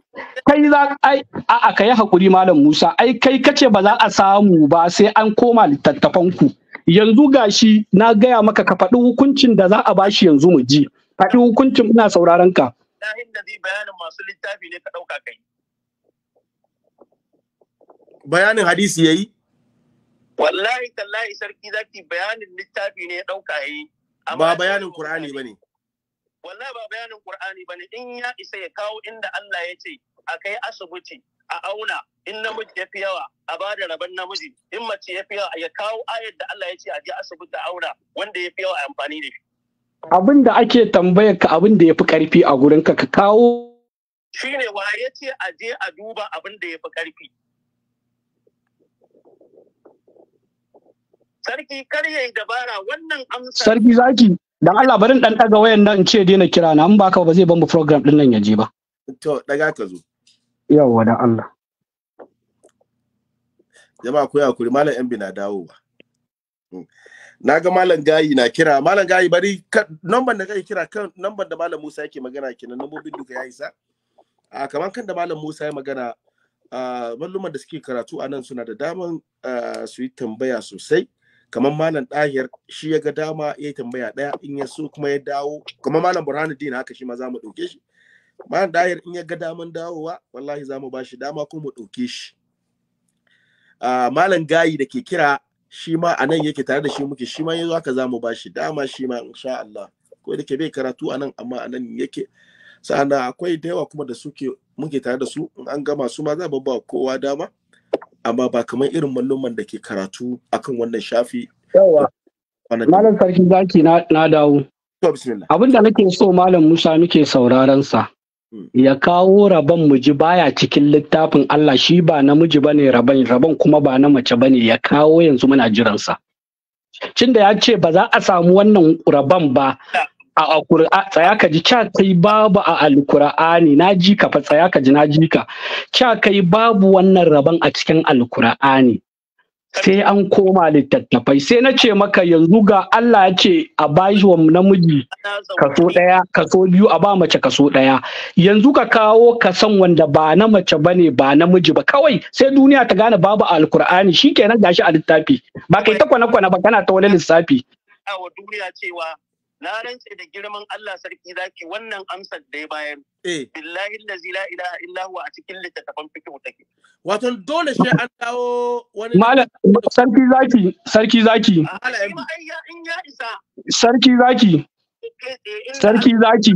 kai za ai a'a kai hakuri malam Musa ai kai kace ba za a samu ba sai an koma littattafan ku yanzu gashi na gaya maka ka faɗi hukuncin da za a bashi yanzu mu ji faɗi hukuncin ina sauraron ka lahin da zai bayanin masu littafi ne ka ɗauka kai bayanin hadisi yayi wallahi tallahi sarki zaki bayanin littafi ne ya ɗauka yayi ba bayanin qur'ani bane wallahi ba bayanin qur'ani bane in ya isa ya kawo inda Allah ya ce a kai asibiti a auna in namiji ya fi yawa a ba da rabon namiji in mace ya fi yawa ya kawo ayar da Allah ya ce a je asibiti a auna wanda ya fi yawa a amfani da shi abin da ake tambayar ka abin da ya fi karfi a gurin ka ka kawo shine wa ya ce a je a duba abin da ya fi karfi sarki kar yayi dabara wannan amsa sarki zaki dan Allah barin dan daga wayan nan in ce daina kira na in ba ba zai ban mu program din nan ya je ba to daga ka zo yawa dan Allah jama'a ku hakuri malam yan na dawo ba hmm. na ga malam gayi na kira malam gayi bari number da kai kira kan number da malam Musa yake magana kenan nambobin duka ya isa a ah, kaman kan da malam Musa ya magana ah, malluman da suke karatu a nan suna da daman ah, su yi tambaya sosai kamar malam ɗahir shi ya ga dama ya tambaya ɗaya in ya so kuma ya dawo kamar malam din haka shi ma za mu ɗauke shi malam ɗahir in ya ga daman dawowa wallahi za mu ba shi dama ko mu ɗauke shi malam gayi da ke kira shi ma a nan yake tare da shi muke shi ma yanzu haka za mu ba shi dama shi ma insha Allah ko da ke bai karatu a nan amma a nan yake sa'an akwai da yawa kuma da suke muke tare da su in an gama su ma za mu ba kowa dama amma ba kamar irin malluman da ke karatu akan wannan shafi malam sarki zaki na dawo abin da nake so malam musa muke sauraron sa hmm. ya kawo rabon muji baya cikin littafin Allah shi ba namiji bane rabon rabon kuma ba na mace bane ya kawo yanzu muna jiransa cin da ya ce ba za a samu wannan rabon ba a alkur'a tsaya ka ji cha kai babu a alkur'ani na ji ka fa tsaya ka ji na ji ka cha kai babu wannan rabon a cikin alkur'ani sai an koma littattafai sai na ce maka yanzu ga Allah ya ce a bashi wa namiji kaso ɗaya kaso biyu a ba mace kaso ɗaya yanzu ka kawo ka san wanda ba na mace ba ba namiji ba kawai sai duniya ta gane babu alkur'ani shikenan gashi a littafi ba kai ta kwana-kwana ba kana ta wani lissafi a duniya cewa na rantse da girman Allah sarki zaki wannan amsar da ya bayar eh. billahi allazi la ilaha illa huwa a cikin littattafan fiqh take wato dole sai an dawo wani malam sarki zaki sarki zaki ah, sarki zaki eh, eh, sarki zaki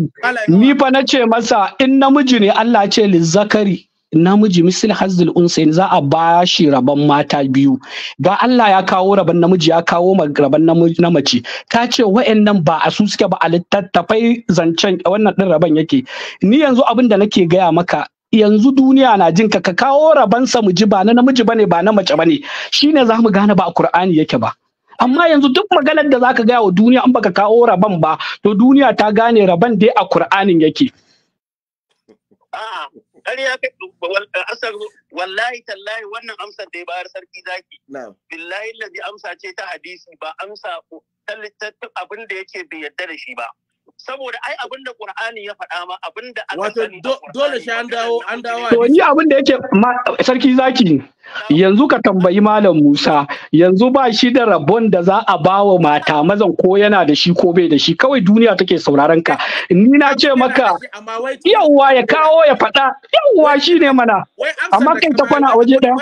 ni fa nace masa in namiji ne Allah ce Zakari. namiji misali hazil unsayin za a ba shi rabon mata biyu ga Allah ya kawo rabon namiji ya kawo rabon na mace ta ce wa'annan ba a su suke ba a littattafai zancen wannan din rabon yake ni yanzu abin da nake gaya maka yanzu duniya na jin ka ka kawo rabansa mu ji ba na namiji bane ba na mace bane shine za mu gane ba a Qur'ani yake ba amma yanzu duk maganar da zaka gaya wa duniya in baka kawo raban ba to duniya ta gane raban dai a Qur'anin yake ƙarya kai asar wallahi tallahi wannan amsar da ya bayar sarki zaki billahi lazi amsa ce ta hadisi ba amsa abin da yake bai yarda da shi ba saboda ai abin da qur'ani ya faɗa ma abin da aka wato dole shi an dawo an dawo to ni abin da yake sarki zaki yanzu ka tambayi malam musa yanzu ba shi da rabon da za a ba wa mata mazan ko yana da shi ko bai da shi kawai duniya take sauraron ka ni na ce maka yauwa ya kawo ya faɗa yauwa shi ne mana amma kai ta kwana a waje ɗaya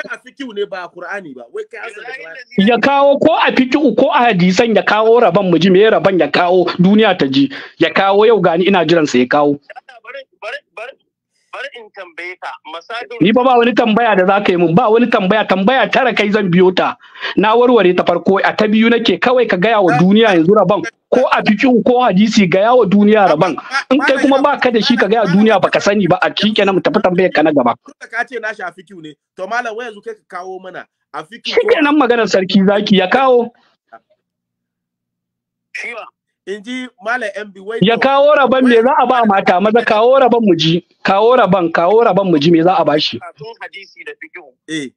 ya kawo ko a fikiu ko a hadisan ya kawo rabon mu ji me rabon ya kawo duniya ta ji ya kawo yau gani ina jiran sa ya kawo bari in ni ba ba wani tambaya da zaka yi mun ba wani tambaya tambaya tara kai zan biyo ta na warware ta farko a ta biyu nake kawai ka gaya wa duniya yanzu rabon ko a fiki ko hadisi gaya wa duniya rabon in kai kuma ba ka da shi ka gaya duniya baka sani ba a shikenan mu tafi tambayar ka na gaba ka ce na shi a ne to malam wai yanzu kai ka kawo mana a shi kenan maganar sarki zaki ya kawo shi ba in ji malam mb wai ya kawo rabon me za a ba mata maza kawo rabon mu ji kawo rabon kawo rabon mu ji me za a ba shi hadisi da fiqh eh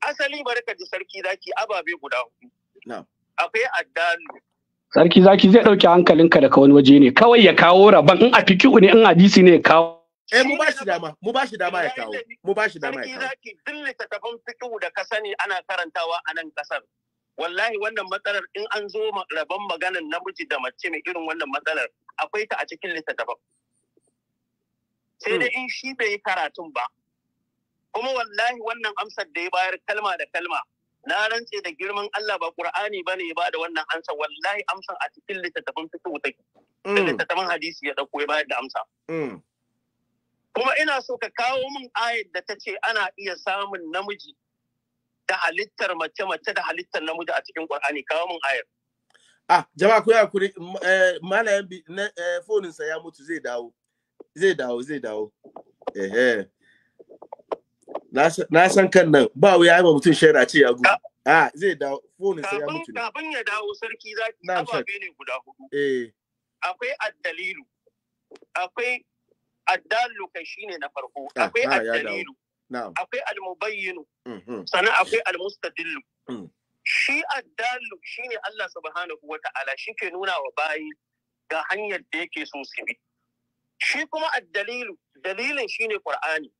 asali barka ji sarki zaki ababe guda hudu na'am akwai addanu. sarki zaki zai dauke hankalinka daga wani waje ne kawai ya kawo rabon in a fiqh ne in hadisi ne ya kawo Eh mu ba shi dama, mu ba shi dama ya kawo, mu ba shi dama ya kawo. Sarki zaki dillita tafan fiqh da ka sani ana karantawa a nan kasar. wallahi wannan matsalar in an zo rabon maganar namiji da mace mai irin wannan matsalar akwai ta a cikin littattafan sai dai in shi bai yi karatun ba kuma wallahi wannan amsar da ya bayar kalma da kalma na rantse da girman Allah ba Qur'ani ba ne ba da wannan amsa wallahi amsar a cikin littattafan fiqh take mm. littattafan hadisi ya dauko ya bayar da amsa mm. kuma ina so ka kawo min ayat da ta ce ana iya samun namiji da halittar mace-mace da halittar namiji a cikin Qur'ani kawo mun ayar. Ah, jama'a ku ya kuri malayan eh, bi na fonin eh, sa ya mutu zai dawo. Zai dawo, zai dawo. Eh eh. Na san kan nan ba wuya ba mutum shaida ce ya gudu. Ah, zai dawo. Fonin sa ya mutu. Kafin ya dawo sarki zaki ababe ne guda hudu. Eh. Akwai addalilu. Akwai addallu kai shine na farko. Ah, Akwai addalilu. akwai almubayyinu mm-hmm. sannan akwai almustadillu mm. shi addalu shine Allah subhanahu wa ta'ala shi ke nuna wa bayi ga hanyar da yake so su bi shi kuma addalilu dalilin shine qur'ani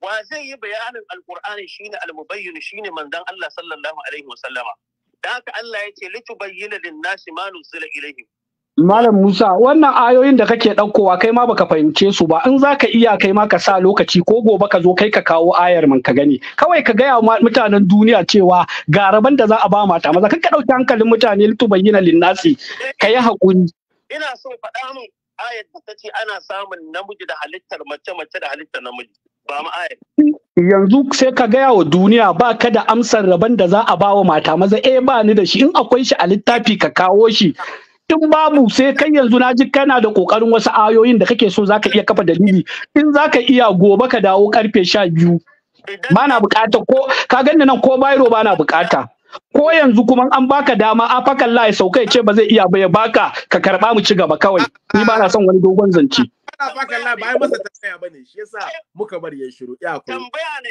wa zai yi bayanin alqur'ani shine shi shine manzon Allah sallallahu alaihi wa sallama da haka Allah ya ce litubayyana lin-nasi ma nuzila ilaihim Malam Musa wannan ayoyin da kake ɗaukowa kai ma baka fahimce su ba in zaka iya kai ma ka sa lokaci ko gobe ka zo kai ka kawo ayar man ka gani kawai ka gaya wa mutanen duniya cewa ga raban da za a ba mata maza ka ɗauki hankalin mutane litu bayyana linnasi ka yi haƙuri. Ina so faɗa min ayar da ta ce ana samun namiji da halittar mace mace da halittar namiji. Ba Yanzu sai ka gaya wa duniya ba ka da amsar raban da za a ba wa mata maza eh ba ni da shi in akwai shi a littafi ka kawo shi in babu sai kai yanzu na ji kana da kokarin wasu ayoyin da kake so zaka iya kafa dalili in zaka iya gobe ka dawo karfe sha biyu bana bukata ko ka ganni nan ko bairo bana bukata ko yanzu kuma an baka dama a fakan la ya sauka ya ce ba zai iya ba ya baka ka karba mu ci gaba kawai ni bana son wani dogon zance faka Allah masa tambaya bane shi yasa muka bar ya shiru ya ko tambaya ne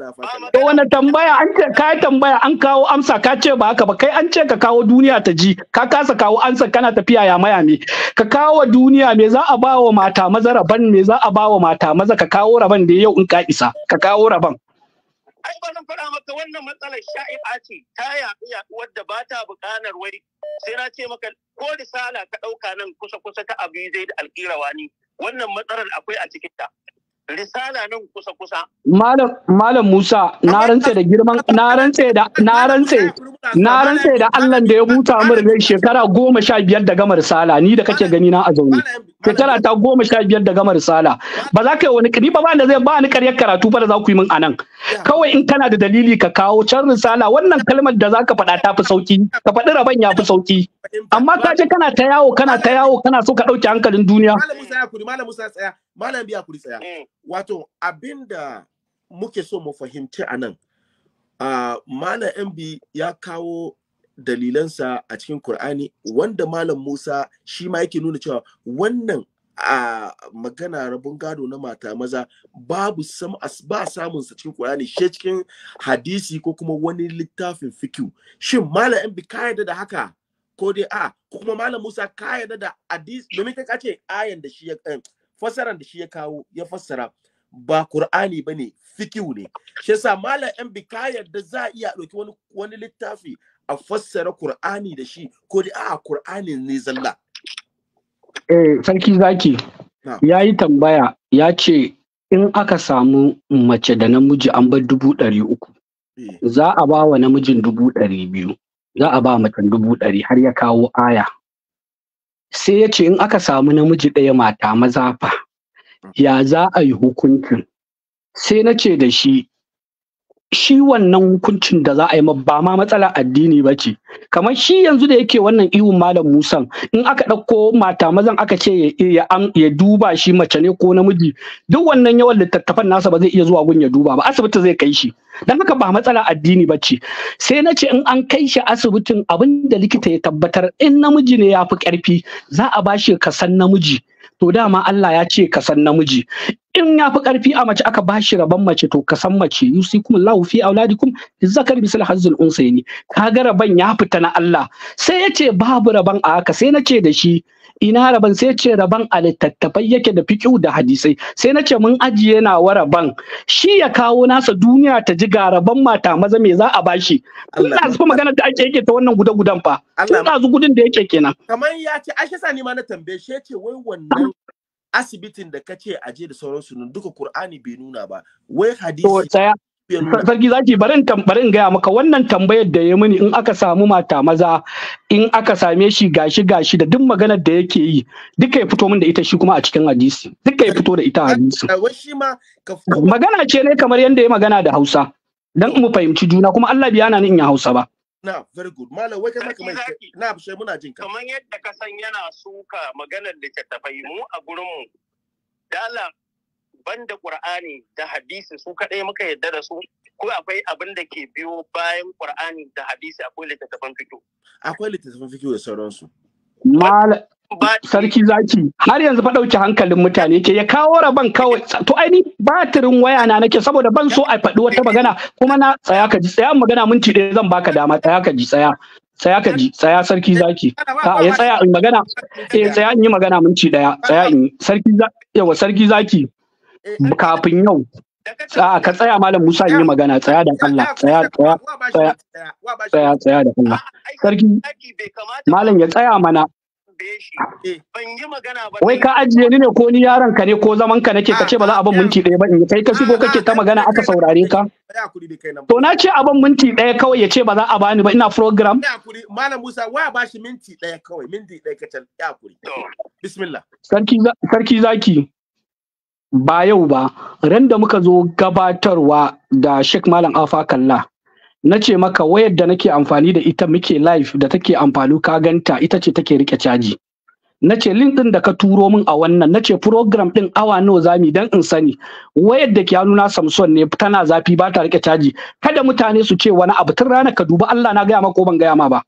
na faka to wannan tambaya an ce tambaya an kawo amsa ka ce ba haka ba kai an ce ka kawo duniya ta ji ka kasa kawo amsa kana tafiya ya maya ne? ka kawo duniya me za a ba wa mata maza raban me za a ba wa mata maza ka kawo raban da yau in ka isa ka kawo raban ai ba faɗa maka wannan matsalar sha'i'a ce ta yaɗu yaɗuwar da ba ta buƙatar wari sai na ce maka ko risala ka ɗauka nan kusa kusa ta abu zai da alƙirawa ne wannan matsalar akwai a cikin ta risala nan kusa kusa malam malam Musa na rantse da girman na rantse da na rantse na rantse da Allah da ya buta mu rai shekara goma sha biyar da gama risala ni da kake gani na a zaune shekara ta goma sha biyar da gama risala ba za ka yi wani kari ba ba zai ba ni karyar karatu ba da za ku yi min anan kawai in kana da dalili ka kawo can risala wannan kalmar da za ka faɗa ta fi sauki ka faɗi rabon ya fi sauki amma ka je kana ta yawo kana ta yawo kana so ka ɗauke hankalin duniya malam musa ya kuri malam musa tsaya malam biya kuri tsaya mm. wato abinda muke so mu fahimci anan ah, malam mb ya kawo dalilansa a cikin Kur'ani wanda Malam Musa shi ma yake nuna cewa wannan a magana rabin gado na mata maza babu sam ba samun sa cikin Kur'ani shi cikin hadisi ko kuma wani littafin fikiu shin Malam Ibn ka da haka ko dai a ko kuma Malam Musa kayyada da hadisi domin kai ka ce ayan da shi ya eh, fasaran da shi ya kawo ya fassara ba Kur'ani bane fikiu ne shi yasa Malam Ambi ka yarda za a iya ɗauki wani wani littafi a fassara Kur'ani da shi ko dai a'a Kur'ani ne zalla eh sarki zaki ya yi tambaya ya ce in aka samu mace da namiji an bar dubu ɗari uku eh. za a ba wa namijin dubu ɗari biyu za a ba macen dubu ɗari har ya kawo aya sai ya ce in aka samu namiji ɗaya mata maza fa hmm. ya za a yi hukuncin sai na ce da shi shi wannan hukuncin da za a yi ma ba ma matsala addini ba ce kamar shi yanzu da yake wannan iwun malam musan in aka ɗauko mata mazan aka ce ya duba shi mace ne ko namiji duk wannan yawan littattafan nasa ba zai iya zuwa gun ya duba ba asibiti zai kai shi dan haka ba matsala addini ba ce sai na ce in an kai shi asibitin abin da likita ya tabbatar in namiji ne ya fi ƙarfi za a ba shi kasan namiji to dama Allah ya ce kasan namiji in ya fi ƙarfi a mace aka bashi rabon mace to ka san mace yusikum Allahu fi auladikum zakar bisal hazzul Ka ga rabon ya fita na Allah sai yace babu rabon a haka sai nace da shi ina rabon sai ce rabon a littattafai yake da fiƙiu da hadisai sai na ce mun ajiye nawa rabon shi ya kawo nasa duniya ta ji ga rabon mata maza me za a bashi Allah zuwa magana da ake yake ta wannan guda gudan fa Allah zuwa gudun da yake kenan kamar ya ce ake sa ma na tambaye shi ce wai wannan asibitin da kace a je da sauransu nan duka Qur'ani bai nuna ba wai hadisi sarki zaki barin barin gaya maka wannan tambayar da ya mini in aka samu mata maza in aka same shi gashi gashi da duk maganar da yake yi duka ya fito min da ita shi kuma a cikin hadisi duka ya fito da ita hadisi magana ce ne kamar yadda ya magana da Hausa dan mu fahimci juna kuma Allah biya na ni in ya Hausa ba na very good malam wai kana mai na bishe muna jin ka kamar yadda ka san yana suka maganar littattafai mu a gurin mu dala banda qur'ani da hadisi su kadai muka yadda da su ko akwai abin da ke biyo bayan qur'ani da hadisi akwai littattafan fiqh akwai littattafan fiqh da sauransu malam sarki zaki har yanzu fa ɗauki hankalin mutane ke ya kawo rabon kawai to aini batirin waya na nake saboda ban so a faɗi wata magana kuma na tsaya ka ji tsaya magana minti ɗaya zan baka dama tsaya ka ji tsaya tsaya ka ji tsaya sarki zaki a ya tsaya in magana eh tsaya in yi magana minti ɗaya tsaya in sarki yawa sarki zaki kafin yau a ka tsaya malam Musa in yi magana tsaya da Allah tsaya tsaya tsaya tsaya da Allah sarki malam ya tsaya mana tambaye shi eh. ban yi magana ba wai ka ajiye ni ne ko ni yaron ka ne ko zaman ka nake kace ba za a ban ah, minti ɗaya ba in kai ka shigo kake ta magana aka saurare ka to na ce a ban minti ɗaya kawai ya ce ba za a bani ba ina program malam Musa wa ba shi minti ɗaya kawai minti ɗaya kacal ya kuri bismillah sarki sarki zaki ba yau ba ran da muka zo gabatarwa da Sheikh Malam Afa Kalla na ce maka wayar da nake amfani da ita muke live da take amfani ka ganta ita ce take rike caji na ce link din da ka turo min a wannan na ce program din awa nawa zami dan in sani wayar da ke hannuna Samson ne tana zafi ba ta rike caji kada mutane su ce wani abu tun rana ka duba Allah na gaya ma ko ban gaya ma ba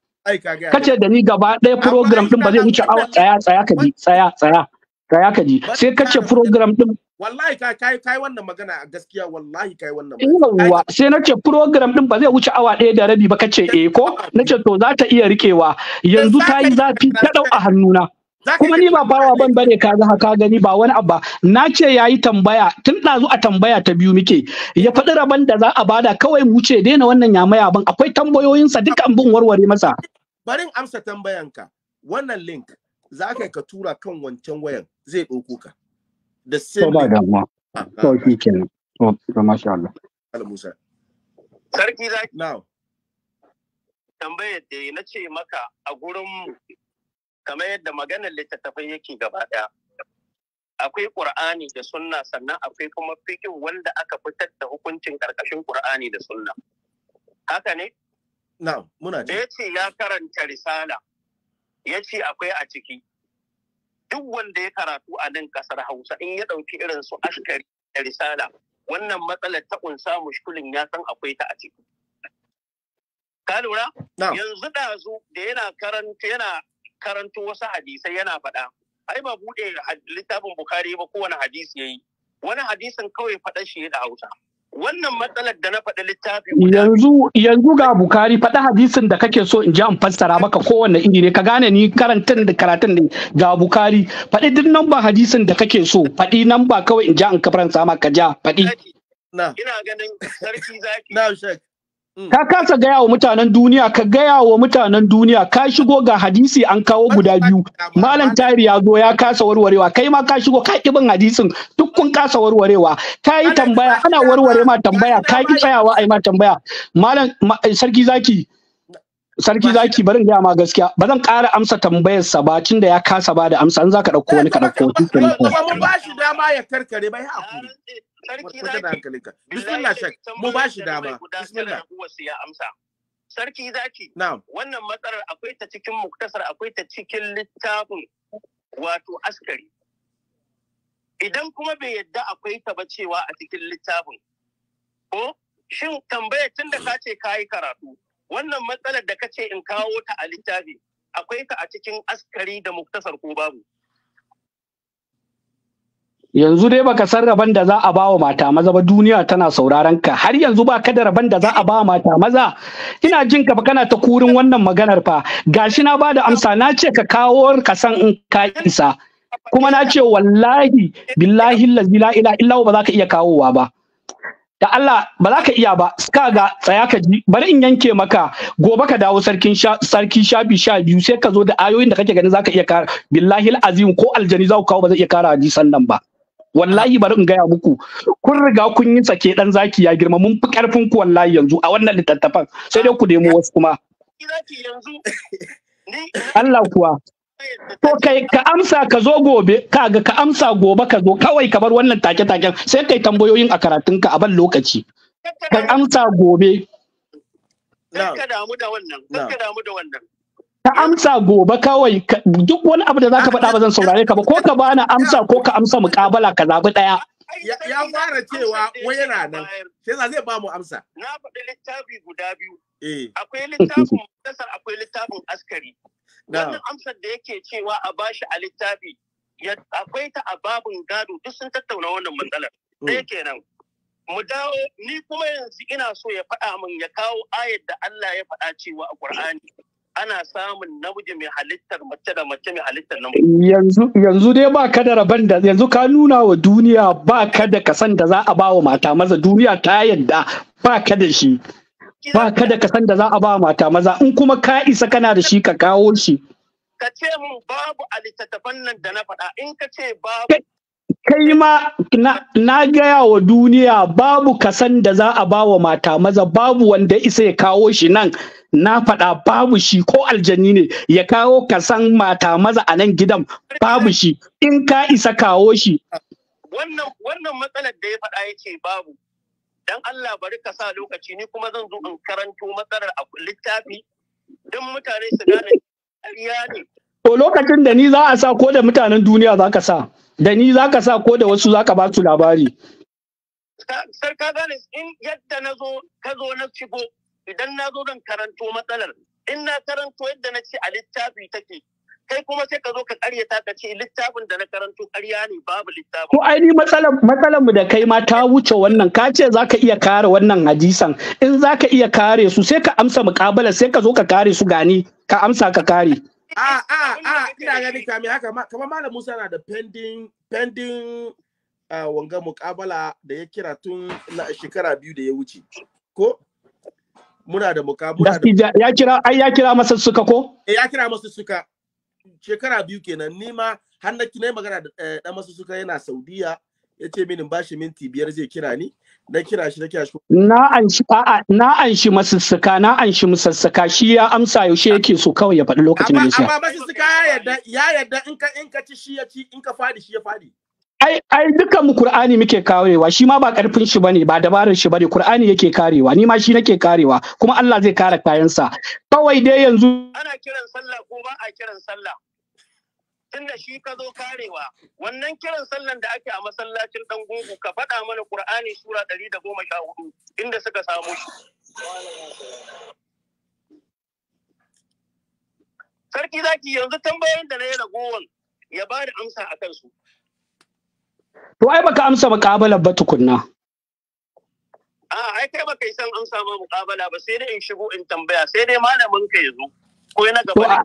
Ka ce da ni gaba ɗaya program din ba zai wuce awa tsaya tsaya ka ji tsaya tsaya tsaya ka ji sai ka ce program din wallahi ka kai kai wannan magana a gaskiya wallahi kai wannan magana sai na ce program din ba zai wuce awa ɗaya da rabi ba kace eh ko na ce to za ta iya rikewa yanzu ta yi zafi ta dau a hannuna kuma ni ba bawa ban bane ka ga ka gani ba wani abba na ce yayi tambaya tun ɗazu a tambaya ta biyu muke ya faɗi rabon da za a bada kawai mu wuce daina wannan yamaya ban akwai tambayoyinsa duka an bin warware masa barin amsa tambayanka wannan link za ka ka tura kan wancan wayan zai ɗauko ka da sirri ba damuwa sauki sarki zaki now tambayar da na ce maka a gurin kamar yadda maganar littattafai yake gaba daya akwai qur'ani da sunna sannan akwai kuma fiqh wanda aka fitar da hukuncin karkashin qur'ani da sunna haka ne na'am muna da ya karanta risala yace akwai a ciki duk wanda ya karatu a nan kasar hausa in ya ɗauki irin su ashkari da risala wannan matsalar ta ƙunsa mushkulin ya san akwai ta a ciki ka lura yanzu ɗazu da yana karanta yana karanto wasu hadisai yana faɗa ai ba buɗe littafin bukhari ba kowane hadisi yi. wani hadisin kawai faɗa shi da hausa wannan matsalar da na faɗi littafi yanzu yanzu ga bukari faɗi hadisin da kake so in ji an fassara maka kowanne iri ne ka gane ni karantin da karatun ne ga bukari faɗi duk namba hadisin da kake so faɗi namba kawai in ji an kafaransa maka ja faɗi ina ganin sarki zaki na shek ka kasa gaya wa mutanen duniya ka gaya wa mutanen duniya ka shigo ga hadisi an kawo guda biyu malam tari ya zo ya kasa warwarewa kai ma ka shigo ka bin hadisin duk kun kasa warwarewa ka yi tambaya ana warware ma tambaya ka yi tsayawa ai ma tambaya malam sarki zaki sarki zaki barin gaya ma gaskiya ba zan ƙara amsa tambayar sa ba tunda ya kasa ba da amsa an zaka wani ka ɗauko wani ka ɗauko. Ba mu ba shi dama ya karkare ba ya hakuri. sarki zaki hankalinka bismillah shek mu ba shi dama bismillah ya amsa sarki zaki na'am wannan matsalar akwai ta cikin muktasar akwai ta cikin littafin wato askari idan kuma bai yadda akwai ta ba cewa a cikin littafin ko shin tambaya tun da ka ce ka yi karatu wannan matsalar da ka ce in kawo ta a littafi akwai ka a cikin askari da muktasar ko babu yanzu dai baka san rabon da za a ba wa mata maza ba duniya tana sauraron ka har yanzu ba ka da rabon da za a ba wa mata maza ina jin ka kana ta kurin wannan maganar fa gashi na bada amsa na ce ka kawo ka san in ka isa kuma na ce wallahi billahi la ila illa ba za ka iya kawowa ba da Allah ba za ka iya ba ka ga tsaya ka ji bari in yanke maka gobe ka dawo sarkin sarki shafi sha biyu sai ka zo da ayoyin da kake gani za ka iya kara billahi azim ko aljani za ku kawo ba zai iya kara hadisan nan ba wallahi bari in gaya muku kun riga kun yi sake dan zaki ya girma mun fi karfin ku wallahi yanzu a wannan littattafan sai dai ku nemo wasu kuma Allah kuwa to kai ka amsa ka zo gobe kaga ka amsa gobe ka zo kawai ka bar wannan take take sai kai tambayoyin a karatun ka a ban lokaci ka amsa gobe ka damu da wannan ka damu da wannan ka amsa gobe kawai duk wani abu da za ka faɗa ba zan saurare ka ba ko ka bani amsa ko ka amsa muƙabala ka zabi ɗaya ya fara cewa wai nan sai za zai ba mu amsa na faɗi littafi guda biyu eh. akwai littafin mutasar akwai littafin askari wannan amsar da yake cewa a bashi a littafi akwai ta a babin gado duk sun tattauna wannan matsalar hmm. ɗaya kenan mu dawo ni kuma yanzu ina so ya faɗa min ya kawo ayar da Allah ya faɗa cewa a Qur'ani ana samun namiji mai halittar mace da mace mai halittar namiji. Yanzu dai ba ka da rabon da yanzu ka nuna wa duniya ba ka da kasan da za a ba wa mata maza duniya ta yadda ba ka da shi. Ba ka da kasan da za a ba wa mata maza in kuma ka isa kana da shi ka kawo shi. Ka ce mun babu a littattafan nan da na faɗa in ka ce babu. kai ma na gaya wa duniya babu kasan da za a bawa mata maza babu wanda isa ya kawo shi nan na faɗa babu shi ko aljani ne ya kawo kasan mata maza a nan gidan babu shi in ka isa kawo shi wannan matsalar da ya faɗa yake babu dan Allah bari ka sa lokaci ni kuma zan zo in karanto matsalar a littafi don mutane su gane ƙarya ne to lokacin da ni za a sa ko da mutanen duniya za ka sa da ni za ka sa ko da wasu za ka ba su labari sar ka gane in yadda na zo ka zo na shigo idan na zo don karanto matsalar in na karanto yadda na ce a littafi take kai kuma sai ka zo ka karyata ka ce littafin da na karanto karya ne babu littafi. Ko ainihin matsalar matsalar mu da kai ma ta wuce wannan ka ce za ka iya kare wannan hadisan in za ka iya kare su sai ka amsa mukabala sai ka zo ka kare su gani ka amsa ka kare. a a a ina gani kami haka kamar malam Musa na da pending pending ah, wanga mukabala da ya kira tun shekara biyu da ya wuce ko muna da mukabala ya kira ai ya kira masa suka ko eh ya kira masa suka shekara biyu kenan ni ma har na magana da dan eh, masa suka yana Saudiya ya ce mini bashi minti biyar zai kira ni na kira shi na kira shi na anshi a'a na anshi masussuka na shi masussuka shi ya amsa yaushe yake so kawai ya faɗi lokacin da ya amma masussuka ya yadda ya yadda in ka in ka ci shi ya ci in ka fadi shi ya fadi ai ai dukkan mu Qur'ani muke karewa shi ma ba karfin shi bane ba dabarar shi bane Qur'ani yake karewa ni ma shi nake karewa kuma Allah zai kare kayansa kawai dai yanzu ana kiran sallah ko ba a kiran sallah Tun da shi ka zo karewa wannan kiran sallan da ake a masallacin dan gungu ka faɗa mana qur'ani sura ɗari da goma sha hudu inda suka samu shi sarki zaki yanzu tambayoyin da na yi ragowar ya ba da amsa a kansu to ai baka amsa muƙabalar ba tukunna a ai kai baka yi san amsa ma muƙabala ba sai dai in shigo in tambaya sai dai malamin ka ya zo ko na gaba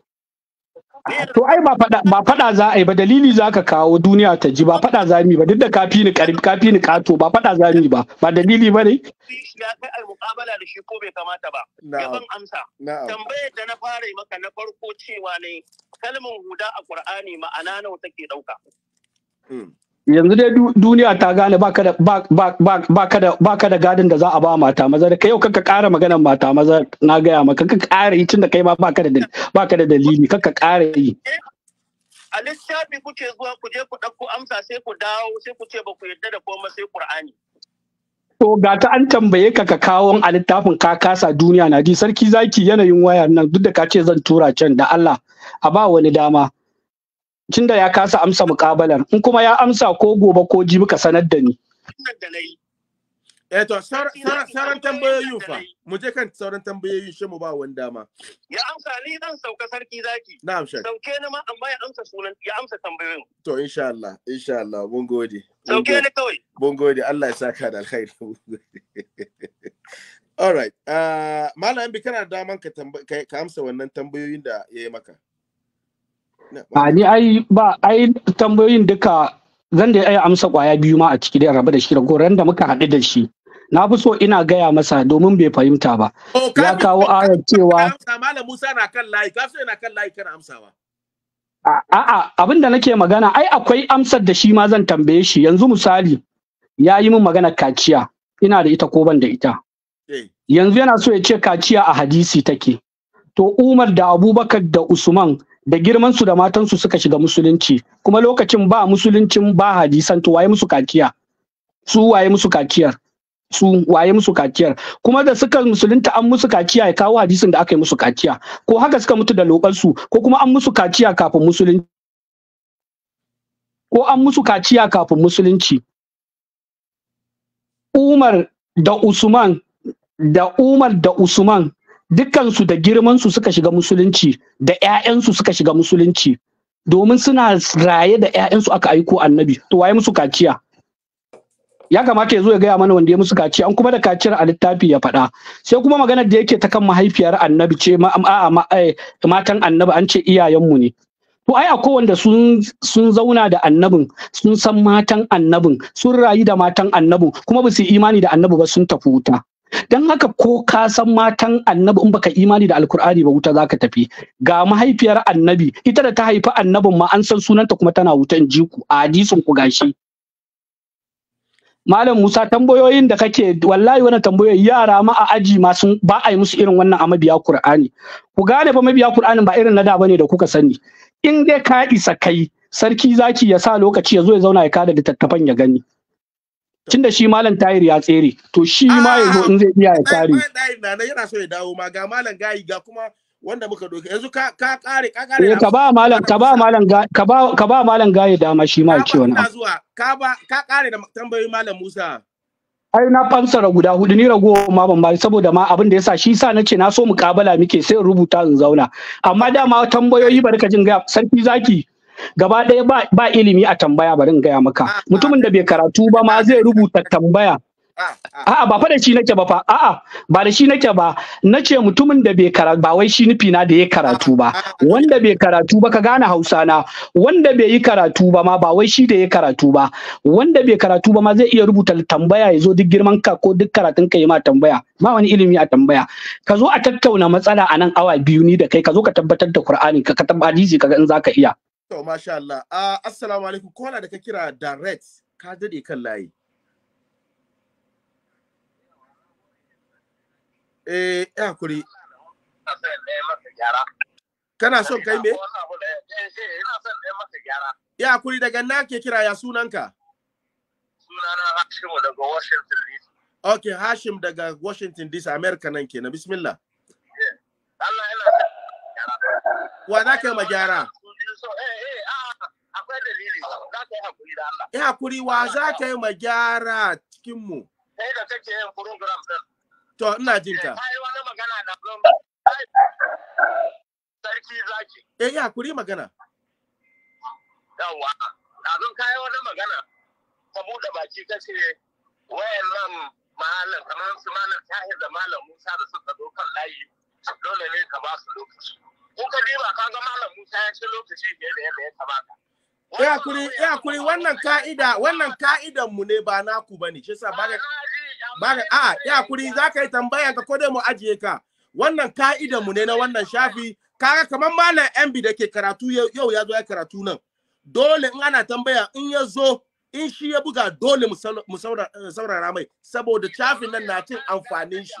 To ai ba fada ba fada za a yi ba dalili za ka kawo duniya ta ji ba fada za mu ba duk da kafi ni karim kafi ni kato ba fada za mu ba ba dalili ba ne ya kai al muqabala da shi ko bai kamata ba ban amsa tambayar da na fara maka na farko cewa ne kalmar huda a Qur'ani ma'ana nawa take dauka hmm. yanzu dai duniya ta gane baka da baka da baka da gadin da za a ba mata maza da kai yau kanka ƙara maganar mata maza na gaya maka kanka ƙara yi tunda kai ma baka da baka da dalili kanka ƙara yi a lissafi kuke zuwa ku je ku ɗauko amsa sai ku dawo sai ku ce ba ku yarda da komai sai Qur'ani To ga ta an tambaye ka ka kawo a littafin ka kasa duniya na ji sarki zaki yanayin wayar nan duk da ka ce zan tura can da Allah a ba wani dama tunda ya kasa amsa mukabalan in kuma ya amsa ko gobe ko ji muka sanar da ni eh to sauran tambayoyi fa mu je kan sauran tambayoyi shi mu ba wani dama ya amsa ni zan sauka sarki zaki na'am shi. sauke ni ma amma ya amsa sunan ya amsa tambayoyin to insha Allah insha Allah mun gode sauke ni kawai mun gode Allah ya saka da alkhairi all right uh malam bi kana da daman ka amsa wannan tambayoyin da yayi maka a ni ai ba ai tambayoyin duka zan da iya amsa kwaya biyu ma a ciki da rabu da shi da goran da muka haɗu da shi na fi so ina gaya masa domin bai fahimta ba oh, ya kawo ayar cewa malam Musa na kan layi ka so yana kan layi kana amsawa abin da nake magana ai akwai amsar da shi ma zan tambaye shi yanzu misali ya yi min magana kaciya ina da ita ko ban da ita eh. yanzu yana so ya ce kaciya a hadisi take to Umar da Abubakar da Usman da girman su da matansu suka shiga musulunci kuma lokacin ba musuluncin ba hadisan to waye musu kakiya su waye musu kakiyar su waye musu kakiyar kuma da suka musulunta an musu kaciya ya kawo hadisin da aka yi musu kaciya ko haka suka mutu da lokansu ko kuma an musu kakiya kafin musulunci ko an musu kaciya kafin musulunci Umar da Usman da Umar da Usman dukkansu da girmansu suka shiga musulunci da 'ya'yansu suka shiga musulunci domin suna raye da 'ya'yansu aka aiko annabi to waye musu kaciya ya kamata ya zo ya gaya mana wanda ya musu kaciya an kuma da kaciyar a littafi ya faɗa sai kuma maganar da yake ta kan mahaifiyar annabi ce eh, matan annabi an ce iyayenmu ne to ai akwai wanda sun zauna da annabin sun san matan annabin sun rayu da matan annabin kuma ba su imani da annabi ba sun tafi wuta don haka ko ka san matan annabi in baka imani da alkur'ani ba wuta zaka tafi ga mahaifiyar annabi ita da ta haifi annabin ma an san sunanta kuma tana wutan jiku a hadisin ku gashi Malam Musa tambayoyin da kake wallahi wannan tambayoyi yara ma a aji ma sun ba a yi musu irin wannan a mabiya Qur'ani ku gane fa mabiya Qur'anin ba irin na da bane da kuka sani in dai ka isa kai sarki zaki ya sa lokaci ya zo ya zauna ya kada littattafan ya gani tun da shi malam tayir ya tsere to shi ma ya zo in zai iya ya kare malam ah, yana so ya dawo ma ga malam gayi ga kuma wanda muka doke yanzu ka ka kare ka kare eh, ka ba malam ka ba malam ka ba ka ba malam gayi dama shi ma ya ce wani zuwa ka ba ka kare da tambayoyi malam Musa ai na fansara guda hudu ni rago ma ban ba saboda ma abin da yasa shi sa nace na so mukabala muke sai rubuta in zauna amma dama tambayoyi barka jin ga sarki zaki gaba ɗaya ba, ilimi a tambaya bari in gaya maka mutumin da bai karatu ba ma zai rubuta tambaya A'a ba fa da shi nake ba fa a'a ba da shi nake ba nace mutumin da bai karatu ba wai shi nufi na da ya karatu ba wanda bai karatu ba ka gane Hausa na wanda bai yi karatu ba ma ba wai shi da ya karatu ba wanda bai karatu ba ma zai iya rubuta tambaya ya zo duk girman ka ko duk karatun ka yi ma tambaya ma wani ilimi a tambaya ka zo a tattauna matsala a nan awa biyu ni da kai ka zo ka tabbatar da Qur'ani ka tabbata hadisi ka ga in zaka iya To, masha Allah. Ah, assalamu alaikum. Kona da ka kira direct, ka daɗe kan layi. Eh, ya kuri. Kana son kai me? Ya kuri daga na ke kira ya sunanka? Sunana Hashim daga Washington DC. Ok, Hashim daga Washington DC, America nan kenan. Bismillah. Eh, Allah yana Wa za ka yi ma gyara? so eh eh ah, akwai dalili za ka yi hakuri da Allah wa za ka yi ma gyara mu da yin to ina jin eh, ka wani magana sarki eh ya hakuri magana yawa na zo wani magana ka bude baki kace wayannan malam kamar su malam tahir da malam musa da suka zo kan layi dole ne ka ba su lokaci in ka diba ka ga malam Musa ya ci lokaci fiye da yadda ya kamata ya kuri ya kuri wannan ka'ida wannan ka'idan mu ne ba naku bane shi yasa ba ba a ya kuri zaka yi tambaya ka ko dai mu ajiye ka wannan ka'idan mu ne na wannan shafi kaga kamar malam MB da ke karatu yau ya zo ya karatu nan dole in ana tambaya in ya zo in shi ya buga dole mu eh, saurara mai saboda shafin nan na cin amfanin shi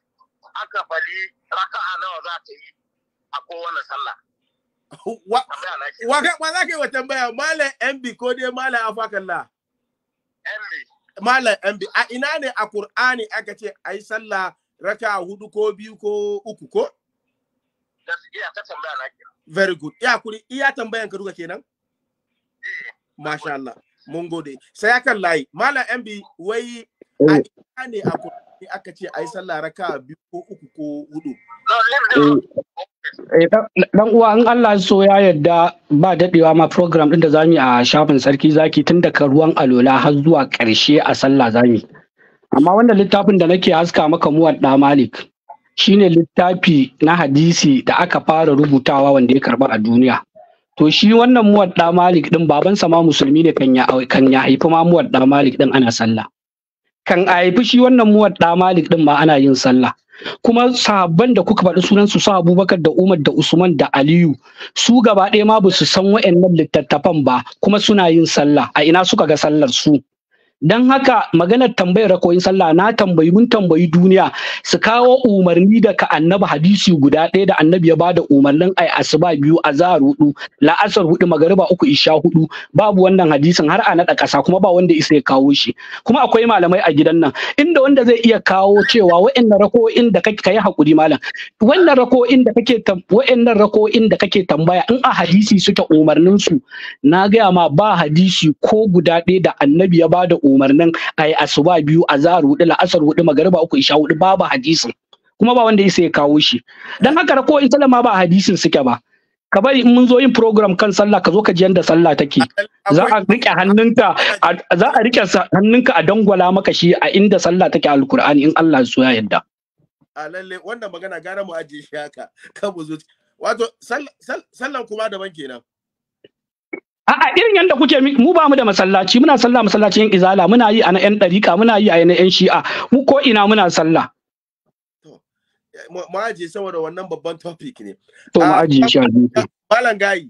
aka faɗi raka'a nawa za ta yi a kowane sallah. Wa za ka yi wa tambaya Malam MB ko dai Malam Afakalla? MB. Malam MB, a ina ne a Kur'ani aka ce a yi sallah raka hudu ko biyu ko uku ko? Gaskiya ka tambaya na kira. Very good. Iya kuri, iya tambayan ka duka kenan? Eh, Masha Allah, mun gode. Sai akan layi, Malam MB wai a eh. ina ne a qur'ani ne aka ce ai sallah raka biyu ko uku ko hudu eh, dan uwa in Allah so ya yarda ba daɗewa ma program din da zamu a shafin sarki zaki tun daga ruwan alola har zuwa karshe a sallah zamu amma wannan littafin da nake haska maka muwar ɗa malik shine littafi na hadisi da aka fara rubutawa wanda ya karba a duniya to shi wannan muwadda malik din babansa ma musulmi ne kan ya haifi ma muwadda malik din ana sallah kan a haifi shi wannan da malik din ma ana yin sallah kuma sahabban da kuka faɗi sunan su abubakar da umar da usman da aliyu su gaba ɗaya ma ba su san wa'annan littattafan ba kuma suna yin sallah a ina suka ga sallar su don haka maganar tambayar rakoyin sallah na tambayi mun tambayi duniya su kawo umarni daga annabi hadisi guda ɗaya da annabi ya bada umarnin ai asuba biyu a azhar hudu la'asar hudu magariba uku isha hudu babu wannan hadisin har a naɗa ƙasa kuma ba wanda isa ya kawo shi kuma akwai malamai a gidan nan inda wanda zai iya kawo cewa wa'annan rako'in da kake kai hakuri malam wannan rako'in da kake wa'annan rako'in da kake tambaya in a hadisi suke umarnin su na gaya ma ba hadisi ko guda ɗaya da annabi ya bada umarnin yi asuba biyu azhar hudu la'asar hudu magariba uku isha hudu babu hadisin kuma ba wanda ya kawo shi Don haka ko in Salama ba hadisin suke ba ka bari in mun zo yin program kan sallah ka zo ka ji yadda sallah take za a rike hannunka za a rike hannunka a dangwala maka shi a inda sallah take alkur'ani in Allah so ya yarda a lalle wannan magana gara mu aje shi haka kan wato sallan kuma daban kenan a irin yadda kuke mu ba mu da masallaci muna sallah masallaci yan izala muna yi a na yan dariƙa muna yi a na yan shi'a mu ko ina muna sallah eh, mu ajiye saboda wannan babban topic ne to mu ah, ajiye shi ah, malam gayi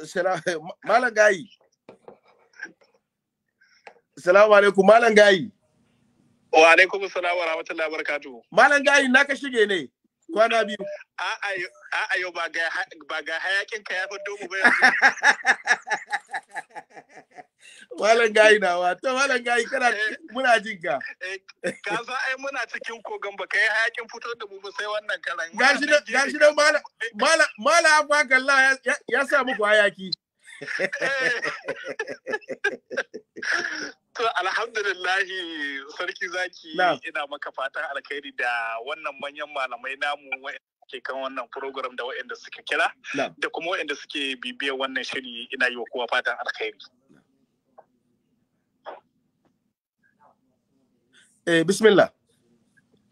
malam gayi salamu alaikum malam gayi wa alaikum salam wa rahmatullahi wa barakatuh malam gayi ka shige ne kwana biyu a'a yau ba ga hayakin ka ya fito mu ba yanzu malam gayi nawa ta malam gayi kana eh. muna jin ka eh, ka za ai muna cikin kogon ba ka yi hayakin fito da mu ba sai wannan kalan. gashi shi gashi Mala, eh. malam malam malam ya ya sa muku hayaki To alhamdulillahi sarki zaki ina maka fatan alkhairi da wannan manyan malamai namu ke kan wannan program da wa'anda suka kira da kuma wa'anda suke bibiyar wannan shiri ina yi wa kowa fatan alkhairi. Eh, bismillah.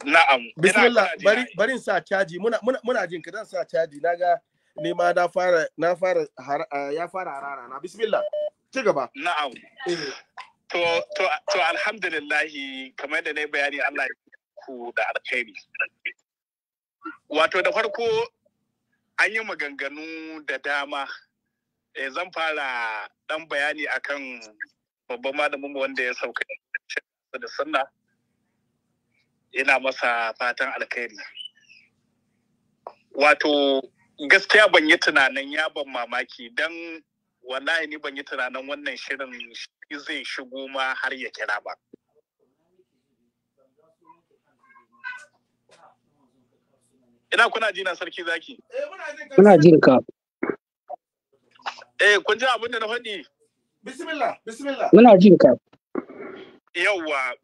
Na'am. Bismillah, bari, bari sa caji, muna, muna, jin ka dan sa caji, naga ni ma na fara na fara ya fara harara na bismillah ci gaba na'am eh. to to to alhamdulillah kamar da ne bayani Allah ya ku da alkhairi wato da farko an yi maganganu da dama eh, zan fara dan bayani akan babban malamin wanda ya sauka da sunna ina masa fatan alkhairi wato gaskiya ban yi tunanin ya ban mamaki don wallahi ni ban yi tunanin wannan shirin zai shigo ma har ya kira ba. Ina kuna ji na sarki zaki? Kuna jin ka. Eh kun ji abin da na faɗi? Bismillah, bismillah. Muna jin ka. Yawwa,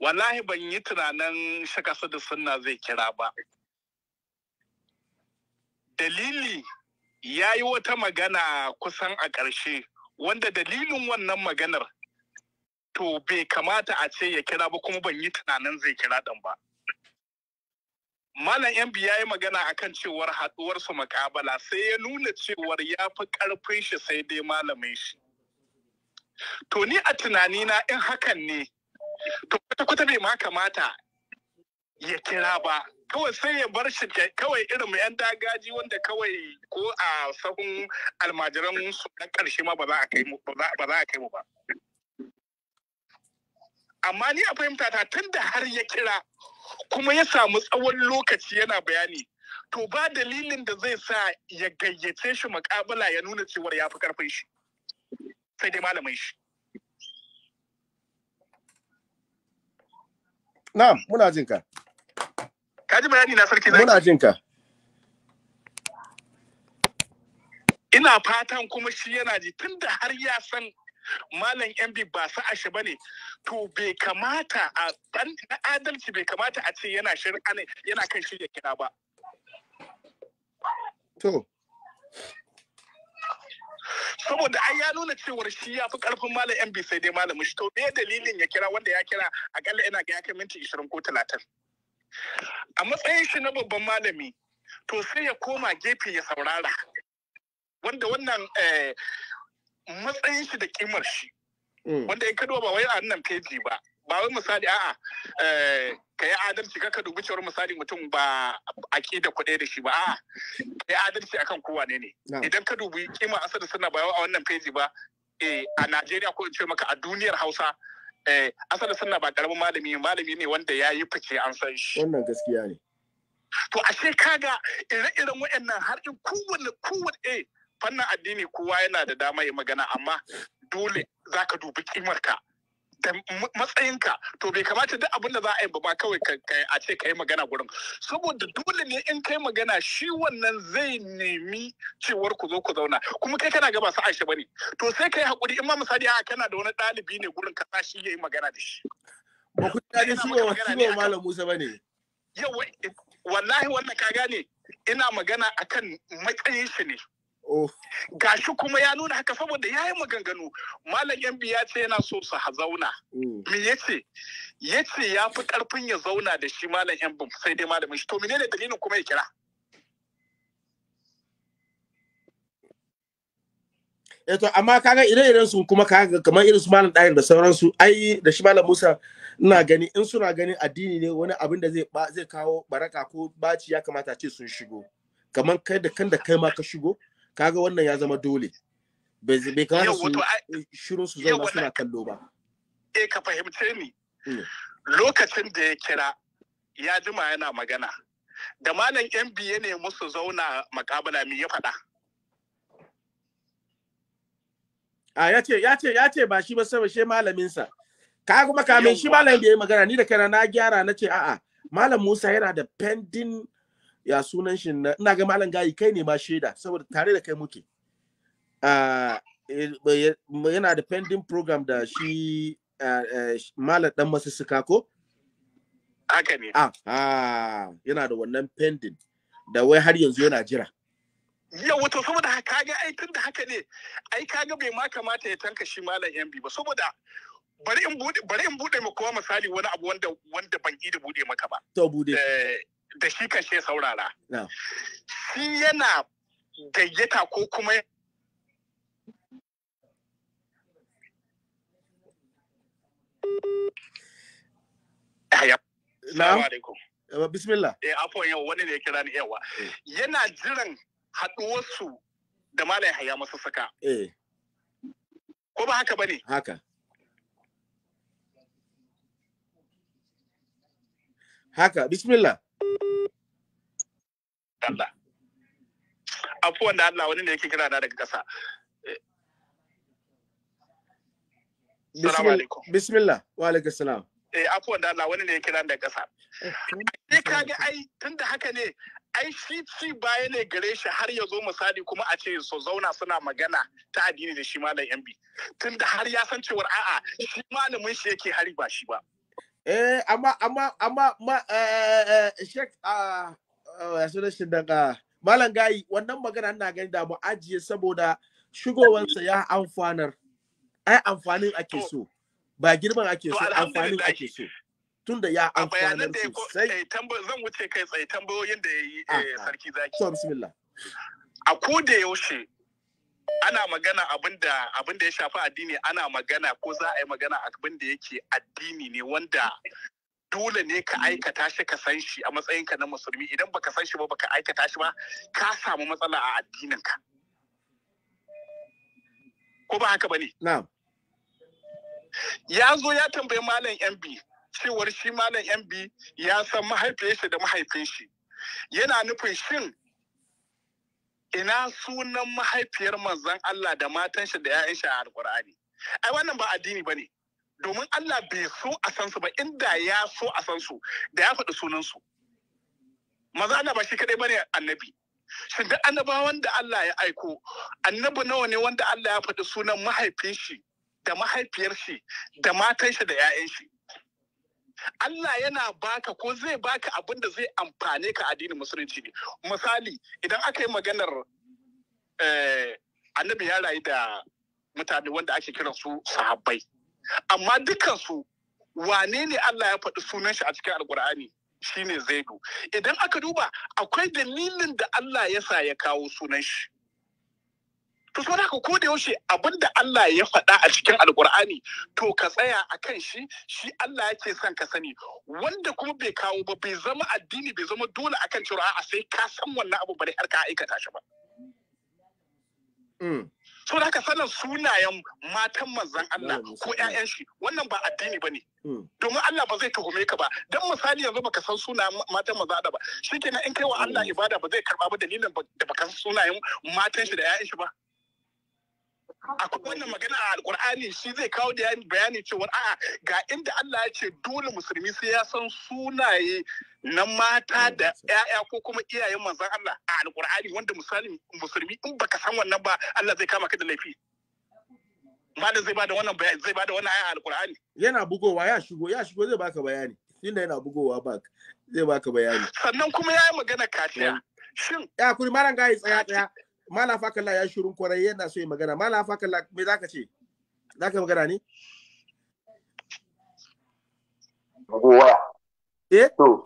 wallahi ban yi tunanin shakasa da sunna zai kira ba. dalili ya yi wata magana kusan a ƙarshe wanda dalilin wannan maganar to bai kamata a ce ya kira ba kuma ban yi tunanin zai kira ɗan ba. Malam yan ya yi magana akan cewar haɗuwarsu makabala sai ya nuna cewar ya fi ƙarfin shi sai dai malamin shi. To ni a tunanina in hakan ne, to kwata-kwata bai ma kamata ya kira ba. kawai sai ya bar shi kawai irin yan dagaji wanda kawai ko a sahun almajiran su na karshe ma ba za a kai mu ba amma ni a fahimta ta tun da har ya kira kuma ya samu tsawon lokaci yana bayani to ba dalilin da zai sa ya gayyace shi makabala ya nuna cewar ya fi karfin shi sai dai malamai shi na'am muna jin ka ka ji bayani na sarki zai muna jinka ina fatan kuma shi yana ji tunda har ya san malam yanbi ba sa ashe bane to bai kamata a dan adalci bai kamata a ce yana shari'a ne yana kan shirya kira ba to saboda ai ya nuna cewar shi ya fi karfin malam yanbi sai dai malamin shi to me dalilin ya kira wanda ya kira akalla ina ga ya kai minti 20 ko 30 a matsayin shi na babban malami to sai ya koma gefe ya saurara wanda wannan eh, matsayin shi da kimar shi mm. wanda in ka duba ba wai a nan feji ba ba wai misali a'a eh, ka yi adalci ka dubi cewar misali mutum ba a da kuɗe da shi ba a'a ka yi adalci akan kowa ne ne idan ka dubi kima asali suna ba a wannan feji ba eh, a Najeriya ko in ce maka a duniyar Hausa Eh, asali sunna ba karamin malami malami ne wanda ya yi fice an san shi wannan gaskiya ne to ashe kaga ire-iren waɗannan har in kowanne kowanne eh, fannin addini kowa yana da dama ya magana amma dole zaka ka dubi kimarka matsayinka to bai kamata duk abin da za a yi ba kawai a ce ka yi magana gurin saboda dole ne in kai magana shi wannan zai nemi cewar ku zo ku zauna kuma kai kana gaba su aisha bane to sai kai hakuri in ma misali a kana da wani ɗalibi ne gurin ka sa shi ya yi magana da shi ba ku tare su ba wa malam Musa ne. yawa wallahi wannan ka gane ina magana akan matsayin shi ne Oh. gashi kuma ya nuna haka saboda ya yi maganganu malam yan ya ce yana so su zauna mm. me ya ce ya ce ya fi karfin ya zauna da shi malam yan sai dai malamin shi to menene dalilin kuma ya kira eto eh, amma kaga ire-iren su kuma kaga kamar irin su malam ɗayan da sauransu ai da shi malam musa ina gani in suna ganin addini ne wani abin da zai zai kawo baraka ko baci ya kamata ce sun shigo kamar kai da kan da kai ma ka shigo kaga wannan ya zama dole bai kamata su shirin su zama suna kallo ba eh ka fahimce ni mm. lokacin da ya kira ya jima yana magana da malam NBA ne musu zauna makabala mi ya faɗa a ya ce ya ce ya ce ba shi ba saboda shi malamin ka kuma kamin shi malam da ya magana ni da kana na gyara na ce a'a malam Musa yana da pending ya sunan shi na ina ga malam gayi kai ne ma shaida saboda tare da kai muke eh, yana da pending program da shi malam dan masussuka ko haka ne ah, a yana da wannan pending da wai har yanzu yana jira yawa to saboda kaga ai tun da haka ne ai kaga bai ma kamata ya tanka shi malam bi ba saboda bari in bude bari in bude maka misali wani abu wanda wanda ban yi da bude maka ba to bude eh da shi kashe shi saurara. Shi yana gayyata ko kuma Na'am. Bismillah. Eh afon yau wani ne ya kira ni yawa. Eh. Yana jiran haɗuwarsu da Malam Haya masu saka. Eh. Ko ba haka bane? Haka. Haka, bismillah. Allah afuwan da Allah wani ne yake kira na daga ƙasa Salamu alaikum. Bismillah, wa alaikum salam. Eh, afuwan da Allah wani ne ya kira daga ƙasa. Sai ka ga ai tun da haka ne ai shi ci baya ne gare shi har ya zo misali kuma a ce so zauna suna magana ta addini da shi malam yan bi da har ya san cewar a'a shi malamin shi yake hari ba shi ba. eh amma amma amma ma eh, eh, eh shek a ah, oh, ya sunan shi daga malam gayi wannan magana ina gani da mu ajiye saboda shigowansa ya amfanar ai amfanin ake so ba girman ake so amfanin ake so tunda ya amfanar sosai eh, zan wuce kai tsaye tambayoyin da ya yi sarki zaki a ko da yaushe ana magana abinda abinda ya shafi addini ana magana ko za a yi magana abinda yake addini ne wanda dole ne ka aikata shi ka san shi a matsayinka na musulmi idan baka san shi ba baka aikata shi ba ka samu matsala a addininka ko ba haka bane na ya zo ya tambayi malam MB cewar shi malam MB ya san mahaifiyarsa da mahaifin shi yana nufin shin ina sunan mahaifiyar manzan Allah da matan shi da 'ya'yan shi a alkur'ani ai wannan ba addini bane domin Allah bai so a san su ba inda ya so a san su da ya faɗi sunan su maza Allah ba shi kaɗai bane annabi shin duk annabawan da Allah ya aiko annabi nawa ne wanda Allah ya faɗi sunan mahaifin shi da mahaifiyar shi da matan shi da 'ya'yan shi Allah yana baka ko zai baka abin da zai amfane ka addinin musulunci ne misali idan aka yi maganar eh, annabi ya rayu da mutane wanda ake kiran su sahabbai amma dukansu wane ne Allah ya faɗi sunan shi a cikin alkur'ani shine zaidu idan aka duba akwai dalilin da Allah ya sa ya kawo sunan shi to so haka ko da yaushe abinda Allah ya faɗa a cikin alkur'ani to ka tsaya akan shi shi Allah yake son ka sani wanda kuma bai kawo ba bai zama addini bai zama dole akan cewa a sai ka san wannan abu bare har ka aikata shi ba mm. so da ka sanin sunayen matan manzan Allah ko 'ya'yan shi wannan ba addini ba ne mm. domin Allah ba zai tuhume ka ba dan misali yanzu baka san sunayen matan manzan Allah ba shikenan in kai wa Allah mm. ibada ba zai karba ba dalilin da baka san sunayen matan shi da ƴaƴan shi ba akwai wannan magana a alkur'ani shi zai kawo da bayani cewa a'a ga inda Allah ya ce dole musulmi sai ya san sunaye na mata da 'ya'ya ko kuma iyayen manzon Allah a alkur'ani wanda musulmi in baka san wannan ba Allah zai kama ka da laifi malam zai bada wannan bayani zai bada wannan aya alkur'ani yana bugowa ya shigo ya shigo zai baka bayani tunda yana bugowa ba zai baka bayani sannan kuma yayi magana kafiya shin ya kuri malam gayi tsaya tsaya Malam Fakalla ya shirin kwarai yana so yi magana. Malam Fakalla me za ka ce? Za ka magana ne? Gowa. Eh? To,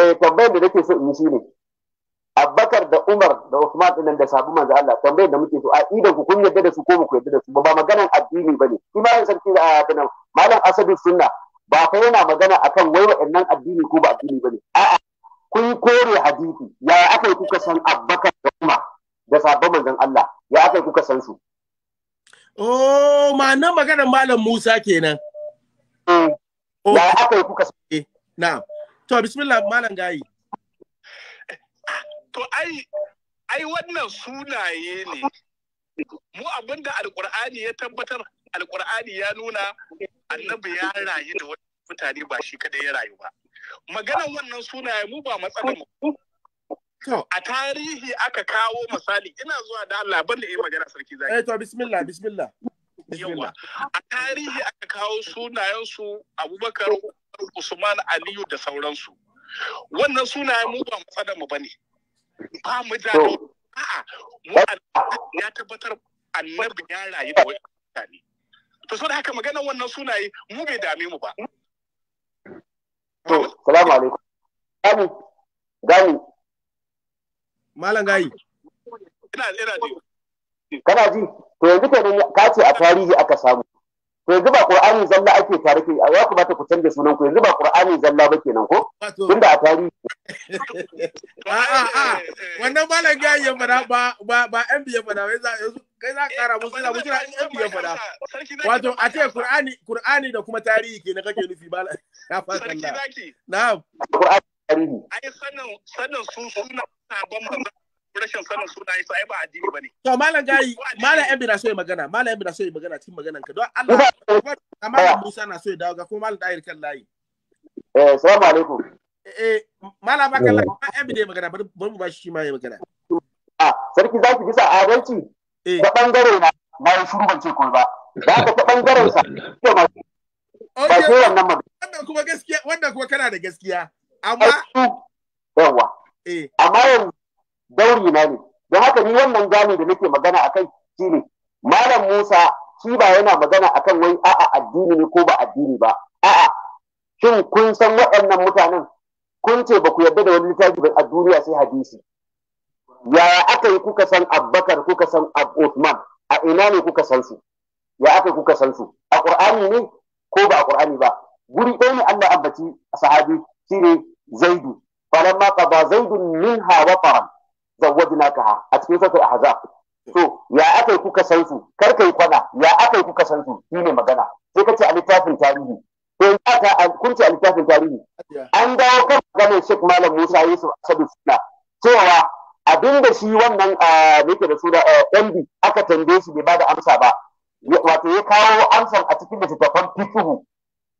eh tambayar da nake so in shi ne Abubakar da Umar da Usman din da sabu manzo Allah tambayar da muke so a idan ku kun yadda da su ko ba ku yadda da su ba maganan addini bane. Imanin ah, sarki a tunan Malam asabi Sunna ba fa yana magana akan wai wa'annan addini ko ba addini bane. A'a kun kore hadisi ya aka kuka san abbakar sabon manzon Allah ya aka kuka san su oh ma'anar maganar malam Musa kenan eh, ya aka kuka san eh, na'am to bismillah malam gayi to ai ai wannan sunaye ne mu abinda alkur'ani ya tabbatar alkur'ani ya nuna annabi ya rayu da wani mutane ba shi kada ya rayu ba maganar wannan sunaye mu ba matsalar mu A tarihi aka kawo misali ina zuwa da Allah ban da yi magana sarki zaki. Eh to bismillah bismillah. Yawa a tarihi aka kawo sunayensu Abubakar Usman Aliyu da sauransu. Wannan sunayen mu ba matsalar mu bane. Ba mu da a'a mu ya tabbatar annabi ya rayu da wani mutane. To saboda haka magana wannan sunaye mu bai dame mu ba. To salamu alaikum. Gani gani Malam gayi. Ina ina ji. Kana ji? To yanzu kenan ka ce a tarihi aka samu. to yanzu ba qur'ani zalla ake tare ke ya kamata ku canza sunan ku yanzu ba qur'ani zalla ba kenan ko tunda a tarihi a a a wannan malam ya yan fada ba ba ba an biye fada wai za yanzu kai za ka kara musu da mutum an biya fada wato a ce qur'ani qur'ani da kuma tarihi kenan kake nufi ba na fasa na'am qur'ani ango. Ai sanin sanin su suna sabon manzo rashin sanin sunaye su ai ba addini bane. To malam gayi malam Abi na so ya magana malam Abi na so ya magana cikin maganar ka don Allah amma Musa na so ya dawo ga ko malam Dahir kan layi. Eh assalamu alaikum. Eh, eh malam ba Allah ma Abi da magana bari mu ba shi ma ya magana. Ah sarki za ki sa adalci eh. ta bangare na na yi shuru ban ce ko ba. Za ka ta bangaren sa. Ba wannan Wannan kuma gaskiya wannan kuma kana da gaskiya. amma yawa eh. amma yanzu dauri na ne don haka ni wannan gane da nake magana akai shine malam Musa shi ba yana magana akan wai a'a addini ne ko ba addini ba a'a shin kun san waɗannan mutanen kun ce ba ku yarda da wani littafi ba a duniya sai hadisi yaya aka yi kuka san abbakar kuka san Uthman a ina ne kuka san su ya aka kuka san su a qur'ani ne ko ba a qur'ani ba guri ɗaya ne Allah ambaci sahabi shine zaidu falamma ba zaidun faran wataran ka a cikin sura ahzab to ya akai kuka san su kar kai kwana ya akai kuka san su shine magana sai kace a littafin tarihi to aka kun ce a littafin tarihi an dawo kan maganar Sheikh Malam Musa Yusuf Asadu Sunna cewa abinda shi wannan yake da suna eh, MD aka tambaye shi bai bada amsa ba wato ya kawo amsan a cikin littattafan fiqhu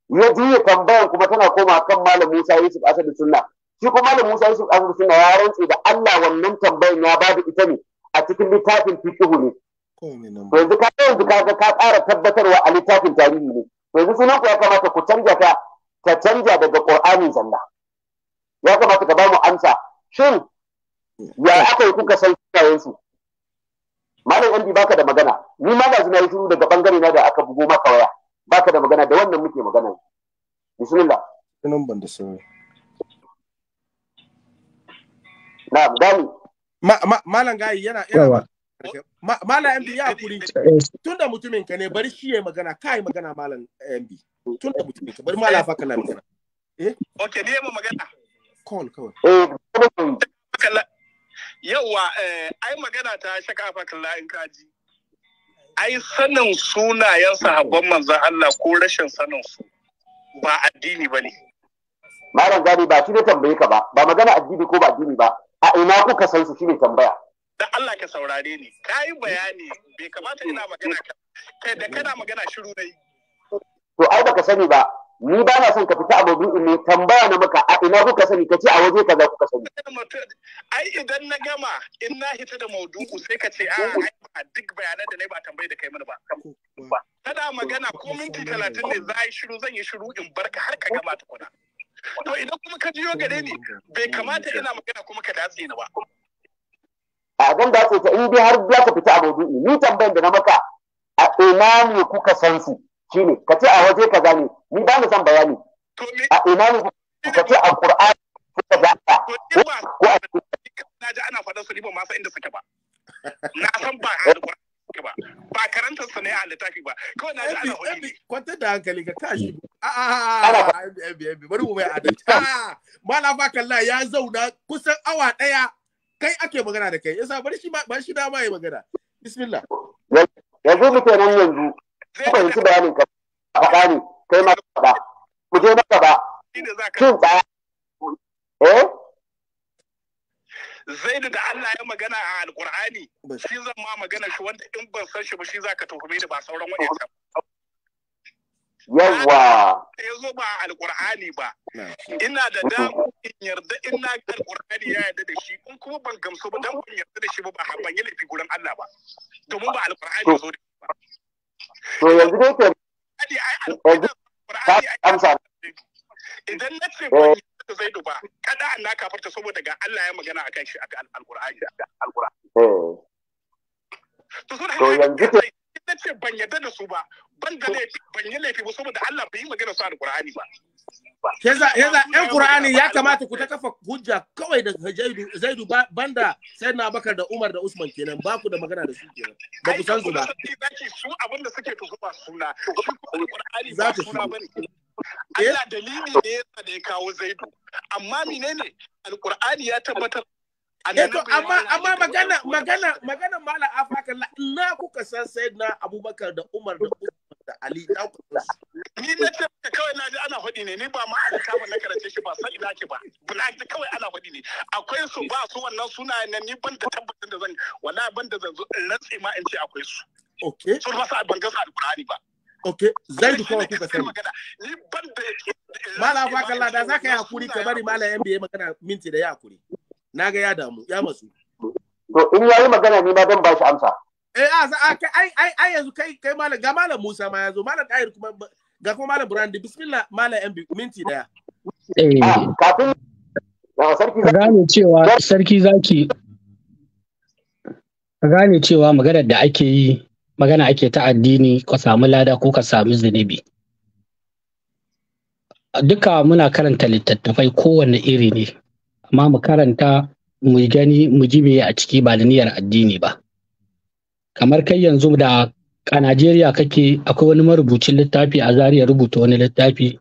ya juya tambayan kuma tana koma kan malam Musa Yusuf Asadu Sunna shi kuma malam Musa Yusuf Asadu Sunna ya rantse da Allah wannan tambayan ya bada ita ne a cikin littafin fiqhu ne to yanzu ka yanzu ka ka ƙara tabbatarwa a littafin tarihi ne to yanzu sunan ku ya kamata ku canja ta ta canja daga Qur'ani zalla ya kamata ka ba mu amsa shin ya aka yi kuka san sunayensu malam Andy baka da magana ni ma na yi shiru daga bangare na da aka bugo maka waya baka da magana da wannan muke magana bismillah sunan ban da sunan na gani malam gayi yana yana malam mb ya hakuri tunda mutumin ka ne bari shi ya magana kai magana malam mb tunda mutumin ka bari malam faka na magana eh okay ne mu magana call kawai eh yawa eh, ai magana ta shaka faka la in kaji ai sanin sunayen sahabban manzan Allah ko rashin sanin su ba addini ba ne. Malam gani ba shi ne tambaye ka ba, ba magana addini ko ba addini ba, a ina kuka san su shi ne tambaya. Da Allah ka saurare ni, ka yi bayani bai kamata ina magana ka, kai da kana magana shiru na yi. To ai baka sani ba, ni ba na son ka fita a maudu'in ne tambaya na maka a ina kuka sani Ka ce a waje kaza kuka sani ai idan na gama in na hita da maudu'u sai ka ce ah, a duk bayanan da na ba tambayi da kai mana ba Tana magana ko minti talatin ne za yi shiru zan yi shiru in barka har ka gama tukuna to idan kuma ka jiyo gare ni bai kamata ina magana kuma ka datse ni ba a zan datse ta in dai har za ka fita a maudu'i ni tambayan da na maka a ina ne kuka san su shi ne ka ce a waje kaza ne ni ba mu san bayani a ina ne ka ce a qur'ani ko ka da ko a na ji ana faɗa su ni ba ma san inda suke ba na san ba ba ba karantar sa ne a littafi ba kawai na ji ana faɗi kwanta da hankali ka kashi a a a bari mu mai adalci a ah, ah, ah, mala ba kalla ya zauna kusan awa daya kai ake magana da kai yasa bari shi ba shi da dama yi magana bismillah yanzu mutanen yanzu fahimci bayanin ka faɗa ne kai ma faɗa mu je na gaba shin tsaya eh zaidu da Allah ya magana a alkur'ani shi zan ma magana shi wanda in ban san shi ba shi zaka tuhume ni ba sauran wani ya yawa ya zo ba a alkur'ani ba ina da damun in yarda in na ga alkur'ani ya yarda da shi in kuma ban gamsu ba dan ban yarda da shi ba ban yi laifi gurin Allah ba domin ba alkur'ani zo da shi to yanzu dai ke yanzu amsa idan na ce eh. zaidu ba kada kafarta saboda ga Allah ya magana a kan shi eh. to yanzu na ce ban yarda da su ba ban da ban yi laifi ba saboda Allah bai yi magana su ba ɗan Qur'ani ya kamata ku ta kafa hujja kawai da Zaidu Zaidu banda da Umar da Usman kenan ba ku da magana da su kenan ba ku san suna ba suna bane eh? Allah dalili ne yasa ya kawo Zaidu amma eh, amma amma magana magana magana Afaka na kuka san Sayyidina Abubakar da Umar da da Ali Dakuta. Ni na ce kawai na ji ana faɗi ne ni ba ma alaka ba na karance shi ba san ina ke ba. Na ji kawai ana faɗi ne. Akwai su ba su wannan sunayen nan, ni ban da tabbatar da zan yi, wala ban da zan rantsi ma in ce akwai su. Okay. Sun fasa ban gasa alkurani ba. Ok, zai duka wa kuka sani. Mala Fakalla da za ka yi hakuri ka bari Mala yan biye magana minti da ya hakuri. Na ga ya damu, ya masu. To in ya yi magana ne ma don ba shi amsa. eh ah, a ah, ai ai ai yanzu kai kai malam ga malam Musa ma yazo malam Tahir kuma ga kuma malam Brandi bismillah malam MB minti daya eh ah, kafin ka gane cewa sarki zaki ka gane cewa maganar da ake yi magana ake ta addini ka samu lada ko ka samu zunubi duka muna karanta littattafai kowanne iri ne amma mu karanta mu gani mu ji a ciki ba da niyyar addini ba kamar kai yanzu da a Najeriya kake akwai wani marubucin littafi a zariya rubuta wani littafi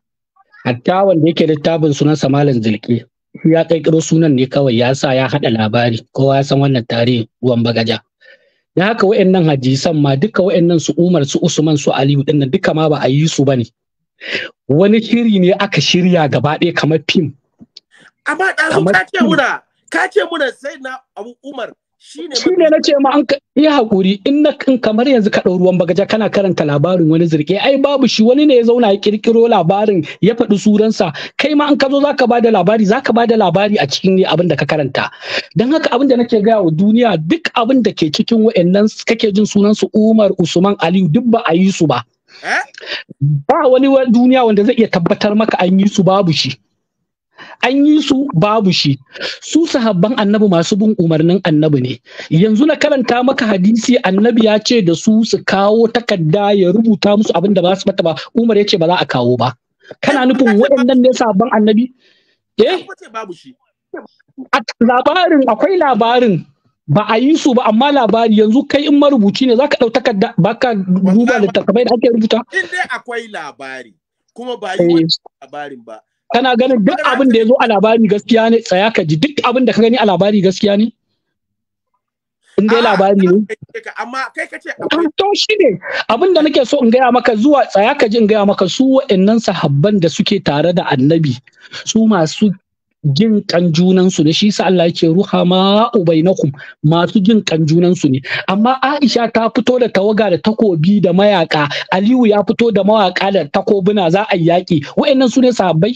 hatta wanda yake littafin sunan samalin zilke ya kirkiro sunan ne kawai ya sa ya haɗa labari kowa ya san wannan tare ruwan bagaja da haka wa'annan hadisan ma duka wa'annan su umar su usman su aliyu dinnan duka ma ba a yi su bane wani shiri ne aka shirya gaba ɗaya kamar fim amma ka ce muna ka ce muna sai na abu umar shi ne na ce ma an yi hakuri in na kan kamar yanzu ka ɗau ruwan bagaja kana karanta labarin wani zirge ai babu shi wani ne ya zauna ya kirkiro labarin ya faɗi suransa kai ma an ka zo za ka bada labari za ka bada labari a cikin ne abin da ka karanta don haka abin da nake gaya wa duniya duk abin da ke cikin wa'annan kake jin sunansu umar usman aliyu duk ba a yi su ba eh? ba wani duniya wanda zai iya tabbatar maka an yi su babu shi an yi su babu shi su sahabban annabi masu bin umarnin annabi ne yanzu na karanta maka hadisi annabi ya ce da su su kawo takarda ya rubuta musu abin da ba su mata ba umar ya ce ba za a kawo ba kana nufin waɗannan ne sahabban annabi eh labarin akwai labarin ba a yi su ba amma labari yanzu kai in marubuci ne zaka dauka da baka duba littattafai da ake rubuta in dai akwai labari kuma ba yi eh. labarin ba kana ganin duk abin da ya zo a labari gaskiya ne tsaya ka ji duk abin da ka gani a labari gaskiya ne in dai labari ne amma kai kace to shine abin da nake so in gaya maka zuwa tsaya ka ji in gaya maka su wa'annan sahabban da suke tare da annabi su masu jin kan junansu ne shi sa Allah yake ma ubainakum masu jin kan junansu ne amma Aisha ta fito da tawaga da takobi da mayaka Aliyu ya fito da mawaka da takobuna za a yaki wa'annan su ne sahabbai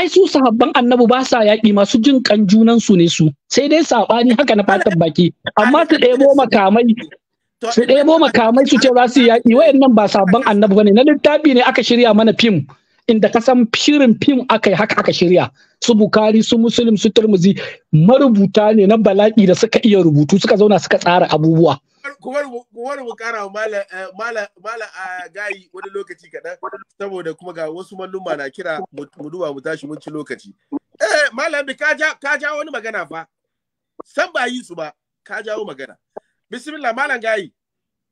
ai su sahabban annabu ba sa yaƙi masu jin kan junan ne su sai dai sabani haka na fatan baki amma su ɗebo makamai su ɗebo makamai su ce za su yaƙi wayannan ba sabon ba ne, na littafi ne aka shirya mana fim inda ka san firin fim aka yi haka aka shirya su bukari su musulun su turmuzi marubuta ne na bala'i da suka iya rubutu suka zauna suka tsara abubuwa kuma mu kara wa mala eh, a ah, gayi wani lokaci kaɗan saboda kuma ga wasu malluma na kira mu duba mu tashi mun ci lokaci eh malam bi ka ja wani magana fa san ba yi su ba ka jawo magana bismillah malam gayi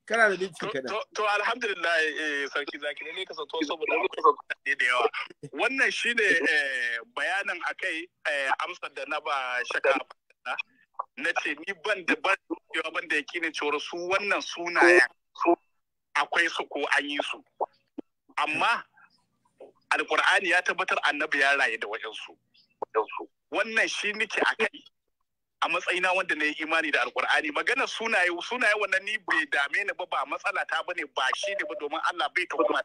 kana da minti kana to alhamdulillah eh, sarki zaki ne ka zato saboda ne da yawa wannan shine eh, bayanin a akai eh, amsar da na ba shaka na ce ni ban da ban cewa ban da yakinin cewa su wannan sunayen akwai su ko an yi su amma alkur'ani ya tabbatar annabi ya raye da wajensu wannan shi nake a kai a matsayina wanda na yi imani da alkur'ani magana sunaye sunaye wannan ni bai dame ni ba ba matsala ta bane ba shi ne ba domin Allah bai ta kuma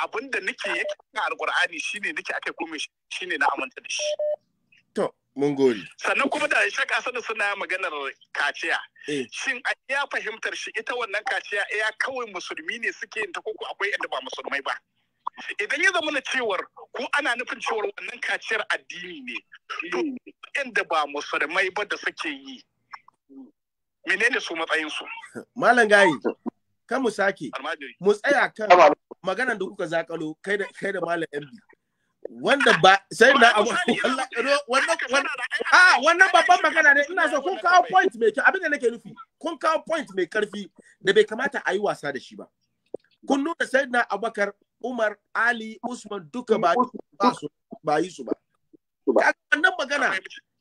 abin da nake yake a alkur'ani shine nake akai kuma shine na amanta da shi to mun gode sannan kuma da shaka sani suna maganar kaciya eh. shin a iya fahimtar shi ita wannan kaciya iya kawai musulmi ne suke yin ta koko akwai yadda ba musulmai ba idan ya zama na cewar ko ana nufin cewar wannan kaciyar addini ne to inda hmm. ba musulmai ba da suke yi menene su su malam gayi kan mu sake mu tsaya kan maganar da kuka zakalo kai da kai da malam MB wanda ba sai na abu wannan ah wannan babban magana ne ina so kun kawo point mai kyau abin da nake nufi kun kawo point mai karfi da bai kamata a yi wasa da shi ba kun nuna sai na abakar Umar, Ali, Usman duka ba su ba yi su ba. Kaga wannan magana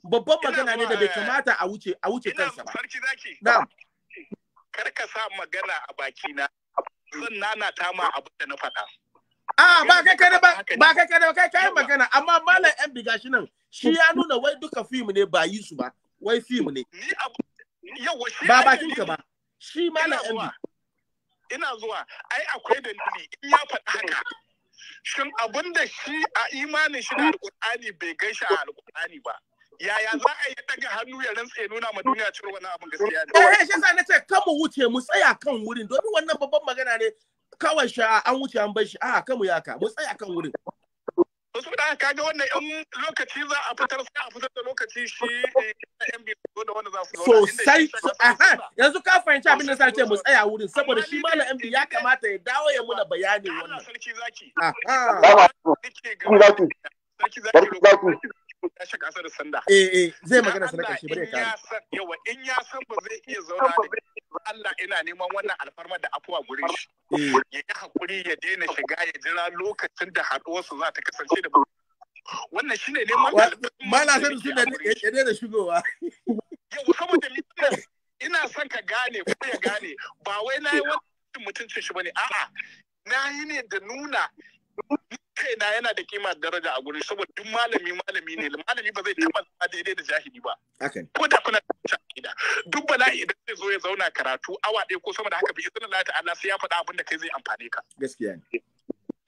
babban magana ne da bai kamata a wuce a wuce kansa ba. na Kar ka sa magana a baki na. Zan nana ta ma abu da na faɗa. A ba kai kai ba ba kai kai ba, kai kai magana amma malam ɗan biga shi nan shi ya nuna wai duka fim ne ba yi su ba wai fim ne. Ba bakin ka ba. Shi malam ɗan biga. ina zuwa ai akwai dalili in ya faɗi haka shin abin da shi a imanin shi da alƙur'ani bai gaishe a alƙur'ani ba yaya za a yi daga hannu ya rantsa ya nuna ma duniya cewa wani abin gaskiya ne eh shi sai na ce kan mu wuce mu tsaya kan wurin domin wannan babban magana ne kawai sha an wuce an bar shi a kan mu yaka mu tsaya kan wurin wasu saboda ka ga wannan yan lokaci za a fitar sai a fitar da lokaci shi yan biyu ko da wanda za su zo sosai yanzu ka fahimci abin da sace mu tsaya wurin saboda shi malam yan bi ya kamata ya dawo ya muna bayani wannan sarki zaki sarki zaki ya shi kasar sanda. Eh eh zai magana sanda kashi bari ya kare. Yawa in ya san ba zai iya zauna da Allah ina neman wannan alfarma da afuwa gurin shi. Eh. Ya yi hakuri ya daina shiga ya jira lokacin da su za ta kasance da wannan shi ne neman alfarma. Mala san su da ya daina shigowa. Yawa saboda litin ina son ka gane ko ya gane ba wai na yi wani mutuncin shi ba ne a'a na yi ne da nuna na yana da kima daraja a gurin saboda duk malami malami ne malami ba zai taba zama daidai da jahili ba ko da kuna da? duk bala'i idan zai zo ya zauna karatu awa ɗaya ko sama da haka bi izinin Allah ta'ala sai ya faɗa abin da kai zai amfane ka gaskiya ne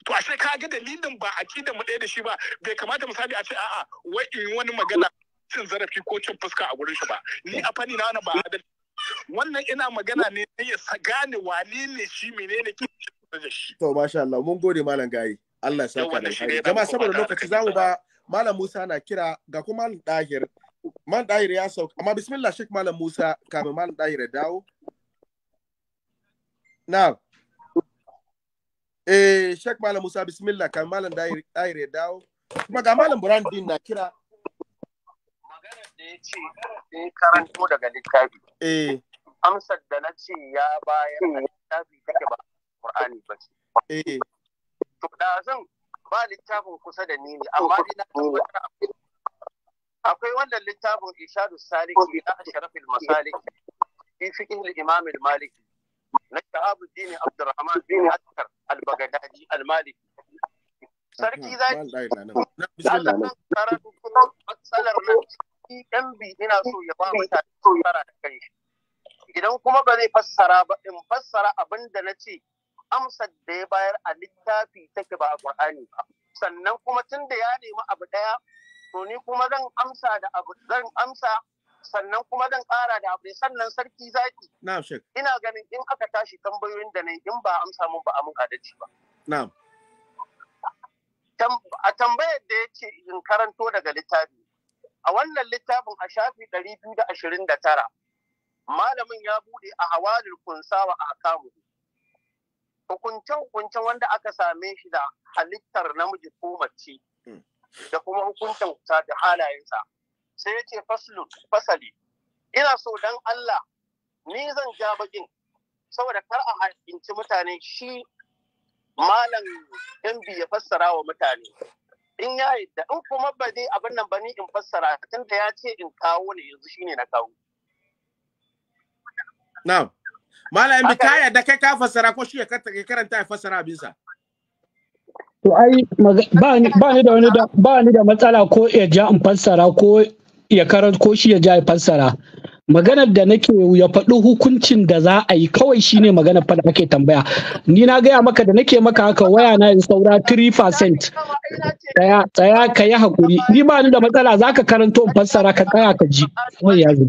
to a sai ka ga dalilin ba akida mu ɗaya da shi ba bai kamata misali a ce a'a wai in wani magana cin zarafi ko cin fuska a gurin shi ba ni a fani na ba adalci wannan ina magana ne na ya gane wane ne shi menene ke da shi to masha Allah mun gode malam gayi Allah sa ka da jama'a saboda lokaci zamu ba Malam Musa na kira ga kuma Malam Dahir Malam Dahir ya sauka amma bismillah Sheikh Malam Musa kafin Malam Dahir ya dawo na eh Sheikh Malam Musa bismillah kafin Malam Dahir Dahir ya dawo kuma ga Malam Brandin na kira ya ce karanto daga littafi eh amsar da na ce ya bayar littafi take ba Qur'ani ba eh to zan ba littafin kusa da ni ne amma ina akwai wannan littafin ishadu saliki na asharafil masaliki fi fiqh al-imam al-maliki na shahabuddin abdurrahman bin hakkar al-bagdadi al-maliki sarki zaki matsalar nan ina so ya ba mutane tsara da kai idan kuma ba zai fassara ba in fassara abin da na ce amsar da ya bayar a littafi take ba a Qur'ani ba sannan kuma tun da ya nemi abu ɗaya to ni kuma zan amsa da abu zan amsa sannan kuma zan ƙara da abu sannan sarki zaki na'am shek ina ganin in aka tashi tambayoyin da nayi in ba amsa mun ba a mun adalci ba na'am a tambayar da ya ce in karanto daga littafi a wannan littafin a shafi 229 malamin ya bude a hawadul kunsawa wa akamu hukunce-hukuncen wanda aka same shi da halittar namiji ko mace hmm. da kuma hukuncin wuta da halayensa sai ya ce fasali ina so dan Allah ni zan ja bakin saboda kar a hakinci mutane shi malam yanbi ya fassara wa mutane in ya yadda in kuma ba dai abin nan ba ni in fassara tunda ya ce in kawo ne yanzu shine na kawo Malam bi ka yarda kai ka fassara ko shi ya karanta ya fassara abinsa. To ai ba ni da wani ba ni da matsala ko ya ja in fassara ko ya karanta ko shi ya ja ya fassara. maganar da nake ya faɗi hukuncin da za a yi kawai shine maganar faɗa ake tambaya ni na gaya maka da nake maka haka waya na yin saura 3% tsaya tsaya ka yi hakuri ni ba ni da matsala Za ka karanto in fassara ka tsaya ka ji wai ya shi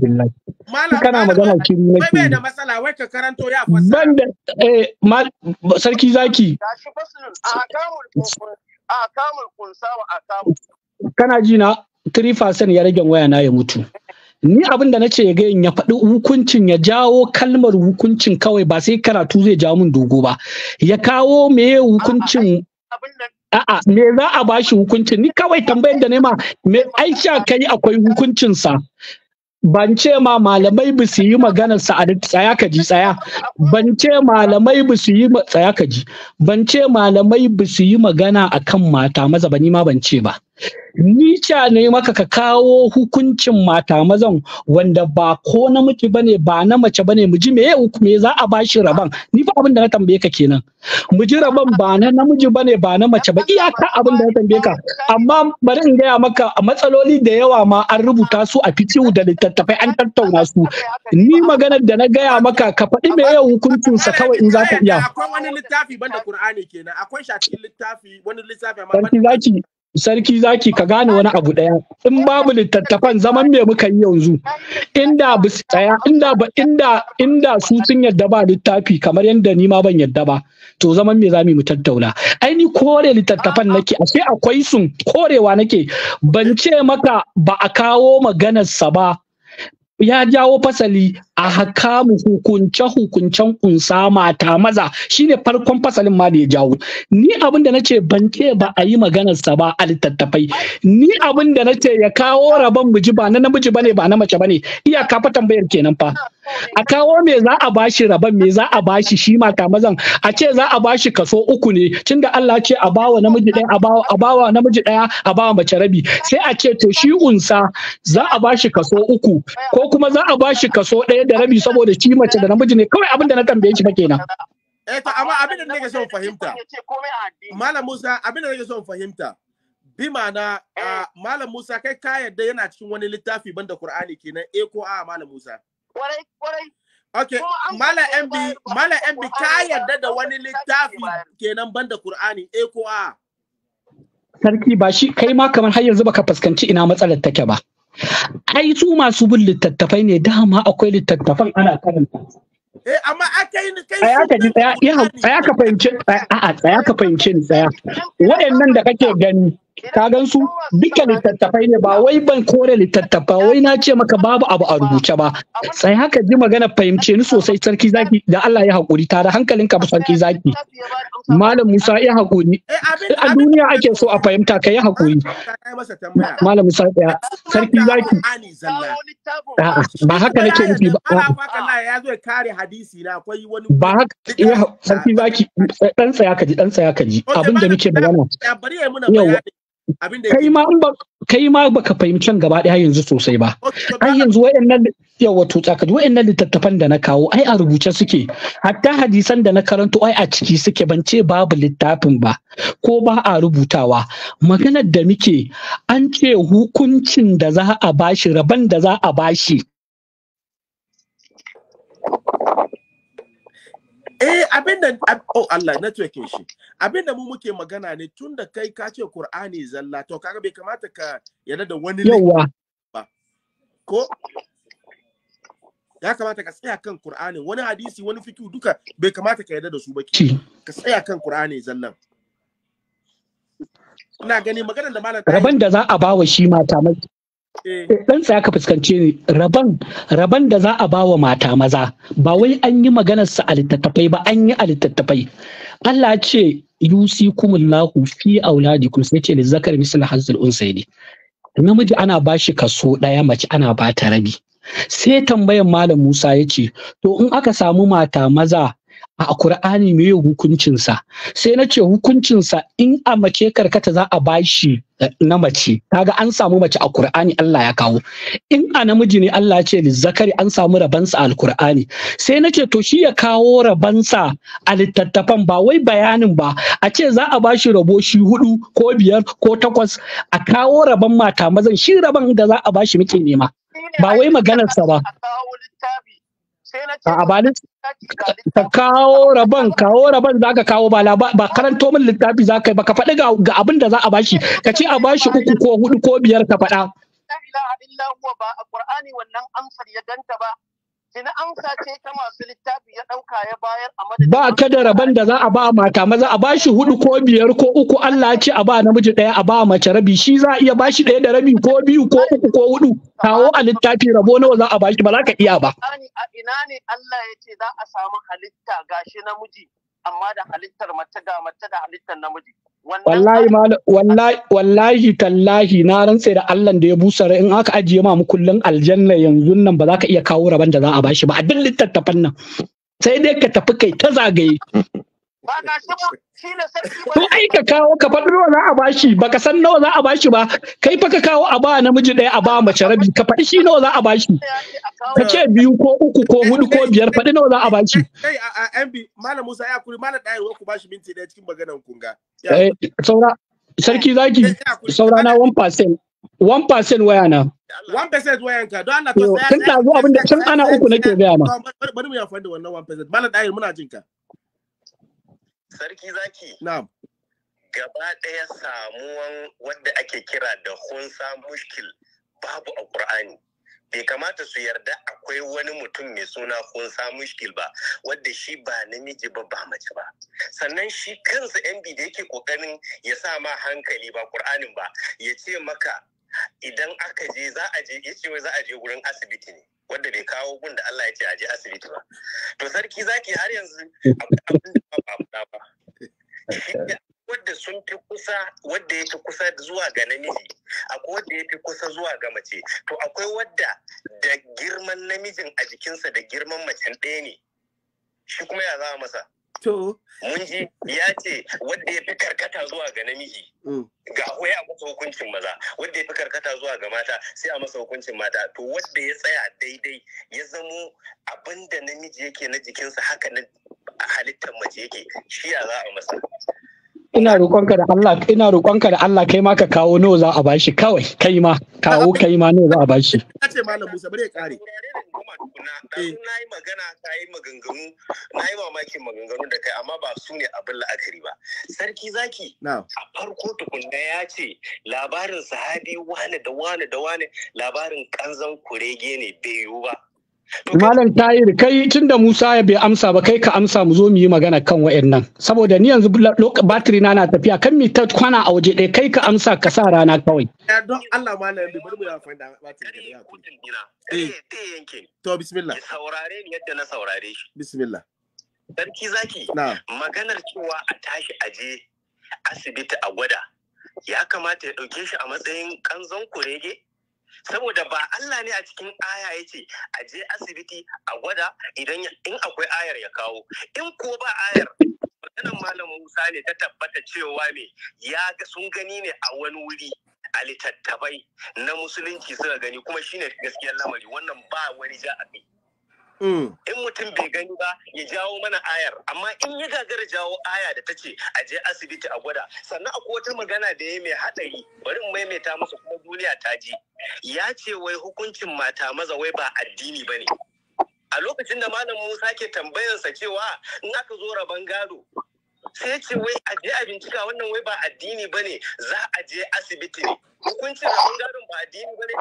kana magana ki ne nake da matsala wai ka karanto ya fassara ban da eh sarki zaki akamul kunsa kana ji na 3% ya rage waya na ya mutu ni abin da na ya ga ya faɗi hukuncin ya jawo kalmar hukuncin kawai ba sai karatu zai jawo min dogo ba ya kawo me hukuncin a'a me za a bashi hukuncin ni kawai tambayar da nema me aisha kai akwai hukuncinsa ban ce ma malamai ba su yi maganar sa tsaya ka ji tsaya ban ce malamai ba su yi tsaya ka ji ban ce malamai ba su yi magana akan mata maza ba ma ban ce ba Nica ne maka ka kawo hukuncin mata mazan wanda ba ko namiji bane ba na mace bane mu ji meye me za a bashi raban ni fa abin da na tambaye ka kenan mu ji raban ba na namiji bane ba na mace ba iyaka abin da na tambaye ka amma bari in gaya maka matsaloli da yawa ma an rubuta su a fitiwu da littattafai an tattauna su ni maganar da na gaya maka ka faɗi meye hukuncin sa kawai in za ka iya akwai wani littafi banda Qur'ani kenan akwai shafi littafi wani littafi amma sarki zaki ka gane wani abu daya in babu littattafan zaman me muka yi yanzu inda bu tsaya inda ba inda inda su sun yadda ba littafi kamar yadda ni ma ban yadda ba to zaman me zamu mu tattauna ai ni kore littattafan nake ashe akwai sun korewa nake ban ce maka ba a kawo maganar sa ba ya jawo fasali a hakamu hukunce hukuncen kunsa mata maza shine farkon fasalin ma da ya jawo ni abin da nace ban ce ba a yi maganar sa ba a ni abin da nace ya kawo rabon miji ba na namiji bane ba na mace bane iyaka fa tambayar kenan fa a kawo me za a bashi rabon me za a bashi shi mazan a ce za a bashi kaso uku ne tun da Allah ce a bawa namiji ɗaya a bawa a bawa namiji ɗaya a bawa mace rabi sai a ce to shi unsa za a bashi kaso uku ko kuma za a bashi kaso ɗaya da rabi saboda shi mace da namiji ne kawai abin da na tambaye shi ba kenan eh to amma abin da nake son fahimta malam Musa abin da nake son fahimta bi ma'ana ah, malam Musa kai ka yarda yana cikin wani littafi banda Qur'ani kenan eh ko a malam Musa Okay, Mala MB, Mala MB ta yarda da wani littafi kenan banda Qur'ani, eh ko a? Sarki ba shi kai ma kamar har yanzu baka fuskanci ina matsalar take ba. Ai su masu bin littattafai ne dama akwai littattafan ana karanta. Eh amma akai ni kai Tsaya ka ji ya tsaya ka fahimci, a'a tsaya ka fahimci ni tsaya. Waɗannan da kake gani, ka gan su duka littattafai ne ba wai ban kore littattafa wai na ce maka babu abu a rubuce ba sai haka ji magana fahimce ni sosai sarki zaki da Allah ya haƙuri tare hankalinka ba sarki zaki malam Musa ya haƙuri a duniya ake so a fahimta ka ya haƙuri malam Musa ya sarki zaki ba haka nake nufi ba ba haka sarki zaki dan tsaya ka ji dan tsaya ka ji abin da muke magana yawa kai ma baka fahimci gaba ɗaya yanzu sosai ba ai yanzu wayannan yawa to tsaka wayannan littattafan da na kawo ai a rubuce suke hatta hadisan da na karanto ai a ciki suke ban ce babu littafin ba ko ba a rubutawa maganar da muke an ce hukuncin da za a bashi rabon da za a bashi Eh abin da oh Allah network shi. Abin da mu muke magana ne tun da kai ka ce Qur'ani zalla to kaga bai kamata ka yarda da wani yawa ba. Ko ya kamata ka tsaya kan Qur'ani wani hadisi wani fikihu duka bai kamata ka yarda da su ba ki. Ka tsaya kan Qur'ani zallan. Ina gani maganar da malam Rabban da za a bawa shi mata mai Eh. Eh, ɗansa aka fuskance ni raban raban da za a bawa mata maza ba wai an yi maganar sa a littattafai ba an yi a littattafai Allah ce yusi kumullahu fi auladikum sai ce lizzakar misal hazzul unsayni namiji ana bashi kaso ɗaya mace ana bata rabi sai tambayan malam Musa ya ce to in aka samu mata maza a kur'ani me hukuncinsa sai na ce hukuncinsa in a mace karkata za a bashi eh, na mace kaga an samu mace a kur'ani Allah ya kawo in a namiji ne Allah ya ce Zakari an samu rabansa a al-kur'ani. sai na ce to shi ya kawo rabansa a littattafan ba wai bayanin ba a ce za a bashi rabo shi hudu ko biyar ko takwas a kawo raban mata mazan shi raban da za a bashi muke nema ba wai maganarsa ba a ba ka kawo rabon kawo rabon za ka kawo ba ba karanto min littafi za ka yi ba ka faɗi ga abin da za a bashi ka ce a bashi uku ko hudu ko biyar ka faɗa la ilaha illa huwa ba a qur'ani wannan amsar ya danta ba Ina amsa ce ta masu littafi ya ɗauka ya bayar a madadin ba ka da rabon da za a ba mata maza a bashi hudu ko biyar ko uku Allah ce a ba namiji ɗaya a ba mace rabi shi za a iya bashi ɗaya da rabi ko biyu ko uku ko hudu kawo a littafi rabo nawa za a bashi ba za ka iya ba a ina ne Allah ya ce za a samu halitta gashi namiji amma da halittar mace ga mace da halittar namiji wallahi wallahi wallahi tallahi na rantse da Allah da ya busa in aka ajiye ma mu kullun aljanna yanzu nan ba za ka iya kawo raban da za a bashi ba a duk littattafan nan sai dai ka tafi kai ta zagaye ba ga shi ne sarki ba to ai ka kawo ka faɗi nawa za a bashi baka san nawa za a bashi ba kai fa ka kawo a ba namiji ɗaya a ba mace rabi ka faɗi shi nawa za a bashi ka ce biyu ko uku ko hudu ko biyar faɗi nawa za a bashi kai a MB malam Musa ya kuri malam Dayar ku bashi minti ɗaya cikin maganar kunga eh saura sarki zaki saura na 1% 1% waya na 1% waya ka don Allah to tun da zo abin tun ana uku nake gaya ma bari mu yafa da wannan 1% malam Dayar muna jinka sarki zaki na'am gaba ɗaya samuwan wanda ake kira da hunsa mushkil babu a ƙur'ani bai kamata su yarda akwai wani mutum mai suna hunsa mushkil ba wanda shi ba namiji ba ba mace ba sannan shi kansa yan da yake ƙoƙarin ya sa ma hankali ba ƙur'anin ba ya ce maka idan aka je za a je ya ce za a je wurin asibiti ne wanda bai kawo gun da Allah ya ce a je asibiti ba to sarki zaki har yanzu abin da ba ba ba wadda sun fi kusa wanda ya fi kusa zuwa ga namiji akwai wanda ya fi kusa zuwa ga mace to akwai wadda da girman namijin a jikinsa da girman macen ɗaya ne shi kuma ya zama masa To. ji mhm, ya ce wanda ya fi karkata zuwa ga namiji. Mm. Ga wai a masa hukuncin maza, wanda ya fi karkata zuwa ga mata sai a masa hukuncin mata. To wanda ya tsaya daidai ya zamo abinda namiji yake na jikinsa haka na halittar mace yake shi ya za a masa. ina roƙonka da Allah ina roƙonka da Allah kai ma ka kawo nawa za a bashi kawai kai ma kawo kai ma nawa za a bashi ka ce malam Musa bare kare eh. na yi magana ta yi maganganu na yi mamakin maganganu da kai amma ba su ne abin la'akari ba sarki zaki a farko tukunna ya ce labarin sahabi wane da wane da wane labarin kanzan kurege ne bai yiwu ba Malam Tahir kai tunda Musa ya bai amsa ba kai ka amsa mu zo mu yi magana kan wayannan saboda ni yanzu batiri na na tafiya kan mi ta kwana a waje ɗaya kai ka amsa ka sa rana kawai. Don Allah malam bai bari mu ya fanda batiri da ya eh. yanke. To bismillah. Saurare ni yadda na saurare shi. Bismillah. Sarki zaki. Maganar cewa a tashi aje asibiti a gwada ya kamata ya ɗauke shi a matsayin kanzon kurege saboda ba Allah ne a cikin aya ya ce a je asibiti a gwada idan in akwai ayar ya kawo in ko ba ayar maganar malam Musa ne ta tabbata cewa ne, ya ga sun gani ne a wani wuri a littattafai na musulunci suka gani kuma shine gaskiyar lamari wannan ba wani ja a kai mm. In mutum bai gani ba ya jawo mana ayar, amma in ya gagara jawo aya da ta ce a je asibiti a gwada, sannan akwai wata magana da ya mai haɗari bari in maimaita masa kuma duniya ta je. ya ce wai hukuncin mata maza wai ba addini ba ne a lokacin da malam musa ke tambayarsa cewa in aka zo rabon gado sai ce wai a je a bincika wannan wai ba addini ba ne za a je asibiti ne hukuncin rabon gado ba addini ba ne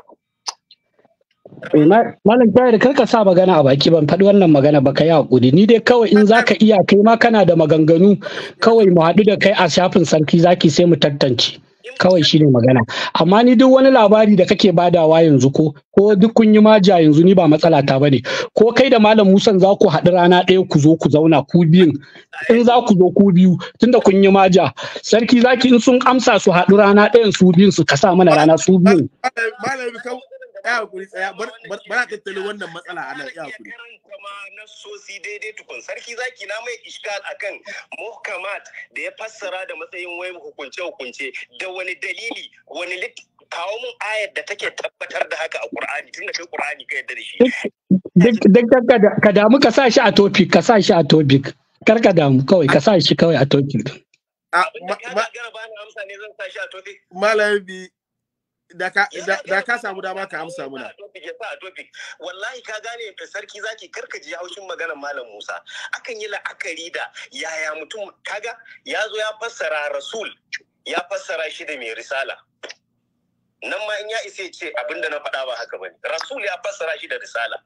eh, Malam Jahir kar ka sa magana a baki ban faɗi wannan magana ba ka yi hakuri ni dai kawai in za ka iya kai ma kana da maganganu kawai mu haɗu da kai a shafin sarki zaki sai mu tantance. kawai shi ne magana amma ni duk wani labari da kake badawa yanzu ko ko duk kun yi maja yanzu ni ba matsala ta bane ko kai da malam musan za ku haɗu rana ɗaya ku zo ku zauna ku biyun in za ku zo ku biyu tunda kun yi maja sarki zaki in sun amsa su haɗu rana ɗayan su biyun su kasa mana rana su biyun ya hakuri tsaya bar tattalo wannan matsala a nan ya hakuri karin kuma na sosi daidai tukun sarki zaki na mai iskal akan muhkamat da ya fassara da matsayin wai hukunce hukunce da wani dalili wani kawo mun ayar da take tabbatar da haka a Qur'ani tunda kai Qur'ani ka yarda da shi duk ka damu ka sa shi a topic ka sa shi a topic kar ka damu kawai ka sa shi kawai a topic Malam bi da ka samu dama ka amsa muna. Wallahi ka gane da sarki zaki ji haushin maganar Malam Musa. Akan yi la'akari da yaya mutum kaga ya zo ya fassara Rasul ya fassara shi da mai risala. Nan ma in ya isa ce abinda na faɗa ba haka bane. Rasul ya fassara shi da risala.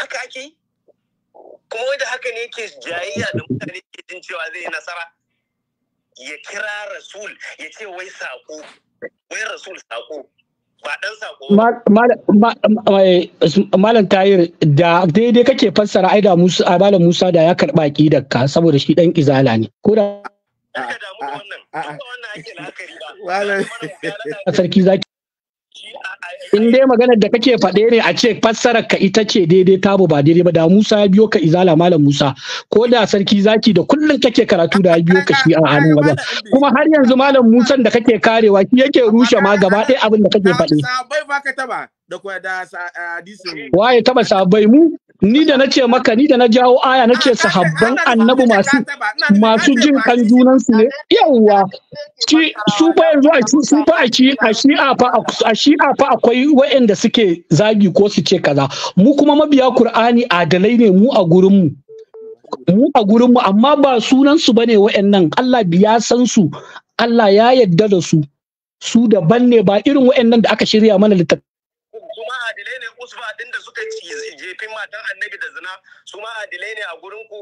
Haka ake yi? Kuma wanda haka ne ke jayayya da mutane ke jin cewa zai yi nasara. Ya kira Rasul ya ce wai saƙo wai rasul sako ba dan sako malam tayir da daidai kake fassara ai da musa a malam musa da ya karba kidar ka saboda shi dan izala ne ko da ake wannan wannan ba sarki zaki in dai maganar da kake faɗe ne a ce fassarar ka ita ce daidai tabo ba daidai ba da Musa ya biyo ka izala malam Musa ko da sarki zaki da kullum kake karatu da ya biyo ka shi a hannun wajen kuma har yanzu malam musan da kake karewa shi yake rushe ma gaba ɗaya abin da kake faɗe. Sabai ba ka taba da da eh, hadisin waye taba sahabbai mu ni da na ce maka ni da na jawo aya nace ah, sahabban annabi masu masu jin kan junan su ne yawa ki su ba yanzu a su ba a ci a a fa a a fa akwai waɗanda suke zagi ko su ce kaza mu kuma mabiya qur'ani adalai ne mu a gurin mu mu a gurin mu amma ba sunan su bane waɗannan Allah biya san su Allah ya yadda da su su daban ne ba irin waɗannan da aka shirya mana littafi. adilai ne usba din da suka jefi matan annabi da zina su ma adilai ne a gurin ku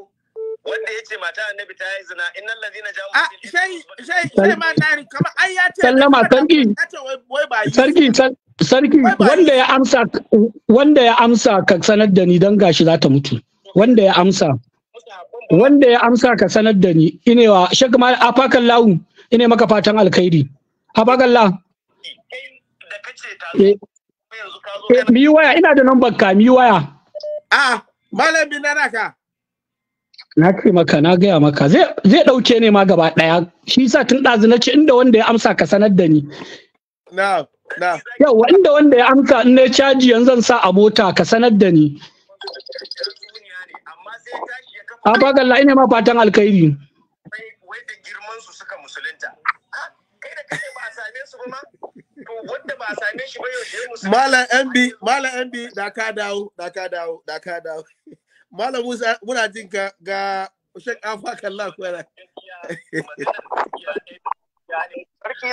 wanda yace mata annabi ta yi zina inna ladina ja'u a sai sai sai ma nari kamar ai ya ce sallama sarki sarki sarki wanda ya amsa wanda ya amsa ka sanar da ni dan gashi za ta mutu wanda ya amsa wanda ya amsa ka sanar da ni inewa shek ma afakan lawu ine maka fatan alkhairi afakan ta eh, Eh, mi waya ina da nan baka, mi waya. A malam bin na ka. Na kai maka na gaya maka zai dauke ne ma gaba ɗaya shi sa tun ɗazu na ce inda wanda ya amsa ka sanar da ni. Na na. Yawa inda wanda ya amsa in na caji yanzu zan sa a mota ka sanar da ni. A bagalla ina ma fatan alkhairi. Wai da girman su suka musulunta. Kai da kai ba a same su ba wanda ba a same shi ba yau yaushe musulmi malam mb malam mb da ka dawo da ka dawo da ka dawo malam musa muna jin ka ga shek afa kallah ko yana sarki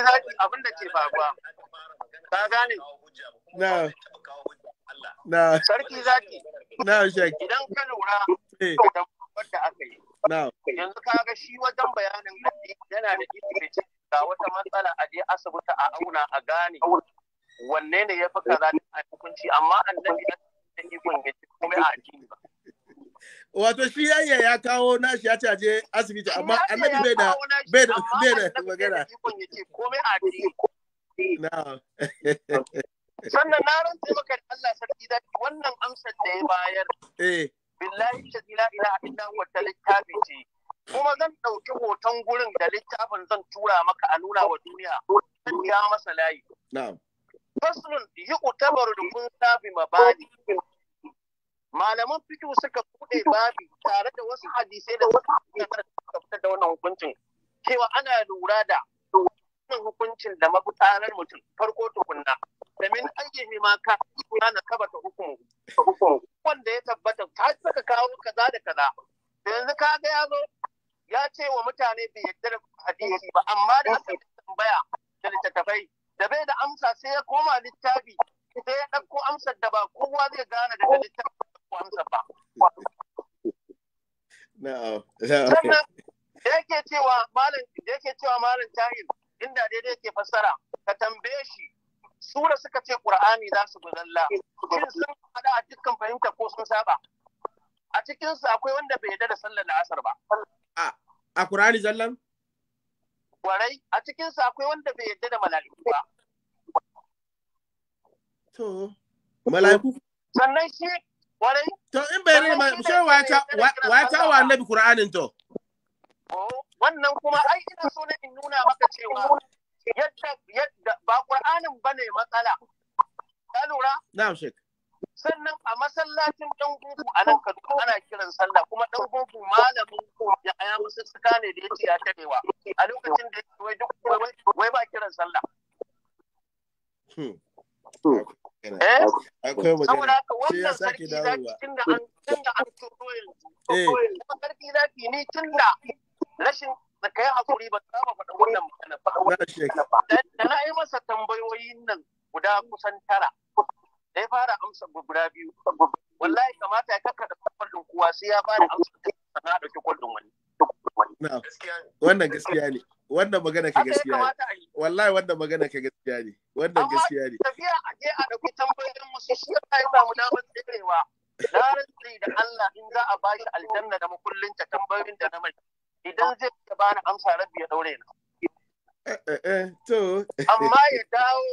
zaki abin da ke faruwa ka gane na na sarki zaki na shek idan ka lura eh. da wanda aka yi yanzu ka ga shi wajen bayanin yana da ilimi ga wata matsala a je asibiti a auna a gane wanne ne ya fi kaza a hukunci amma annabi ya ce ikon ya ci kuma a addini ba wato shi yanya ya kawo nashi ya caje asibiti amma annabi bai da bai da bai da magana sannan na ran maka da Allah sarki da wannan amsar da ya bayar eh billahi la ilaha illa huwa littafi ce kuma zan ɗauki hoton gurin da littafin zan tura maka a nuna wa duniya zan ya masa layi. Faslun yi utabar da kun sabi mabani. Malaman fito suka buɗe babi tare da wasu hadisai da wasu hadisai suka da wannan hukuncin. Cewa ana lura da wannan hukuncin da mafitanar mutum farko tukunna. Da min ayyihi ma ka na kabata hukumu. Wanda ya tabbatar ta saka kawo kaza da kaza. Yanzu ka ga ya zo ya ce wa mutane bai yadda da hadisi ba amma da aka yi tambaya da littattafai da bai da amsa sai ya koma littafi sai ya ɗauko amsar da ba kowa zai gane daga littafi ko amsa ba. Sannan da yake cewa malam da yake cewa malam tahir inda daidai yake fassara ka tambaye shi sura suka ce qur'ani za su gudalla shin sun hada a dukkan fahimta ko sun saba a cikinsu akwai wanda bai yarda da sallar Asar ba a Qur'ani zallan? Warai a cikin akwai wanda bai yadda da mala'iku ba. To mala'iku sannan shi warai to in bai ne shi wa ya wa ta wa annabi Qur'anin to. Oh, wannan kuma ai ina so ne in nuna maka cewa yadda yadda ba ne matsala. Ka lura? Na'am Sheikh. sannan a masallacin dan gungu a nan kaduna ana kiran sallah kuma dan gungu malamin ya aya musu suka ne da yace ya tarewa a lokacin da wai duk wai ba kiran sallah eh? saboda haka wannan sarki zaki tun da an tun da an turo yanzu eh. kuma sarki zaki ni tun da rashin da kai hakuri ba ta ba faɗa wannan magana ba da na yi masa tambayoyin nan guda kusan tara da ya fara amsa guda biyu wallahi kamata ya kakkaɗa kwallon kuwa sai ya fara amsa sana ɗauki kwallon wani wannan gaskiya ne wannan magana ka gaskiya ne wallahi wannan magana ka gaskiya ne wannan gaskiya ne Amma tafiya a je a dauki tambayoyin musu shi ya kai mu damar tsirewa na rantsi da Allah in za a bashi aljanna da makullin ta tambayoyin da na mai idan zai ta bani amsa rabbi ya daure na eh, eh, eh, amma ya dawo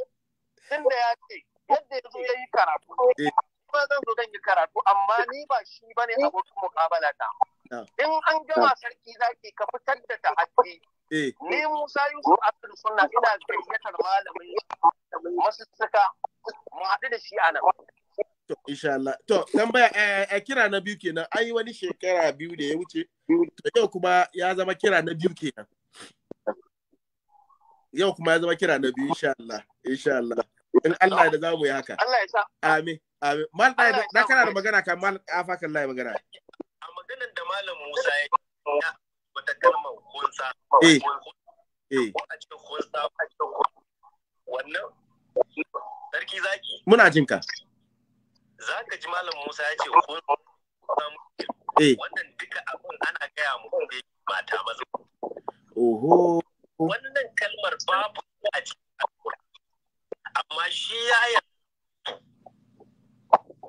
tunda ya ce yadda ya zo ya yi karatu ba eh. zan zo zan yi karatu amma ni ba shi ba ne eh. abokin mukabala ta in an gama sarki zaki ka fitar da ta haddi eh. ni Musa Yusuf Abdul suna ina gayyatar malamin masu suka mu haɗu da shi a nan To, insha Allah. To, tambaya a kira na biyu kenan, an yi wani shekara biyu da ya wuce, to yau kuma ya zama kira na biyu kenan. Yau kuma ya zama kira na biyu, insha Allah, insha Allah. in Allah da zamu yi haka Allah ya sa amin amin mal na kana da magana kan mal kan lai magana a maganar da malam Musa ya wata kalma kunsa eh eh wannan sarki zaki muna jin ka zaka ji malam Musa ya ce Eh. wannan duka abun ana gaya mu ne mata maza oho wannan kalmar babu a cikin amma shi ya yi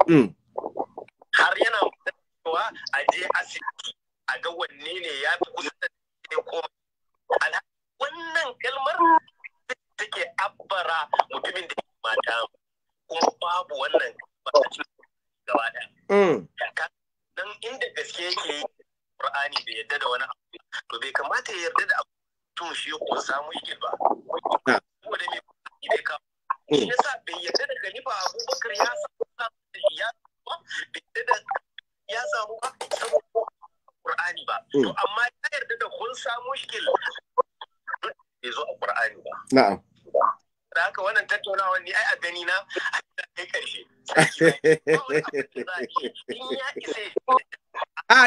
hmm. har yana cewa a je asibiti a ga wanne ne ya fi kusa da ne ko wannan kalmar take abbara mutumin da ke mata kuma babu wannan gaba ɗaya hmm. dan inda gaske yake Qur'ani bai yarda da wani abu to bai kamata ya yarda da abu tun shi ko samu yake ba mai ah. me bai kawo Eh. yasa bai yadda da khalifa abubakar ya samu ya ya samu ba saboda qur'ani ba eh. to amma ya yarda da kun samu shikil bai zo a qur'ani ba na'am da haka wannan ai a gani na kai karshe a ah,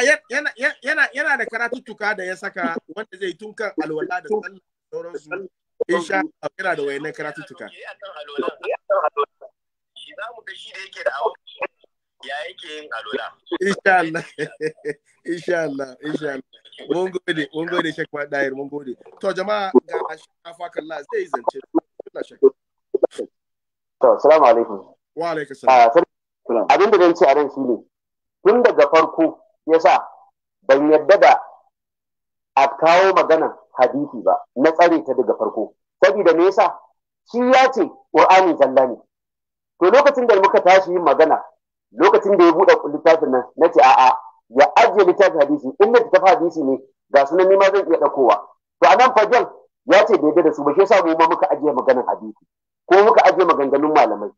yana da karatuttuka da ya saka wanda zai tunkan alwala da sallah sauransu Insha Allah yana da wayannan karatuttuka. Shi za mu ga shi da yake Insha Allah. Insha Allah. Insha Allah. Mun gode, mun gode shek ma Fadair, mun gode. To jama'a ga shafa kallah zai zance. Allah Sheikh. To, assalamu alaikum. Wa alaikum ah, salam. Abin da zan ce a ran shi Tun daga farko yasa ban yadda da a kawo magana hadisi ba na tsare ta daga farko saboda me yasa shi ya ce qur'ani zalla ne to lokacin da muka tashi yin magana lokacin da ya buɗe littafin nan na ce a'a ya ajiye littafin hadisi in da tafi hadisi ne ga sunan nima zan iya ɗaukowa to a nan fagen ya ce daidai da su ba shi yasa mu ma muka ajiye maganar hadisi ko muka ajiye maganganun malamai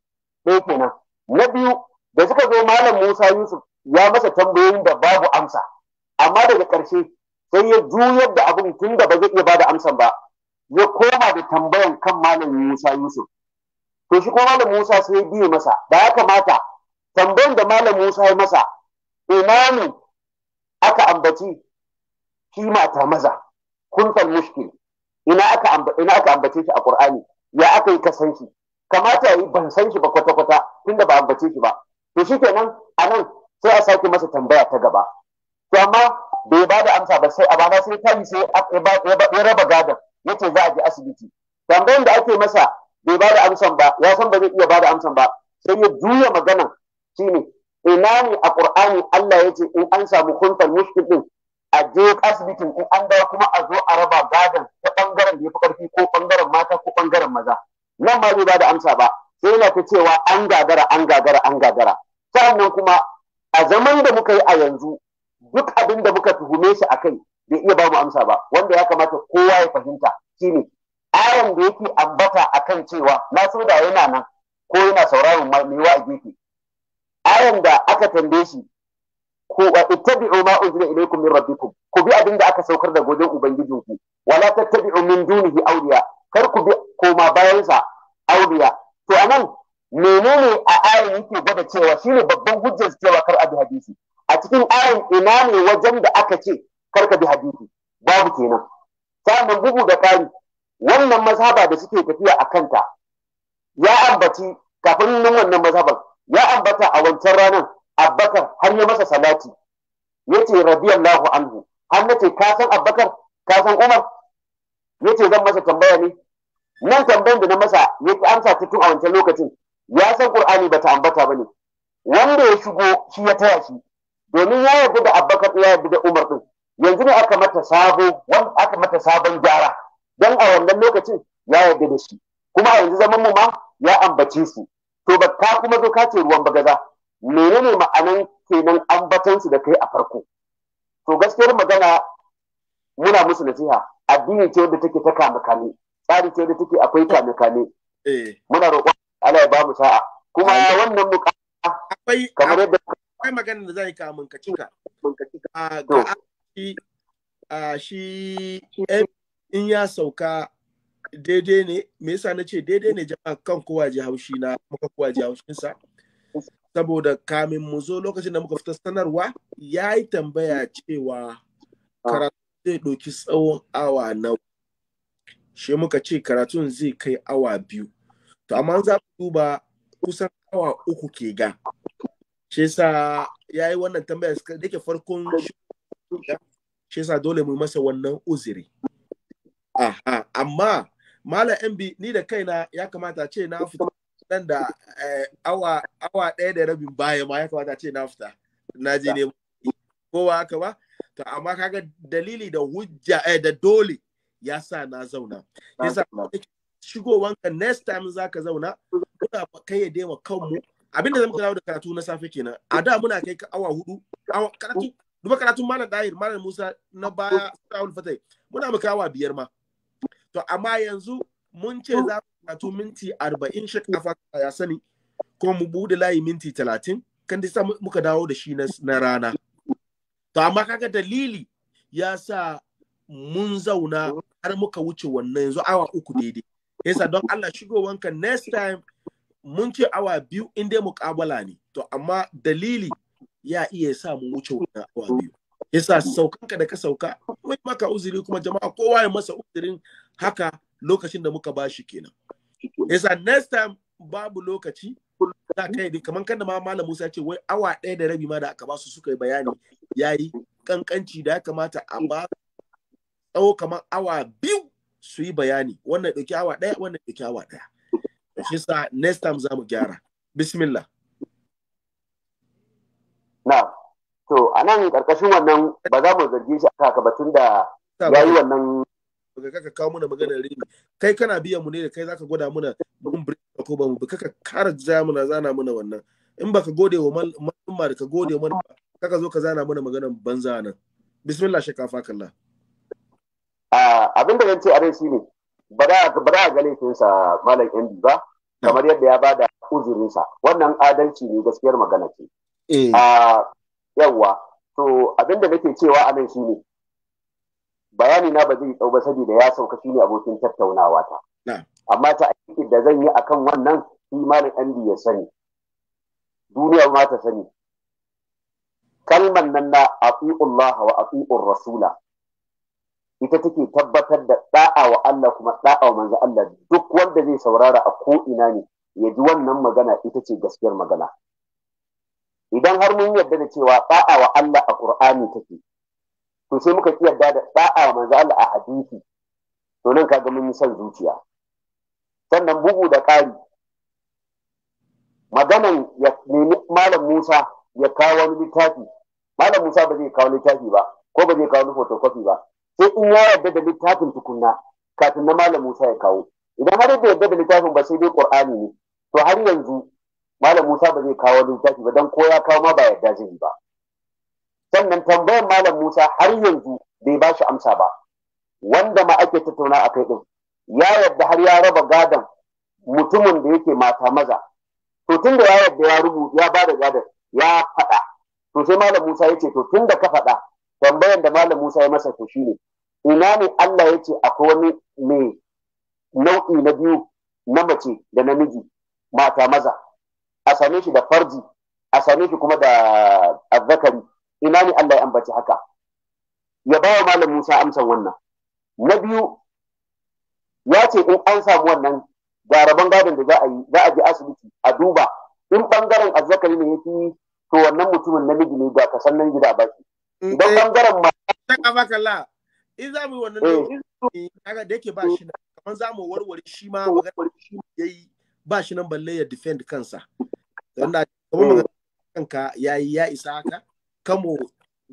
ɗaya kenan na biyu da suka zo malam Musa Yusuf ya masa tambayoyin da babu amsa amma daga ƙarshe sai ya juyar da abin tun da ba zai iya bada amsan ba ya koma da tambayan kan malam Musa Yusuf to shi kuma malam Musa sai ya biye masa Ba ya kamata tambayan da malam Musa ya masa imani aka ambaci kima ta maza kuntal mushkil ina aka ina aka ambace shi a Qur'ani ya aka yi kasanci kamata yi ban san shi ba kwata kwata tunda ba ambace shi ba to shikenan anan sai a sake masa tambaya ta gaba to amma bai bada amsa ba sai a bana sai kai sai ya raba gadon ya ce za a je asibiti tambayan da ake masa bai bada amsa amsan ba ya san ba zai iya bada amsa ba sai ya juya maganan shine ina ne a qur'ani Allah ya ce in an samu kuntar mushkil din a je asibitin in an dawo kuma a zo a raba gadon ta bangaren da ya fi karfi ko bangaren mata ko bangaren maza nan ma zai bada amsa ba sai yana ta cewa an gagara an gagara an gagara sannan kuma a zaman da muka yi a yanzu duk abin da muka tuhume shi a kai bai iya ba mu amsa ba wanda ya kamata kowa ya fahimta shine ayan da yake ambata akan cewa na da yana nan ko yana sauraron mai wa a gefe ayan da aka tambaye shi ko eh, ittabi'u ma unzila ilaykum min rabbikum ku bi abin da aka saukar da ubangijin ku. wala tattabi'u min dunihi awliya kar ku bi koma bayansa awliya to anan menene a ayan yake gwada cewa shine babban hujjar cewa kar abi hadisi a cikin ayin ina ne wajen da aka ce karka bi hadisi babu kenan samun bugu da ƙari wannan mazhaba da suke tafiya a kanta ya ambaci kafin nan wannan mazhaban ya ambata a wancan ranar abbakar har ya masa salati ya ce radiyallahu anhu har na ce ka san abbakar ka san umar ya ce zan masa tambaya ne nan tambayan da na masa ya ki amsa ta tun a wancan lokacin ya san qur'ani bata ambata ba ne. wanda ya shigo shi ya taya shi domin ya yarda da abbaka ya yarda da Umar ɗin, yanzu ne aka mata sabo wanda aka mata sabon gyara Don a wannan lokacin ya yarda da shi kuma a yanzu zaman mu ma ya ambace su to ba ka kuma zo ka ce ruwan bagaza menene ma'anan kenan ambatan su da kai a farko to gaskiyar magana muna musu nasiha addini ce wanda take ta kame kame tsari ce wanda take akwai kame kame eh. muna roƙon Allah ya ba mu sa'a kuma wannan muƙama kamar yadda akwai magana da zai kamun ka cika ah, ga ah, shi shi in ya sauka daidai ne me yasa na ce daidai ne jama'a kan kowa ji haushi na muka kowa ji haushin saboda kamin mu zo lokacin da muka fita sanarwa ya yi tambaya cewa karatu zai ɗauki tsawon awa nawa shi muka ce karatun zai kai awa biyu to amma za mu duba kusan awa uku ke ga shi ya yi wannan tambaya da ke farkon shi sa dole mu masa wannan uziri. amma malam MB ni da kaina ya kamata ce na fita nan da eh, awa awa ɗaya da rabin baya ma ya kamata ce na fita na je ne kowa haka ba to amma kaga dalili da hujja eh, da dole ya sa na zauna yasa shigowanka next time za ka zauna kai kayyade ma kanmu abinda zan kula da karatu na safe kenan a da muna kai awa hudu awa karatu duba karatun malam dahir mana musa na baya sa'ul fatai muna muka awa biyar ma to amma yanzu mun ce za mu karatu minti arba'in shi kafa ya sani ko mu bude layi minti talatin kan da sa muka dawo da shi na rana to amma kaga dalili ya sa mun zauna har muka wuce wannan yanzu awa uku daidai yasa don Allah shigowanka next time mun ce awa biyu in dai muƙabala ne to amma dalili ya iya sa mu wuce wannan awa biyu yasa saukanka da ka sauka mai maka uzuri kuma jama'a kowa ya masa uzurin haka lokacin da muka bashi shi kenan yasa next time babu lokaci za ka yi kamar kan da ma malam Musa ce wai awa ɗaya da rabi ma da aka ba su suka yi bayani yayi kankanci da ya kamata a ba tsawo kamar awa biyu su yi bayani wannan ɗauki awa ɗaya wannan ɗauki awa ɗaya shi sa next time za mu gyara bismillah na to a nan karkashin wannan ba za mu zargi shi a batun da ya yi wannan ba kaka kawo muna maganar rini kai kana biyan mu ne da kai zaka gwada muna mun bri ko ba mu ba kaka kara ja muna zana muna wannan in baka gode wa malumma da ka gode mana ba kaka zo ka zana muna maganar banza nan bismillah shakafa kallah ah, abin da zan ce a rai shine ba za a ga laifinsa malam yan ba kamar yadda ya bada uzurinsa wannan adalci ne gaskiyar magana ce eh. ah, yawwa to abin da nake cewa a nan shine bayani na ba zai ba saboda ya sauka shine abokin tattaunawa ta amma ta aiki da zan yi akan wannan shi malam yan ya sani duniya ma ta sani kalman nan na afi'ullah wa afi'ur rasula ita take tabbatar da da'a wa Allah kuma da'a wa manzo Allah duk wanda zai saurara a ko ina ne ya ji wannan magana ita ce gaskiyar magana idan har mun yarda da cewa da'a wa Allah a Qur'ani take to sai muka ki yarda da da'a wa manzo Allah a hadisi to nan kaga mun yi son zuciya sannan bugu da ƙari maganan ya nemi malam Musa ya kawo wani littafi malam Musa ba zai kawo littafi ba ko ba zai kawo wani photocopy ba sai in ya yarda da littafin tukunna kafin na malam Musa ya kawo idan har bai yarda da littafin ba sai dai Qur'ani ne to har yanzu malam Musa ba zai kawo littafi ba dan ko ya kawo ma ba yarda zai yi ba sannan tambayar malam Musa har yanzu bai ba shi amsa ba wanda ma ake tattauna a kai din ya yarda har ya raba gadon mutumin da yake mata maza to tun da ya yarda ya rubu ya bada gadon ya faɗa to sai malam Musa ya ce to tun da ka faɗa tambayan da malam Musa ya masa ko shine ina ne Allah ya ce akwai wani mai nau'i na biyu na mace da namiji mata maza a same shi da farji a same shi kuma da azzakari ina ne Allah ya ambaci haka ya ba wa malam Musa amsan wannan na biyu ya ce in an samu wannan garaban gadon da za a yi za a je asibiti a duba in bangaren azzakari ne yafi to wannan mutumin namiji ne ga kasan nan gida ba shi Eh, ba bangaren eh. ma saka baka la in za mu yi wannan eh. kaga da yake ba shi nan kamar za mu warware shi ma magana shi ya yi, ba shi nan balle ya defend kansa wanda kamar magana kanka yayi ya isa haka kamo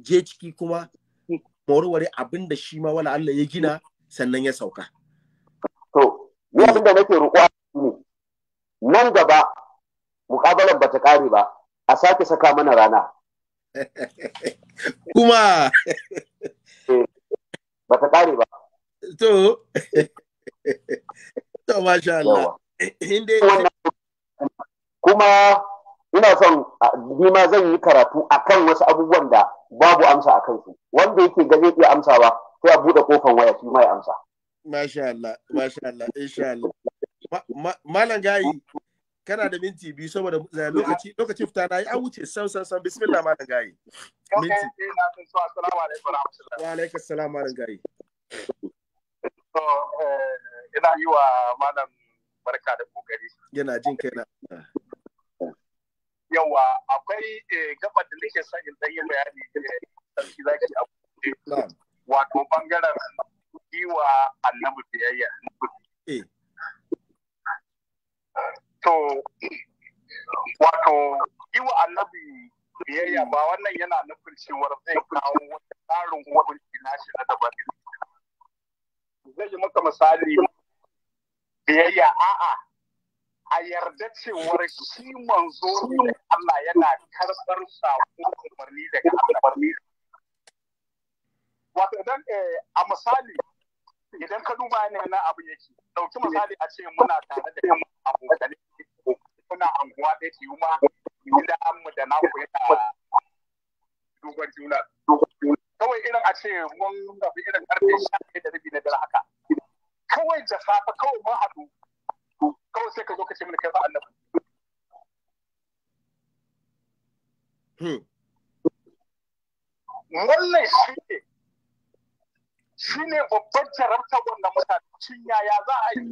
je ciki kuma mu warware abin da shi ma wala Allah ya gina sannan ya sauka to ni abin da nake roƙo ne nan gaba muƙabalar ba ta ƙare ba a sake saka mana rana kuma eh, ba ta kare ba to to masha Allah inda kuma ina son ni ma zan yi karatu akan wasu abubuwan da babu amsa a kansu wanda yake ga zai iya ba sai a buɗe kofan waya shi ma ya amsa masha Allah masha Allah insha Allah malam gayi kana da minti biyu saboda eh, lokaci lokaci fita na yi an wuce san san san bismillah malam gayi minti eh, wa alaikum salam malam gayi to eh, ina yi wa malam barka da kokari yana jin kai na yawa akwai gabar da nake son in dan yi bayani sarki zaki a wato bangaren yi wa annabi biyayya to wato yi wa annabi biyayya ba wannan yana nufin cewar zai kawo wata tsarin hukunci shi na daban zai yi maka misali biyayya a'a a yarda cewar shi manzo Allah yana karɓar sako umarni daga umarni wato idan eh, a misali idan ka duba ne na abu yake dauki misali a ce muna tare da yan abokanai kuna anguwa ɗaya su yi ma gidanmu da naku yana dubar juna. Kawai irin a ce mun rabu irin karfe sha ɗaya da rabi na dare haka. Kawai da safe kawai mun haɗu. Kawai sai ka zo ka ce mini kai ba annabi. Hmm. Wannan shi ne shi ne babban jarabtar wannan mutane. Cinya ya za a yi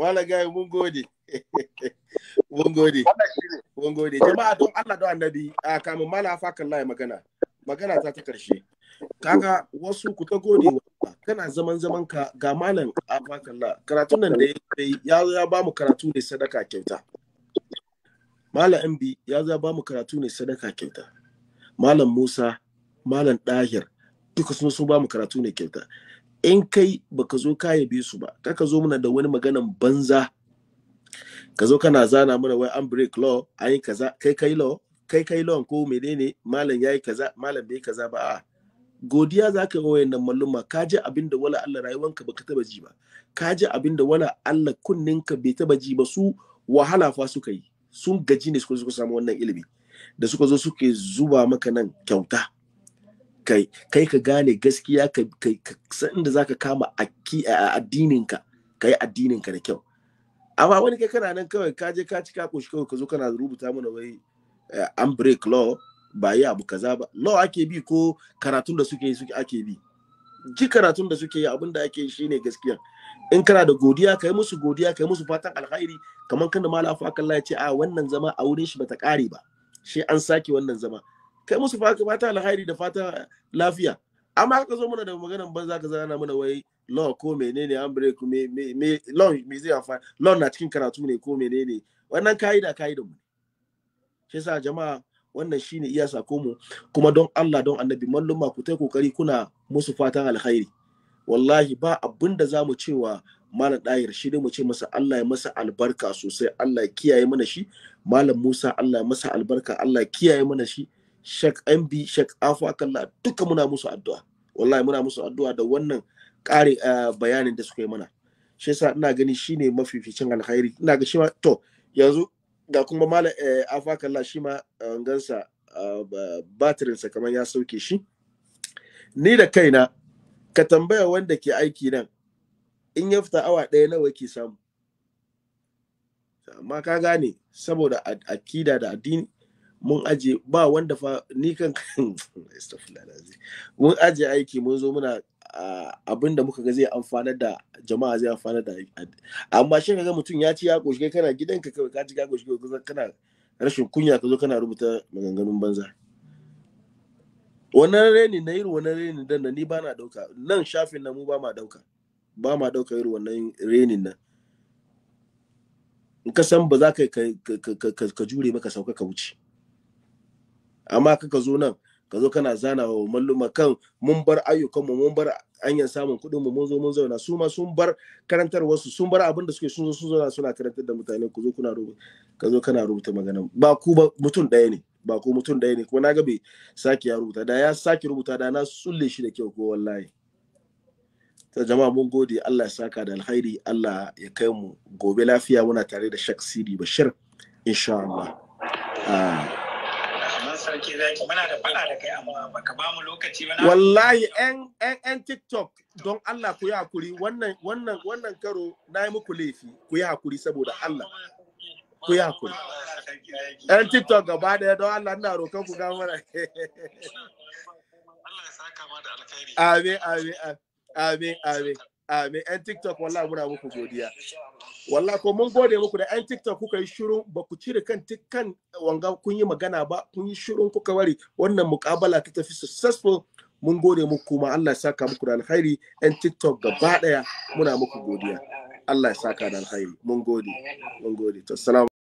Wala gay mun gode. Mun gode. Mun gode. Jama'a don Allah don annabi a kamun mala fakan laye magana. Magana ta ta karshe. Kaga wasu ku ta gode wa kana zaman zaman ka ga malam a fakan la. Karatun nan da ya ya ba mu karatu ne sadaka kyauta. Malam MB ya za ba mu karatu ne sadaka kyauta. Malam Musa, Malam Dahir, duka sun so ba mu karatu ne kyauta. in kai baka zo ka yabe su ba ka zo mana da wani maganan banza ka zo kana zana mana wai an break law an yi kaza kai kai law kai kai law ko menene malam yayi kaza malam bai kaza ba a godiya za ka yi wayannan malluma ka ji abin da wala Allah rayuwanka baka taba ji ba ka ji abin da wala Allah kunninka bai taba ji ba su wahala fa suka yi sun gaji ne suka samu wannan ilimi da suka zo suke zuba maka nan kyauta kai ka gane gaskiya ka san inda zaka kama addinin ka kai addinin ka da kyau amma wani kai kana nan kawai ka je ka ci ka koshi kawai ka zo kana rubuta mana wai eh, an break law ba yi abu kaza ba law ake bi ko karatun da suke yi suke ake bi ji karatun da suke yi abin da ake yi shine gaskiya in kana da godiya kai musu godiya kai musu fatan alkhairi kamar kan da malafu ya ce a wannan zama a wurin shi bata kare ba shi an sake wannan zama kai musu fata alhairi da fata lafiya amma haka zo mana da maganan banza ka zana mana wai law ko menene an break me me law me zai afa law na cikin karatu ne ko menene wannan kaida kaida mu shi yasa jama'a wannan shine iya ko mu kuma don Allah don Annabi malluma ku ta kokari kuna musu fatan alkhairi wallahi ba abin da zamu cewa malam ɗahir shi dai mu ce masa Allah ya masa albarka sosai Allah ya kiyaye mana shi malam Musa Allah ya masa albarka Allah ya kiyaye mana shi shek mb shek afu akalla duka muna musu addu'a wallahi muna musu addu'a da wannan kare eh, bayanin da suka yi mana shi yasa ina gani shine mafificin alkhairi ina ga shi ma to yanzu ga kuma malam eh, afu akalla shi ma eh, gansa batirinsa kamar ya sauke shi ni da kaina ka tambaya wanda ke aiki nan in ya fita awa ɗaya nawa ke samu amma ka gane saboda akida da addini mun aje ba wanda fa ni kan mun aje aiki mun zo muna abin da muka ga zai amfanar da jama'a zai amfanar da amma shi ga mutum ya ci ya koshi kai kana gidanka kawai ka ci ka koshi kai kana rashin kunya ka zo kana rubuta maganganun banza wannan reni na irin wannan reni dan ni ba na dauka nan shafin na mu ba ma dauka ba ma dauka irin wannan renin nan in ka san ba za ka ka jure ba ka sauka ka wuce amma ka zo nan ka zo kana zana wa malluma kan mun bar ayyukanmu mun bar hanyar samun kuɗin mu mun zo mun zauna su ma sun bar karantar wasu sun bar abin da suke sun zo sun zauna suna karantar da mutane ku zo kuna rubuta ka zo kana rubuta magana ba ku ba mutum ɗaya ne ba ku mutum ɗaya ne kuma na ga bai sake ya rubuta da ya sake rubuta da na sulle shi da kyau ko wallahi ta jama'a mun gode Allah ya saka da alkhairi Allah ya kai mu gobe lafiya muna tare da Shak Sidi Bashir insha Allah ah. sarki zaki muna wallahi en tiktok don Allah ku yi hakuri wannan karo na yi muku laifi ku yi hakuri saboda Allah ku yi hakuri en tiktok gaba daya don Allah ina roƙon ku ga mana ya amin amin amin amin Amin, ‘yan TikTok wallah muna muku godiya. Wallah ko mun gode muku da ‘yan TikTok kuka yi shiru ba ku cire kan kan wanga kun yi magana ba kun yi shiru kuka wari? wannan mukabala ta tafi successful mun gode muku kuma Allah ya saka muku da alkhairi ‘yan TikTok gaba ɗaya muna muku godiya. Allah ya saka da alkhairi mun gode mun gode to